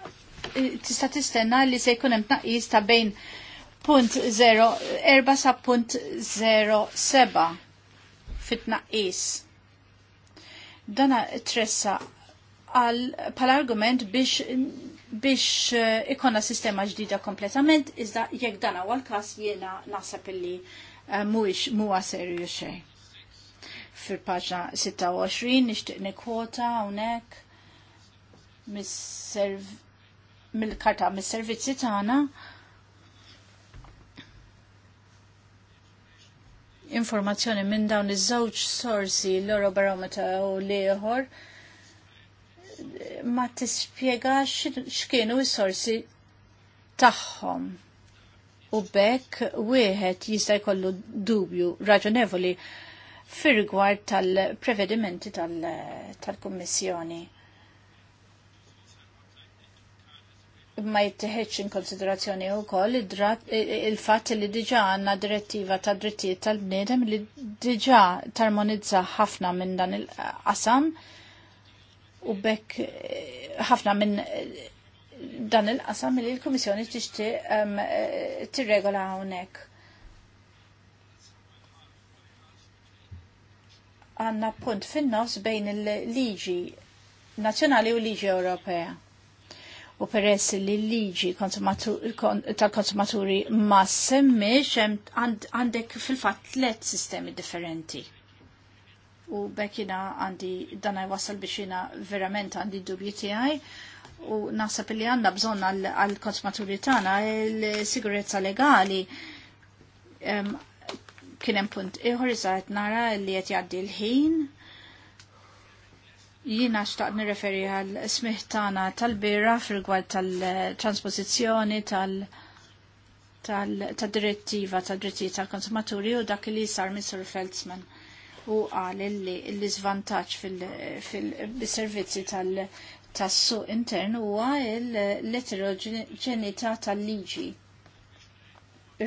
eh, tista' tistenna li se jkun hemm tnaqqis ta' bejn punt 0.4 sa punt 0.7 fit-tnaqqis. Dana tressa għal pal-argument biex biex eh, ikonna sistema ġdida kompletament, iżda jekk dana għal kas jena naħseb illi eh, mux muwa serju xej. Fil-paġna 26 nishtiqni nikwota unek mill-karta mis-servizzi tagħna informazzjoni minn dawn iż-żewġ sorsi l barometra u l-ieħor ma tispjegax x'kienu s-sorsi tagħhom u bekk wieħed jista' jkollu dubju raġonevoli fir-rigward tal-prevedimenti tal-Kummissjoni. ma jittieħedx in konsiderazzjoni wkoll il-fatt li diġà għandna direttiva ta' drittijiet tal-bniedem li diġà tarmonizza ħafna minn dan il-qasam u bekk eh, ħafna minn eh, dan il-qasam li l-Kummissjoni tixtieq ehm, eh, tirregola hawnhekk. Għanna punt fin-nofs bejn il-liġi nazzjonali u liġi Ewropea u peress li l-liġi tal-konsumaturi ma semmix għandek fil-fat tlet sistemi differenti. U bekkina għandi dan wasal biex jina verament għandi dubju tiegħi u nasab li għanna bżon għal-konsumaturi tagħna il-sigurezza legali kienem kien hemm punt ieħor iżgħid nara li qed jgħaddi l-ħin Jina xtaq nireferi għal smih tana tal-bira fil-gwad tal-transpozizjoni tal-direttiva tal-dritti tal-konsumaturi u dak li sar Mr. Feltzman u għal li l-izvantaċ fil-servizzi tal-tassu intern u għal l-eterogenita tal-liġi.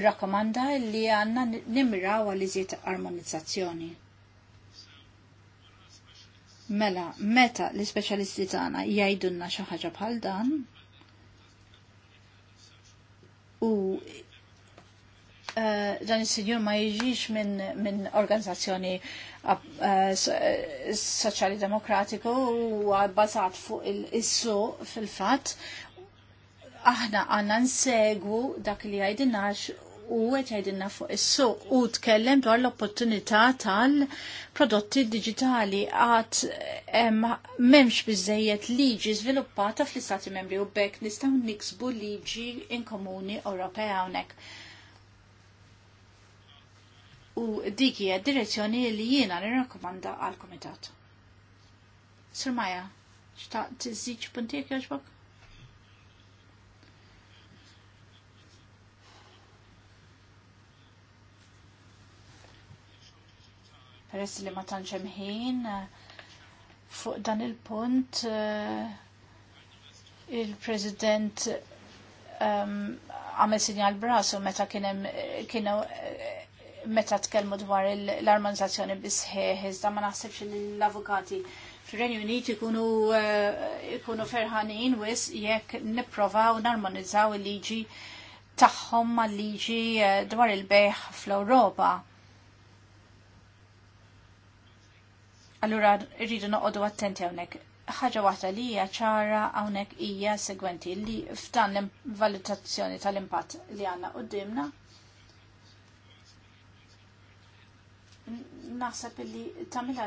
Irrakomanda li għanna nimra għal iżiet armonizzazzjoni Mela, meta l-ispeċjalisti tagħna jgħidulna xi ħaġa bħal dan u eh, dan is-sinjur ma jiġix minn min organizzazzjoni eh, eh, soċjali demokratiku u bbażat fuq il-issu fil-fatt aħna għanna nsegwu dak li għajdinax u għet jgħidinna fuq is-suq u tkellem dwar l-opportunità tal-prodotti digitali għat memx bizzejiet liġi sviluppata fl-Istati Membri u bekk nistaw niksbu liġi in komuni Ewropea hawnhekk. U dik hija direzzjoni li jiena nirrakkomanda għal-Kumitat. Sir Maja, xtaqt tiżiġ puntiek joġbok? Peress li ma tantx hemm ħin fuq dan il-punt eh, il-President ehm, għamel sinjal brasu meta kienem kienu eh, meta tkellmu dwar l-armonizzazzjoni bisħeħ, iżda ma naħsibx li l-avukati fir-Renju Unit ikunu eh, ikunu ferħanin wis jekk nipprovaw narmonizzaw il-liġi tagħhom mal-liġi dwar il-beħ fl-Ewropa Allura rridu noqogħdu attenti hawnhekk. Ħaġa waħda li hija ċara hawnhekk hija segwenti li f'dan l-valutazzjoni tal-impatt li għandna quddiemna. naħseb illi tagħmilha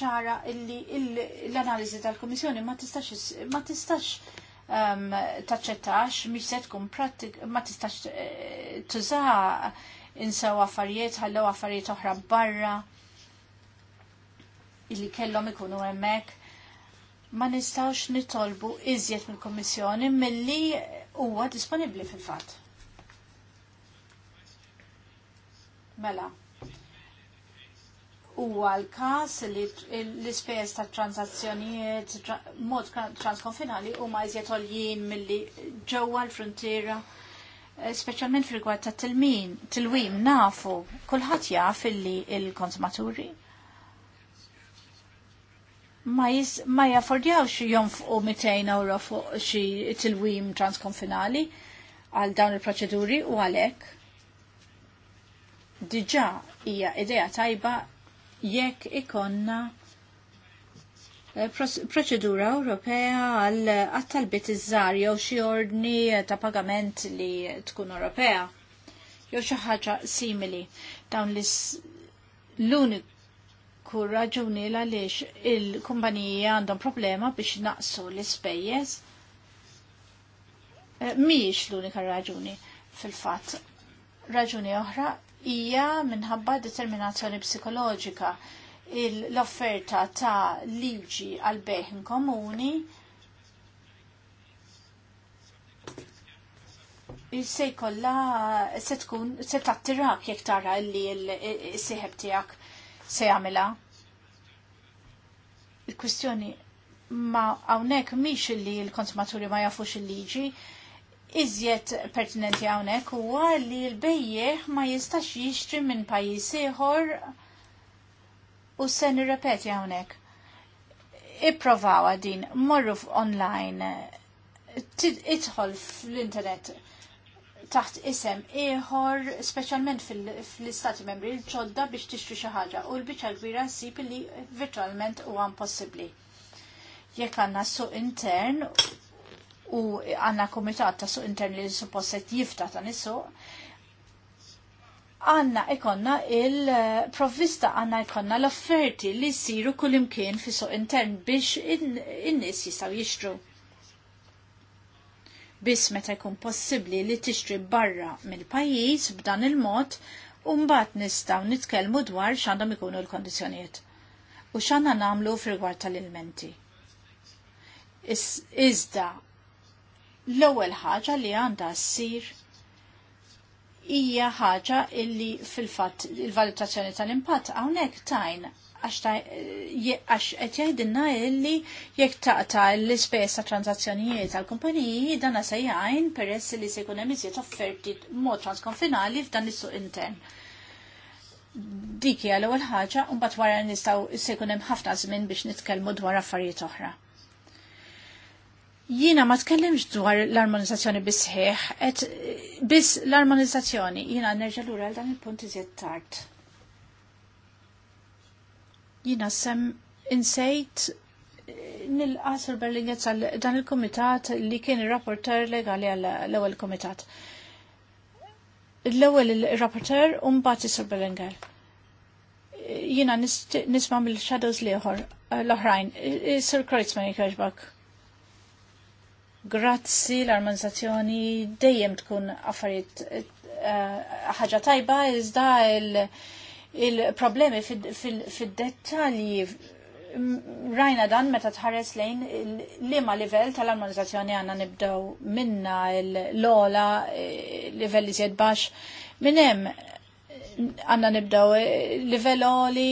ċara illi l-analiżi tal-Kummissjoni ma tistax ma tistax ehm, taċċettax mhix se tkun pratik ma tistax eh, tuża insew affarijiet ħallew affarijiet oħra barra illi kellhom ikunu hemmhekk ma nistawx nitolbu iżjed mill-Kommissjoni milli huwa disponibbli fil-fatt. Mela, huwa l-każ li l-ispejjeż ta' transazzjonijiet mod transkonfinali huma iżjed għoljien milli ġewwa l-frontiera speċjalment fil-gwad ta' tilmin, tilwim nafu, kulħadd jaf illi il-konsumaturi ma, jis, ma jaffordjawx jonfqu 200 euro fuq xi tilwim transkonfinali għal dawn il-proċeduri u għalhekk. Diġà hija idea tajba jekk ikonna eh, proċedura Ewropea għal għattalbit iż-żar jew xi ordni ta' pagament li tkun Ewropea jew xi ħaġa simili. Dawn l-unik kur raġuni l għaliex il-kumpaniji għandhom problema biex naqsu l-ispejjeż. Eh, Miex l-unika raġuni fil-fatt. Raġuni oħra hija minħabba determinazzjoni psikoloġika l-offerta ta' liġi għal beħin komuni se jkollha se tkun se tattirak jekk tara li s-sieħeb tiegħek se jagħmilha il-kwistjoni ma hawnhekk miex li l-konsumaturi ma jafux il-liġi, iżjed pertinenti hawnhekk huwa li l-bejjeħ ma jistax jixtri minn pajjiż ieħor u se nirrepeti hawnhekk. Ipprovaw din, morru online, idħol fl-internet taħt isem ieħor, speċjalment fl-istati membri, l-ġodda biex tixtri xi ħaġa u l bicċa l-kbira ssib li virtualment huwa impossibbli. Jekk għandna suq intern u għandna kumitat ta' suq intern li supposet jiftaħ ta' nisu, għanna ikonna il-provvista għanna ikonna l-offerti li siru kull imkien fi suq intern biex in-nis jistaw jixtru biss meta jkun possibbli li tixtri barra mill-pajjiż b'dan il-mod u mbagħad nistgħu nitkellmu dwar x'għandhom ikunu l-kondizzjonijiet u x'għandna nagħmlu f'rigward tal-ilmenti. Iżda l-ewwel ħaġa li għandha ssir hija ħaġa illi fil-fatt il-valutazzjoni tal-impatt hawnhekk tajn għax qed jgħidilna illi jekk taqta' l-ispejjeż ta' tranzazzjonijiet għal kumpaniji dan se jgħin peress li se jkun hemm iżjed offerti mod transkonfinali f'dan is-suq intern. Dik hija l-ewwel ħaġa u mbagħad wara nistgħu se jkun hemm ħafna żmien biex nitkellmu dwar affarijiet oħra. Jiena ma tkellimx dwar l-armonizzazzjoni bisħiħ, qed biss l-armonizzazzjoni jiena nerġa' lura għal dan il-punt iżjed tard Jina sem insejt eh, nilqa Sir Berlinget għal dan il-komitat li kien il-rapporter legali għal l-ewel komitat. L-ewel il-rapporter un-bati Sir Berlinger. Eh, jina nisma mill-shadows liħor, eh, l-oħrajn, Sir Kreutzmann jikħġbak. Grazzi l-armonizzazzjoni dejjem tkun affarijiet ħaġa tajba iżda il- il-problemi fil-dettalji rajna dan meta tħares lejn liema livell tal-armonizzazzjoni għanna nibdew minna l-ola e, livell li zjed bax minn hemm għanna nibdew e, livell oli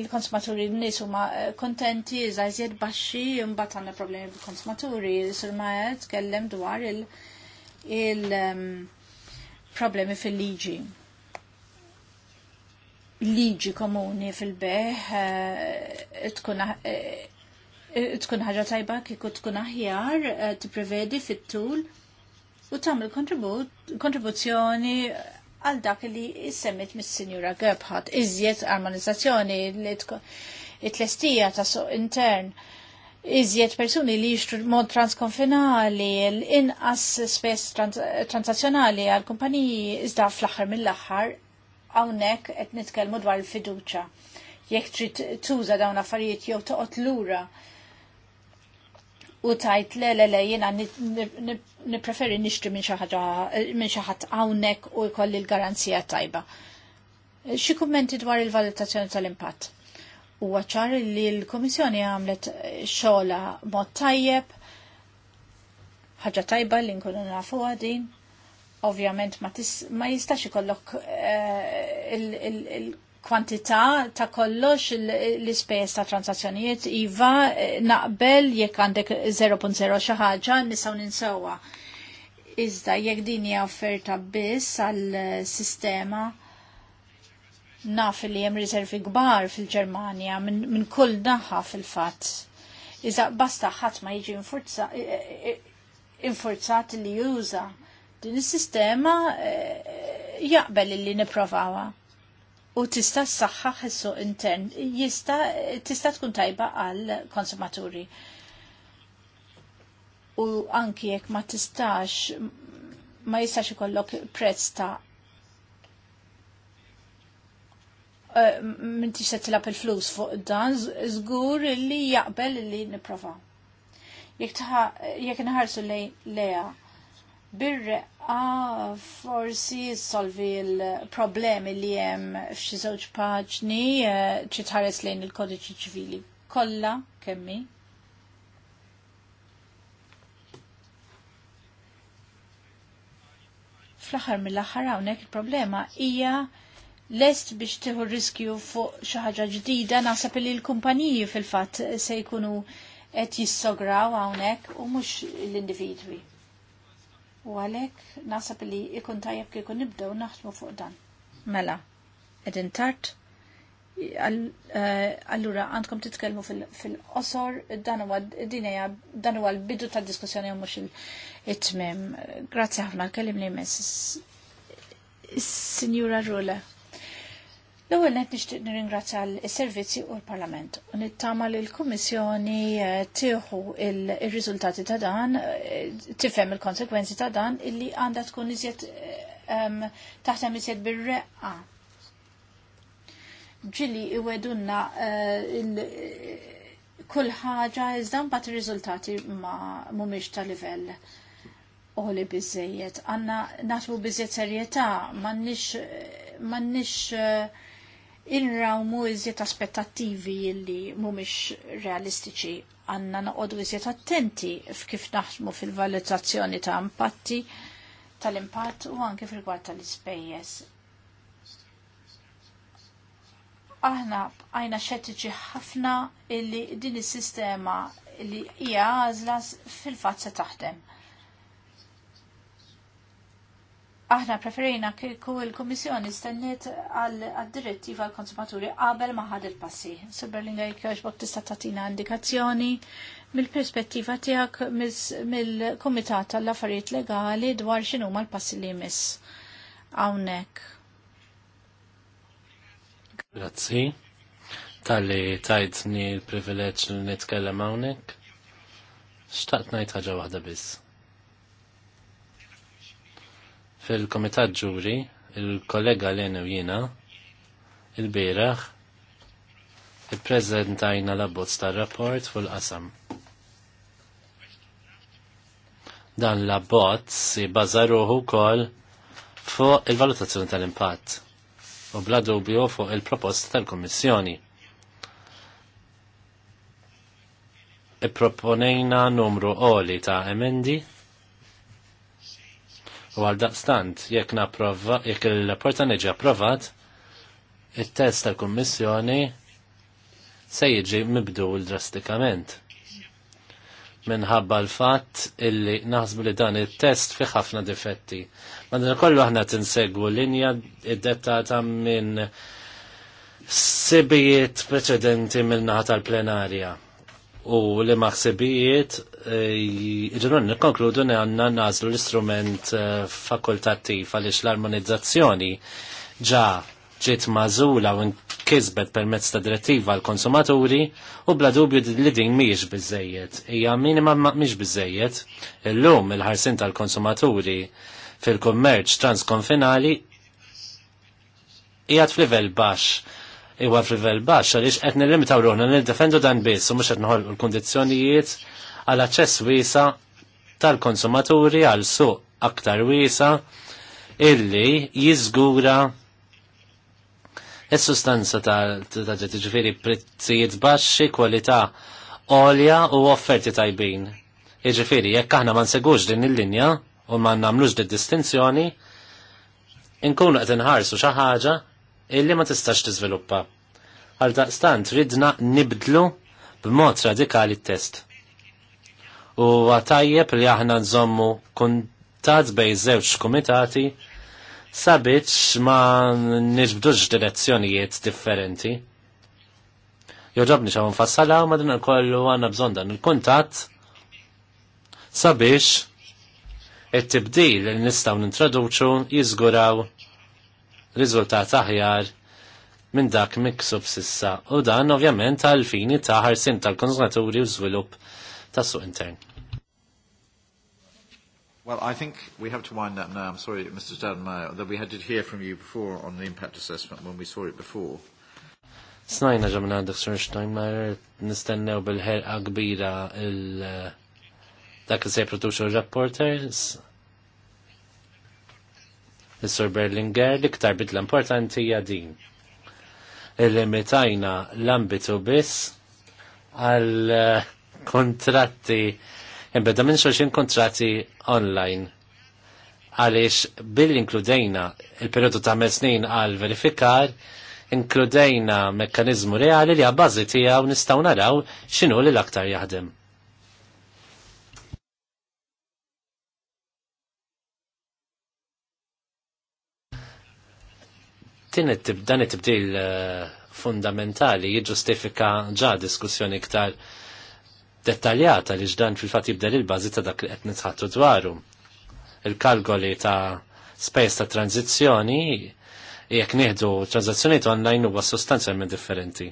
il-konsumaturi n ma huma e, kontenti iżgħar zjed baxxi imbagħad għandna problemi bil-konsumaturi. Sur Majer kellem dwar il- problemi fil-liġi liġi komuni fil-beħ eh, tkun eh, eh, tkun ħaġa tajba kiku tkun aħjar tipprevedi fit-tul u tagħmel kontribuzzjoni għal dak li jissemmit mis-Sinjura Gebhardt iżjed armonizzazzjoni li it-tlestija ta' suq intern iżjed persuni li jixtru mod transkonfinali, l-inqas spess transazzjonali għal kumpaniji iżda fl-axar mill-axar hawnhekk qed nitkellmu dwar il-fiduċja. Jekk trid tuża dawn affarijiet jew toqgħod lura u tajt le le le jiena nippreferi nixtri minn xi ħadd hawnhekk u jkolli l-garanzija tajba. Xi kummenti dwar il-valutazzjoni tal-impatt? Huwa ċar li l-Kummissjoni għamlet xogħla mod tajjeb, ħaġa tajba li nkunu nafuha din Ovvjament ma jistax ikollok eh, il-kwantità ta' kollox l-ispejjeż ta' transazzjonijiet iva eh, naqbel jekk għandek 0.0 xi ħaġa nisgħu ninsewwa. Iżda jekk din hija offerta biss għall-sistema naf li hemm riservi kbar fil ġermanja minn min kull naħa fil fatt iżda basta ħadd ma jiġi eh, infurzat li juża Din is-sistema eh, jaqbel li niprovawa. U tista' s-saxħaħ is-suq intern, jista' tista' tkun tajba għal konsumaturi. U anki jekk ma tistax ma jistax ikollok prezz ta' eh, minn tix tilab il-flus fuq dan, zgur li jaqbel li niprofa. Jek nħarsu lejja. leja ah, forsi solvi l-problemi li jem f'xi żewġ paġni eh, ċitħares lejn il-kodiċi ċivili kollha kemmi. Fl-aħħar mill-aħħar hawnhekk il-problema hija lest biex tieħu riskju fuq xi ħaġa ġdida naħseb li l-kumpaniji fil-fatt se jkunu qed jissograw hawnhekk u mhux l-individwi. U għalhekk nasab li ikun tajjeb kieku nibdew naħdmu fuq dan. Mela, Edin tard, eh, allura għandkom titkellmu fil-qosor, dan huwa dinja dan huwa l-bidu tad-diskussjoni mhux it-tmiem. Grazzi ħafna kellim li mess. Signora Rule. L-ewwel qed nixtieq nirringrazzja l-servizzi u l-Parlament. Nittama li l-Kummissjoni eh, tieħu il-riżultati ta' dan, eh, tifhem il-konsekwenzi ta' dan illi għandha tkun iżjed eh, taħtem iżjed bir-reqqa. Ġili iwedunna kull ħaġa iżda mbagħad ir-riżultati ma mhumiex ta' livell oħli bizzejiet, għanna naħsbu bizzejiet serjetà mannix, mannix uh, inrawmu iżjed aspettattivi li mhumiex realistiċi għanna naqodu iżjed attenti f'kif naħdmu fil-valutazzjoni ta' impatti tal-impatt u anke fil-gwar tal-ispejjeż. Aħna għajna xettiċi ħafna illi din is-sistema li hija għażla fil-fatt se taħdem Aħna preferina kieku il-Komissjoni stenniet għal-direttiva għal-konsumaturi qabel ma ħad il-passi. Sir Berlinga bok tista' tatina indikazzjoni mill-perspettiva tiegħek mill-Kumitat tal-Affarijiet Legali dwar ma l passi li jmiss hawnhekk. Grazzi. Tali tajtni l privileċ li nitkellem hawnhekk. Xtaqt ngħid ħaġa waħda biss Fil-Komitat Ġuri, il-kollega l jina, il-biraħ, ippreżentajna l-abbozz tar-rapport fuq il-qasam. Dan l-abbozz bazaruħu kol fuq il-valutazzjoni tal-impatt u bla dubju fuq il-proposta tal-Kummissjoni. Ipproponejna numru qoli ta' emendi U għal daqstant, jekk naprova, jekk il-portaneġi approvat, il-test tal-Kummissjoni se jiġi mibdul drastikament. Minħabba l-fatt illi naħsbu li dan il-test fi ħafna difetti. Madan kollu aħna tinsegwu linja id-dettata minn sibijiet preċedenti minn naħa tal-plenarja u li maħsibijiet e, ġenun nikonkludu ne għanna nazlu l-istrument e, fakultattiv għalix l-armonizzazzjoni ġa ġiet mażula u nkisbet permezz ta' direttiva għal konsumaturi u bla dubju li din miex bizzejiet. Hija minima miex biżejjed. Illum il-ħarsin tal-konsumaturi fil-kummerċ transkonfinali hija f'livel baxx iwa f'rivell baxx għaliex qed nirlimitaw ruħna niddefendu dan biss u mhux qed noħolqu l-kundizzjonijiet għal aċċess wiesa tal-konsumaturi għal suq aktar wiesa illi jiżgura s sustanza ta' ġet ġifiri prezzijiet baxxi, kwalità għolja u offerti tajbin. Iġifiri, jekk aħna ma nsegux din il-linja u ma nagħmlux di distinzjoni, inkunu qed inħarsu xi ħaġa illi ma tistax tiżviluppa. Għal daqstant ridna nibdlu b'mod radikali t-test. U għatajjeb li aħna nżommu kuntat bej żewġ komitati sabiex ma nġbdux direzzjonijiet differenti. Joġobni xa nfassala ma din kollu għanna bżon dan il-kuntat sabiex it-tibdil li nistaw nintroduċu jizguraw riżultat aħjar minn dak miksub sissa u dan ovvjament għal fini ta' ħarsin tal-konsumaturi u żvilupp ta' suq intern. Well, I think we have to wind up now. I'm sorry, Mr. Stadmeyer, that we had to hear from you before on the impact assessment when we saw it before. Snajna ġamna għandek Steinmeier, nistennew bil-ħerqa kbira il- dak il-sejprotu reporters, Is-Sur Berlinger l-iktar l importanti hija din. Illimitajna l-ambitu biss għal eh, kontratti imbeda minn xoċin kontratti online għaliex bil inkludejna il-periodu ta' mesnin għal verifikar inkludejna mekkanizmu reali li għabbażi tijaw nistaw naraw xinu li l-aktar jaħdem. dan it-tibdil fundamentali jiġustifika ġa diskussjoni iktar dettaljata li ġdan fil-fat jibdel il-bazi ta' dak li qed nitħattu dwaru. Il-kalgoli ta' space ta' tranzizzjoni jekk nieħdu tranzazzjonijiet online huwa sostanzjalment differenti.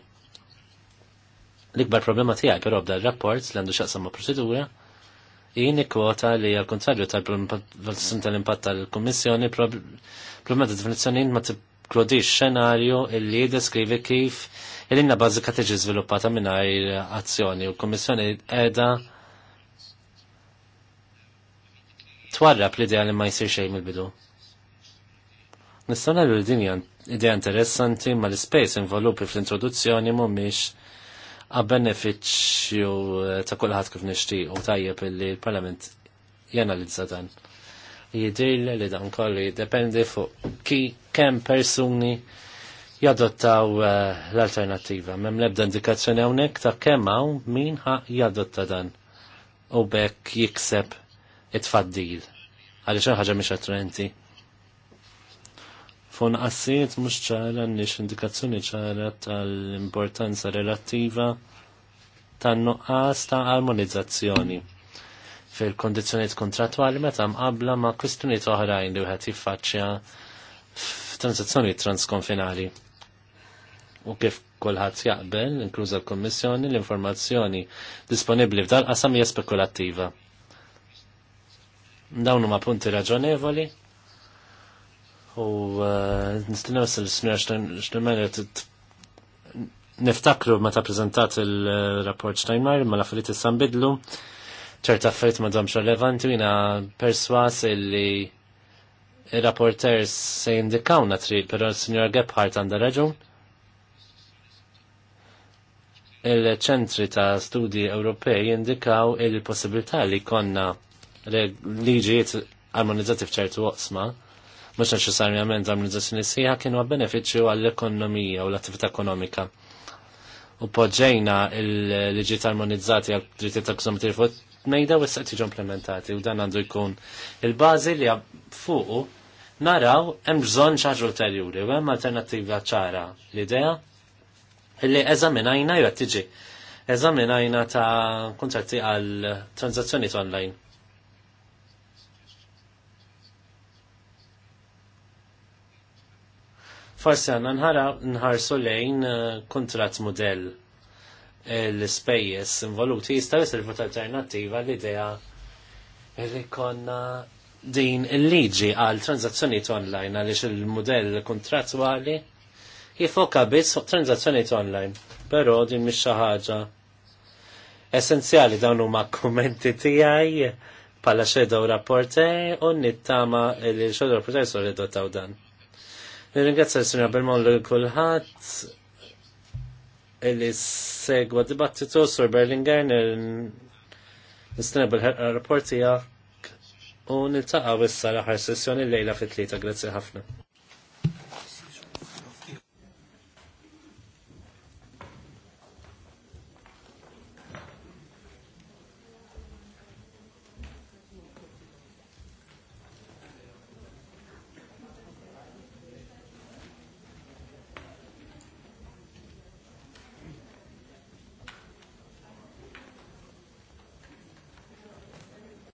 L-ikbar problema tiegħi però b'dan rapport li għandu x'aqsam ma' proċedura jien kwota li għal kontrarju tal-valutazzjoni tal-impatt tal-Kummissjoni problema ta' definizzjoni ma jinkludix xenarju illi deskrivi kif il-linna bażika tiġi żviluppata mingħajr azzjoni u l-Kummissjoni qiegħda twarrab l-idea li ma jsir xejn il bidu Nistana l din idea interessanti ma l-ispejs involupi fl-introduzzjoni mhumiex għab-benefiċċju ta' kulħadd kif nixtieq u tajjeb li l-Parlament janalizza dan jidil li dan kolli dependi fuq ki kem persuni jadottaw eh, l-alternativa. Mem lebda indikazzjoni hawnhekk ta' kemm hawn min ha jadotta dan u bekk jikseb it-faddil. Għaliex ħaġa miex attrenti. Fon qassiet mhux ċara nix indikazzjoni ċara tal-importanza relattiva tan-nuqqas ta' armonizzazzjoni fil-kondizjoniet kontratwali meta mqabla ma' kwistjoniet oħrajn li wieħed jiffaċċja f'transazzjoni transkonfinali. U kif kulħadd jaqbel, inkluża l-Kummissjoni, l-informazzjoni disponibbli f'dal qasam hija spekulattiva. Dawn huma punti raġonevoli u eh, nistennew s-smir x'temel niftakru meta preżentat il-rapport Steinmeier ma l-affarijiet issa ċerta affarijiet ma domx relevanti jina perswas illi il-rapporters se jindikaw tri, pero s-Sinjor Gebhardt għanda raġun. Il-ċentri ta' studi Ewropej jindikaw il-possibilità li konna liġijiet armonizzati fċertu oqsma, mux neċessarjament armonizzazzjoni sħiħa kienu għab għall-ekonomija u l-attività ekonomika. U poġġejna il-liġijiet armonizzati għal dritti ta' konsumatur mejda u s-sat implementati u dan għandu jkun il-bazi li fuq naraw hemm bżonn ċaġ ulterjuri u hemm alternattiva ċara l-idea illi eżaminajna jew qed tiġi eżaminajna ta' kuntratti għal tranzazzjoni online. Forse għanna nħarsu lejn eh, kontrat model l-spejjes involuti jista' jisir vot alternattiva l-idea li konna din il-liġi għal tranzazzjonijiet online għaliex il mudell kontrattwali jifoka biss fuq tranzazzjoniet online. Però din mhix xi ħaġa essenzjali dawn huma kummenti tiegħi bħala xedow rapportej u nittama li xedow rapportej solidu taw dan. Nirringrazzja l-Sinja Belmon l kulħadd illi segwa dibattitu sur Berlinger nistenna bil-rapporti jak u nil-taqaw issa l-ħar sessjoni l-lejla fit Tlita, Grazie ħafna.